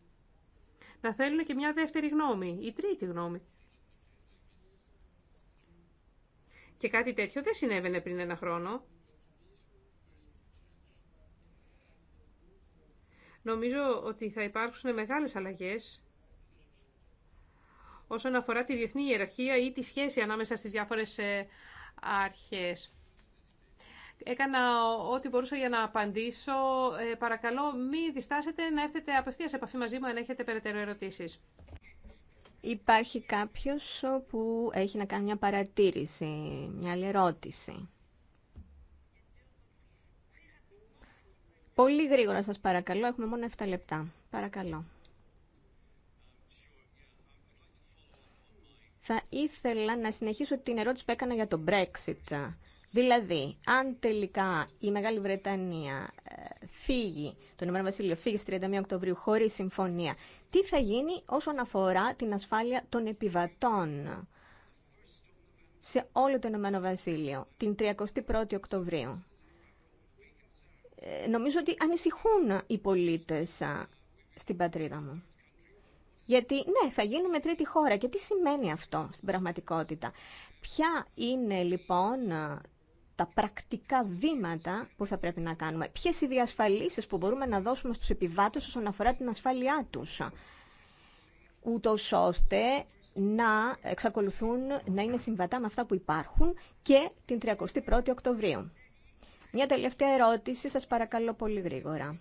να θέλουν και μια δεύτερη γνώμη ή τρίτη γνώμη. Και κάτι τέτοιο δεν συνέβαινε πριν ένα χρόνο. Νομίζω ότι θα υπάρξουν μεγάλες αλλαγές όσον αφορά τη διεθνή ιεραρχία ή τη σχέση ανάμεσα στις διάφορες ε, αρχές. Έκανα ό,τι μπορούσα για να απαντήσω. Ε, παρακαλώ, μη διστάσετε να έρθετε απευθεία σε επαφή μαζί μου αν έχετε περαιτέρω ερωτήσεις. Υπάρχει κάποιος που έχει να κάνει μια παρατήρηση, μια άλλη ερώτηση. Πολύ γρήγορα σας παρακαλώ, έχουμε μόνο 7 λεπτά. Παρακαλώ. Θα ήθελα να συνεχίσω την ερώτηση που έκανα για το Brexit. Δηλαδή, αν τελικά η Μεγάλη Βρετανία ε, φύγει, το Ηνωμένο Βασίλειο φύγει στις 31 Οκτωβρίου χωρίς συμφωνία, τι θα γίνει όσον αφορά την ασφάλεια των επιβατών σε όλο το Ηνωμένο Βασίλειο την 31η Οκτωβρίου. Ε, νομίζω ότι ανησυχούν οι πολίτες στην πατρίδα μου. Γιατί, ναι, θα γίνουμε τρίτη χώρα. Και τι σημαίνει αυτό στην πραγματικότητα. Ποια είναι, λοιπόν, τα πρακτικά βήματα που θα πρέπει να κάνουμε. Ποιε οι διασφαλίσει που μπορούμε να δώσουμε στους επιβάτε όσον αφορά την ασφάλειά τους. ούτω ώστε να εξακολουθούν να είναι συμβατά με αυτά που υπάρχουν και την 31η Οκτωβρίου. Μια τελευταία ερώτηση, σας παρακαλώ πολύ γρήγορα.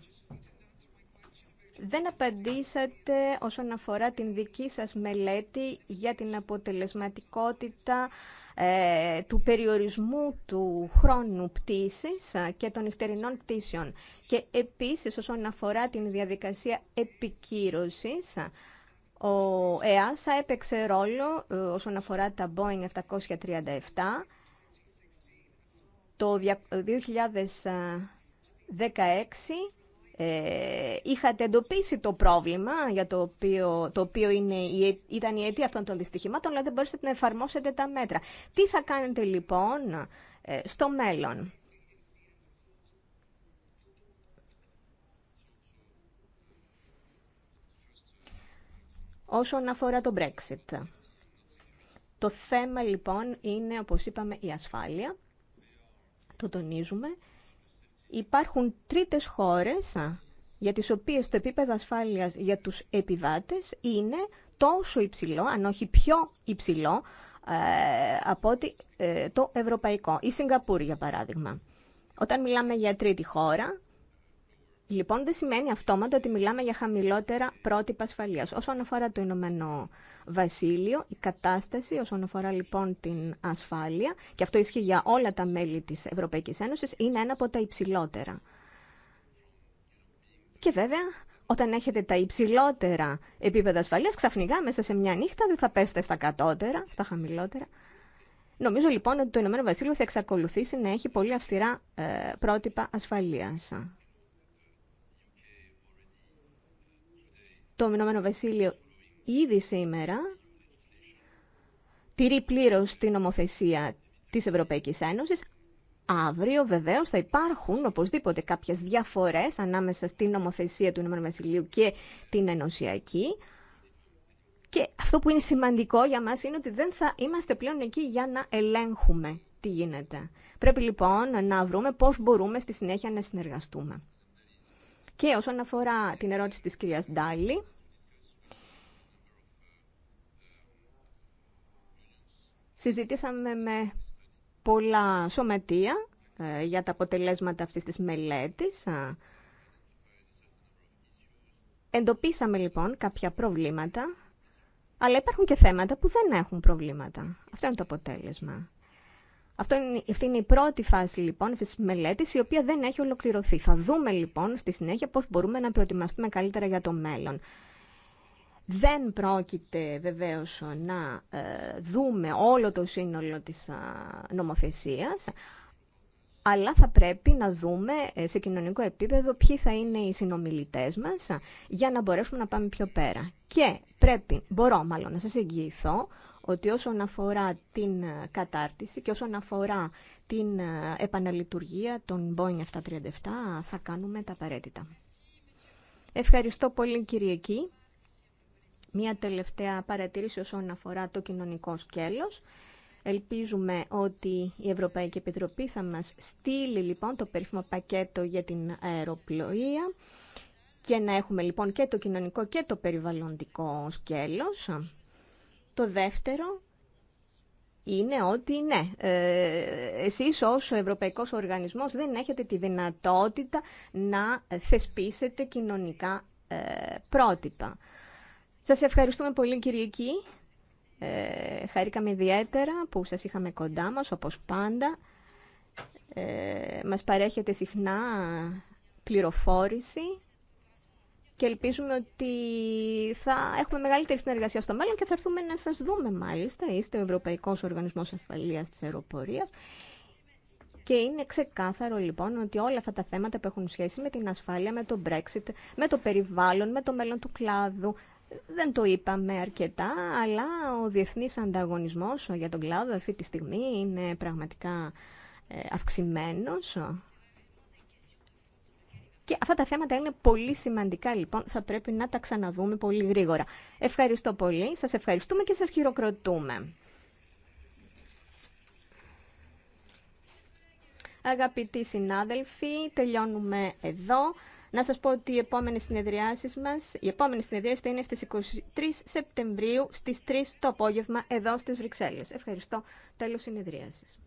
Δεν απαντήσατε όσον αφορά την δική σας μελέτη για την αποτελεσματικότητα ε, του περιορισμού του χρόνου πτήσης ε, και των νυχτερινών πτήσεων. Και επίσης όσον αφορά την διαδικασία επικύρωσης, ο ΕΑΣΑ έπαιξε ρόλο ε, όσον αφορά τα Boeing 737 το 2016 ε, είχατε εντοπίσει το πρόβλημα για το οποίο, το οποίο είναι, ε, ήταν η αιτία αυτών των δυστυχημάτων, αλλά δεν μπορούσατε να εφαρμόσετε τα μέτρα. Τι θα κάνετε λοιπόν ε, στο μέλλον. Όσον αφορά το Brexit. Το θέμα λοιπόν είναι, όπως είπαμε, η ασφάλεια. Το τονίζουμε υπάρχουν τρίτες χώρες για τις οποίες το επίπεδο ασφάλειας για τους επιβάτες είναι τόσο υψηλό, αν όχι πιο υψηλό, ε, από ε, το ευρωπαϊκό. Η Σιγκαπούρη, για παράδειγμα. Όταν μιλάμε για τρίτη χώρα, Λοιπόν, δεν σημαίνει αυτόματα ότι μιλάμε για χαμηλότερα πρότυπα ασφαλεία. Όσον αφορά το Ηνωμένο Βασίλειο, η κατάσταση όσον αφορά λοιπόν την ασφάλεια, και αυτό ισχύει για όλα τα μέλη τη Ευρωπαϊκή Ένωση είναι ένα από τα υψηλότερα. Και βέβαια, όταν έχετε τα υψηλότερα επίπεδα ασφαλείας, ξαφνικά μέσα σε μια νύχτα δεν θα πέστε στα κατώτερα, στα χαμηλότερα. Νομίζω λοιπόν ότι το Ηνωμένο Βασίλειο θα εξακολουθήσει να έχει πολύ αυστηρά ε, πρότυπα ασφαλείας. το Ηνωμένο Βασίλειο ήδη σήμερα τηρεί πλήρω την νομοθεσία της Ευρωπαϊκής Ένωσης. Αύριο βεβαίω θα υπάρχουν οπωσδήποτε κάποιε διαφορές ανάμεσα στην νομοθεσία του Ηνωμένου Βασιλείου και την ενωσιακή. Και αυτό που είναι σημαντικό για μας είναι ότι δεν θα είμαστε πλέον εκεί για να ελέγχουμε τι γίνεται. Πρέπει λοιπόν να βρούμε πώ μπορούμε στη συνέχεια να συνεργαστούμε. Και όσον αφορά την ερώτηση της κυρίας Ντάλι, συζητήσαμε με πολλά σωματεία ε, για τα αποτελέσματα αυτής της μελέτης. Εντοπίσαμε λοιπόν κάποια προβλήματα, αλλά υπάρχουν και θέματα που δεν έχουν προβλήματα. Αυτό είναι το αποτέλεσμα. Αυτό είναι, αυτή είναι η πρώτη φάση λοιπόν τη της μελέτης η οποία δεν έχει ολοκληρωθεί. Θα δούμε λοιπόν στη συνέχεια πώς μπορούμε να προετοιμαστούμε καλύτερα για το μέλλον. Δεν πρόκειται βεβαίως να ε, δούμε όλο το σύνολο της νομοθεσίας, αλλά θα πρέπει να δούμε ε, σε κοινωνικό επίπεδο ποιοι θα είναι οι συνομιλητές μας για να μπορέσουμε να πάμε πιο πέρα. Και πρέπει, μπορώ μάλλον να σας εγγυηθώ, ότι όσον αφορά την ε, κατάρτιση και όσον αφορά την ε, επαναλειτουργία των Boeing 737 θα κάνουμε τα απαραίτητα. Ευχαριστώ πολύ Κυριακή. Μία τελευταία παρατήρηση όσον αφορά το κοινωνικό σκέλος. Ελπίζουμε ότι η Ευρωπαϊκή Επιτροπή θα μας στείλει λοιπόν το περίφημο πακέτο για την αεροπλοεία και να έχουμε λοιπόν και το κοινωνικό και το περιβαλλοντικό σκέλος. Το δεύτερο είναι ότι ναι, ε, εσείς ως Ευρωπαϊκός Οργανισμός δεν έχετε τη δυνατότητα να θεσπίσετε κοινωνικά ε, πρότυπα. Σας ευχαριστούμε πολύ Κυριακή. Ε, χαρήκαμε ιδιαίτερα που σας είχαμε κοντά μας, όπως πάντα. Ε, μας παρέχετε συχνά πληροφόρηση και ελπίζουμε ότι θα έχουμε μεγαλύτερη συνεργασία στο μέλλον και θα έρθουμε να σας δούμε μάλιστα. Είστε ο Ευρωπαϊκός Οργανισμός Ασφαλείας της Αεροπορίας και είναι ξεκάθαρο λοιπόν ότι όλα αυτά τα θέματα που έχουν σχέση με την ασφάλεια, με το Brexit, με το περιβάλλον, με το μέλλον του κλάδου, δεν το είπαμε αρκετά, αλλά ο διεθνής ανταγωνισμός για τον κλάδο αυτή τη στιγμή είναι πραγματικά ε, αυξημένος και αυτά τα θέματα είναι πολύ σημαντικά, λοιπόν, θα πρέπει να τα ξαναδούμε πολύ γρήγορα. Ευχαριστώ πολύ, σας ευχαριστούμε και σας χειροκροτούμε. Αγαπητοί συνάδελφοι, τελειώνουμε εδώ. Να σας πω ότι οι επόμενες συνεδριάσεις μας, οι επόμενες συνεδριάσεις θα είναι στις 23 Σεπτεμβρίου στις 3 το απόγευμα εδώ στις Βρυξέλλες. Ευχαριστώ. Τέλος συνεδρίασης.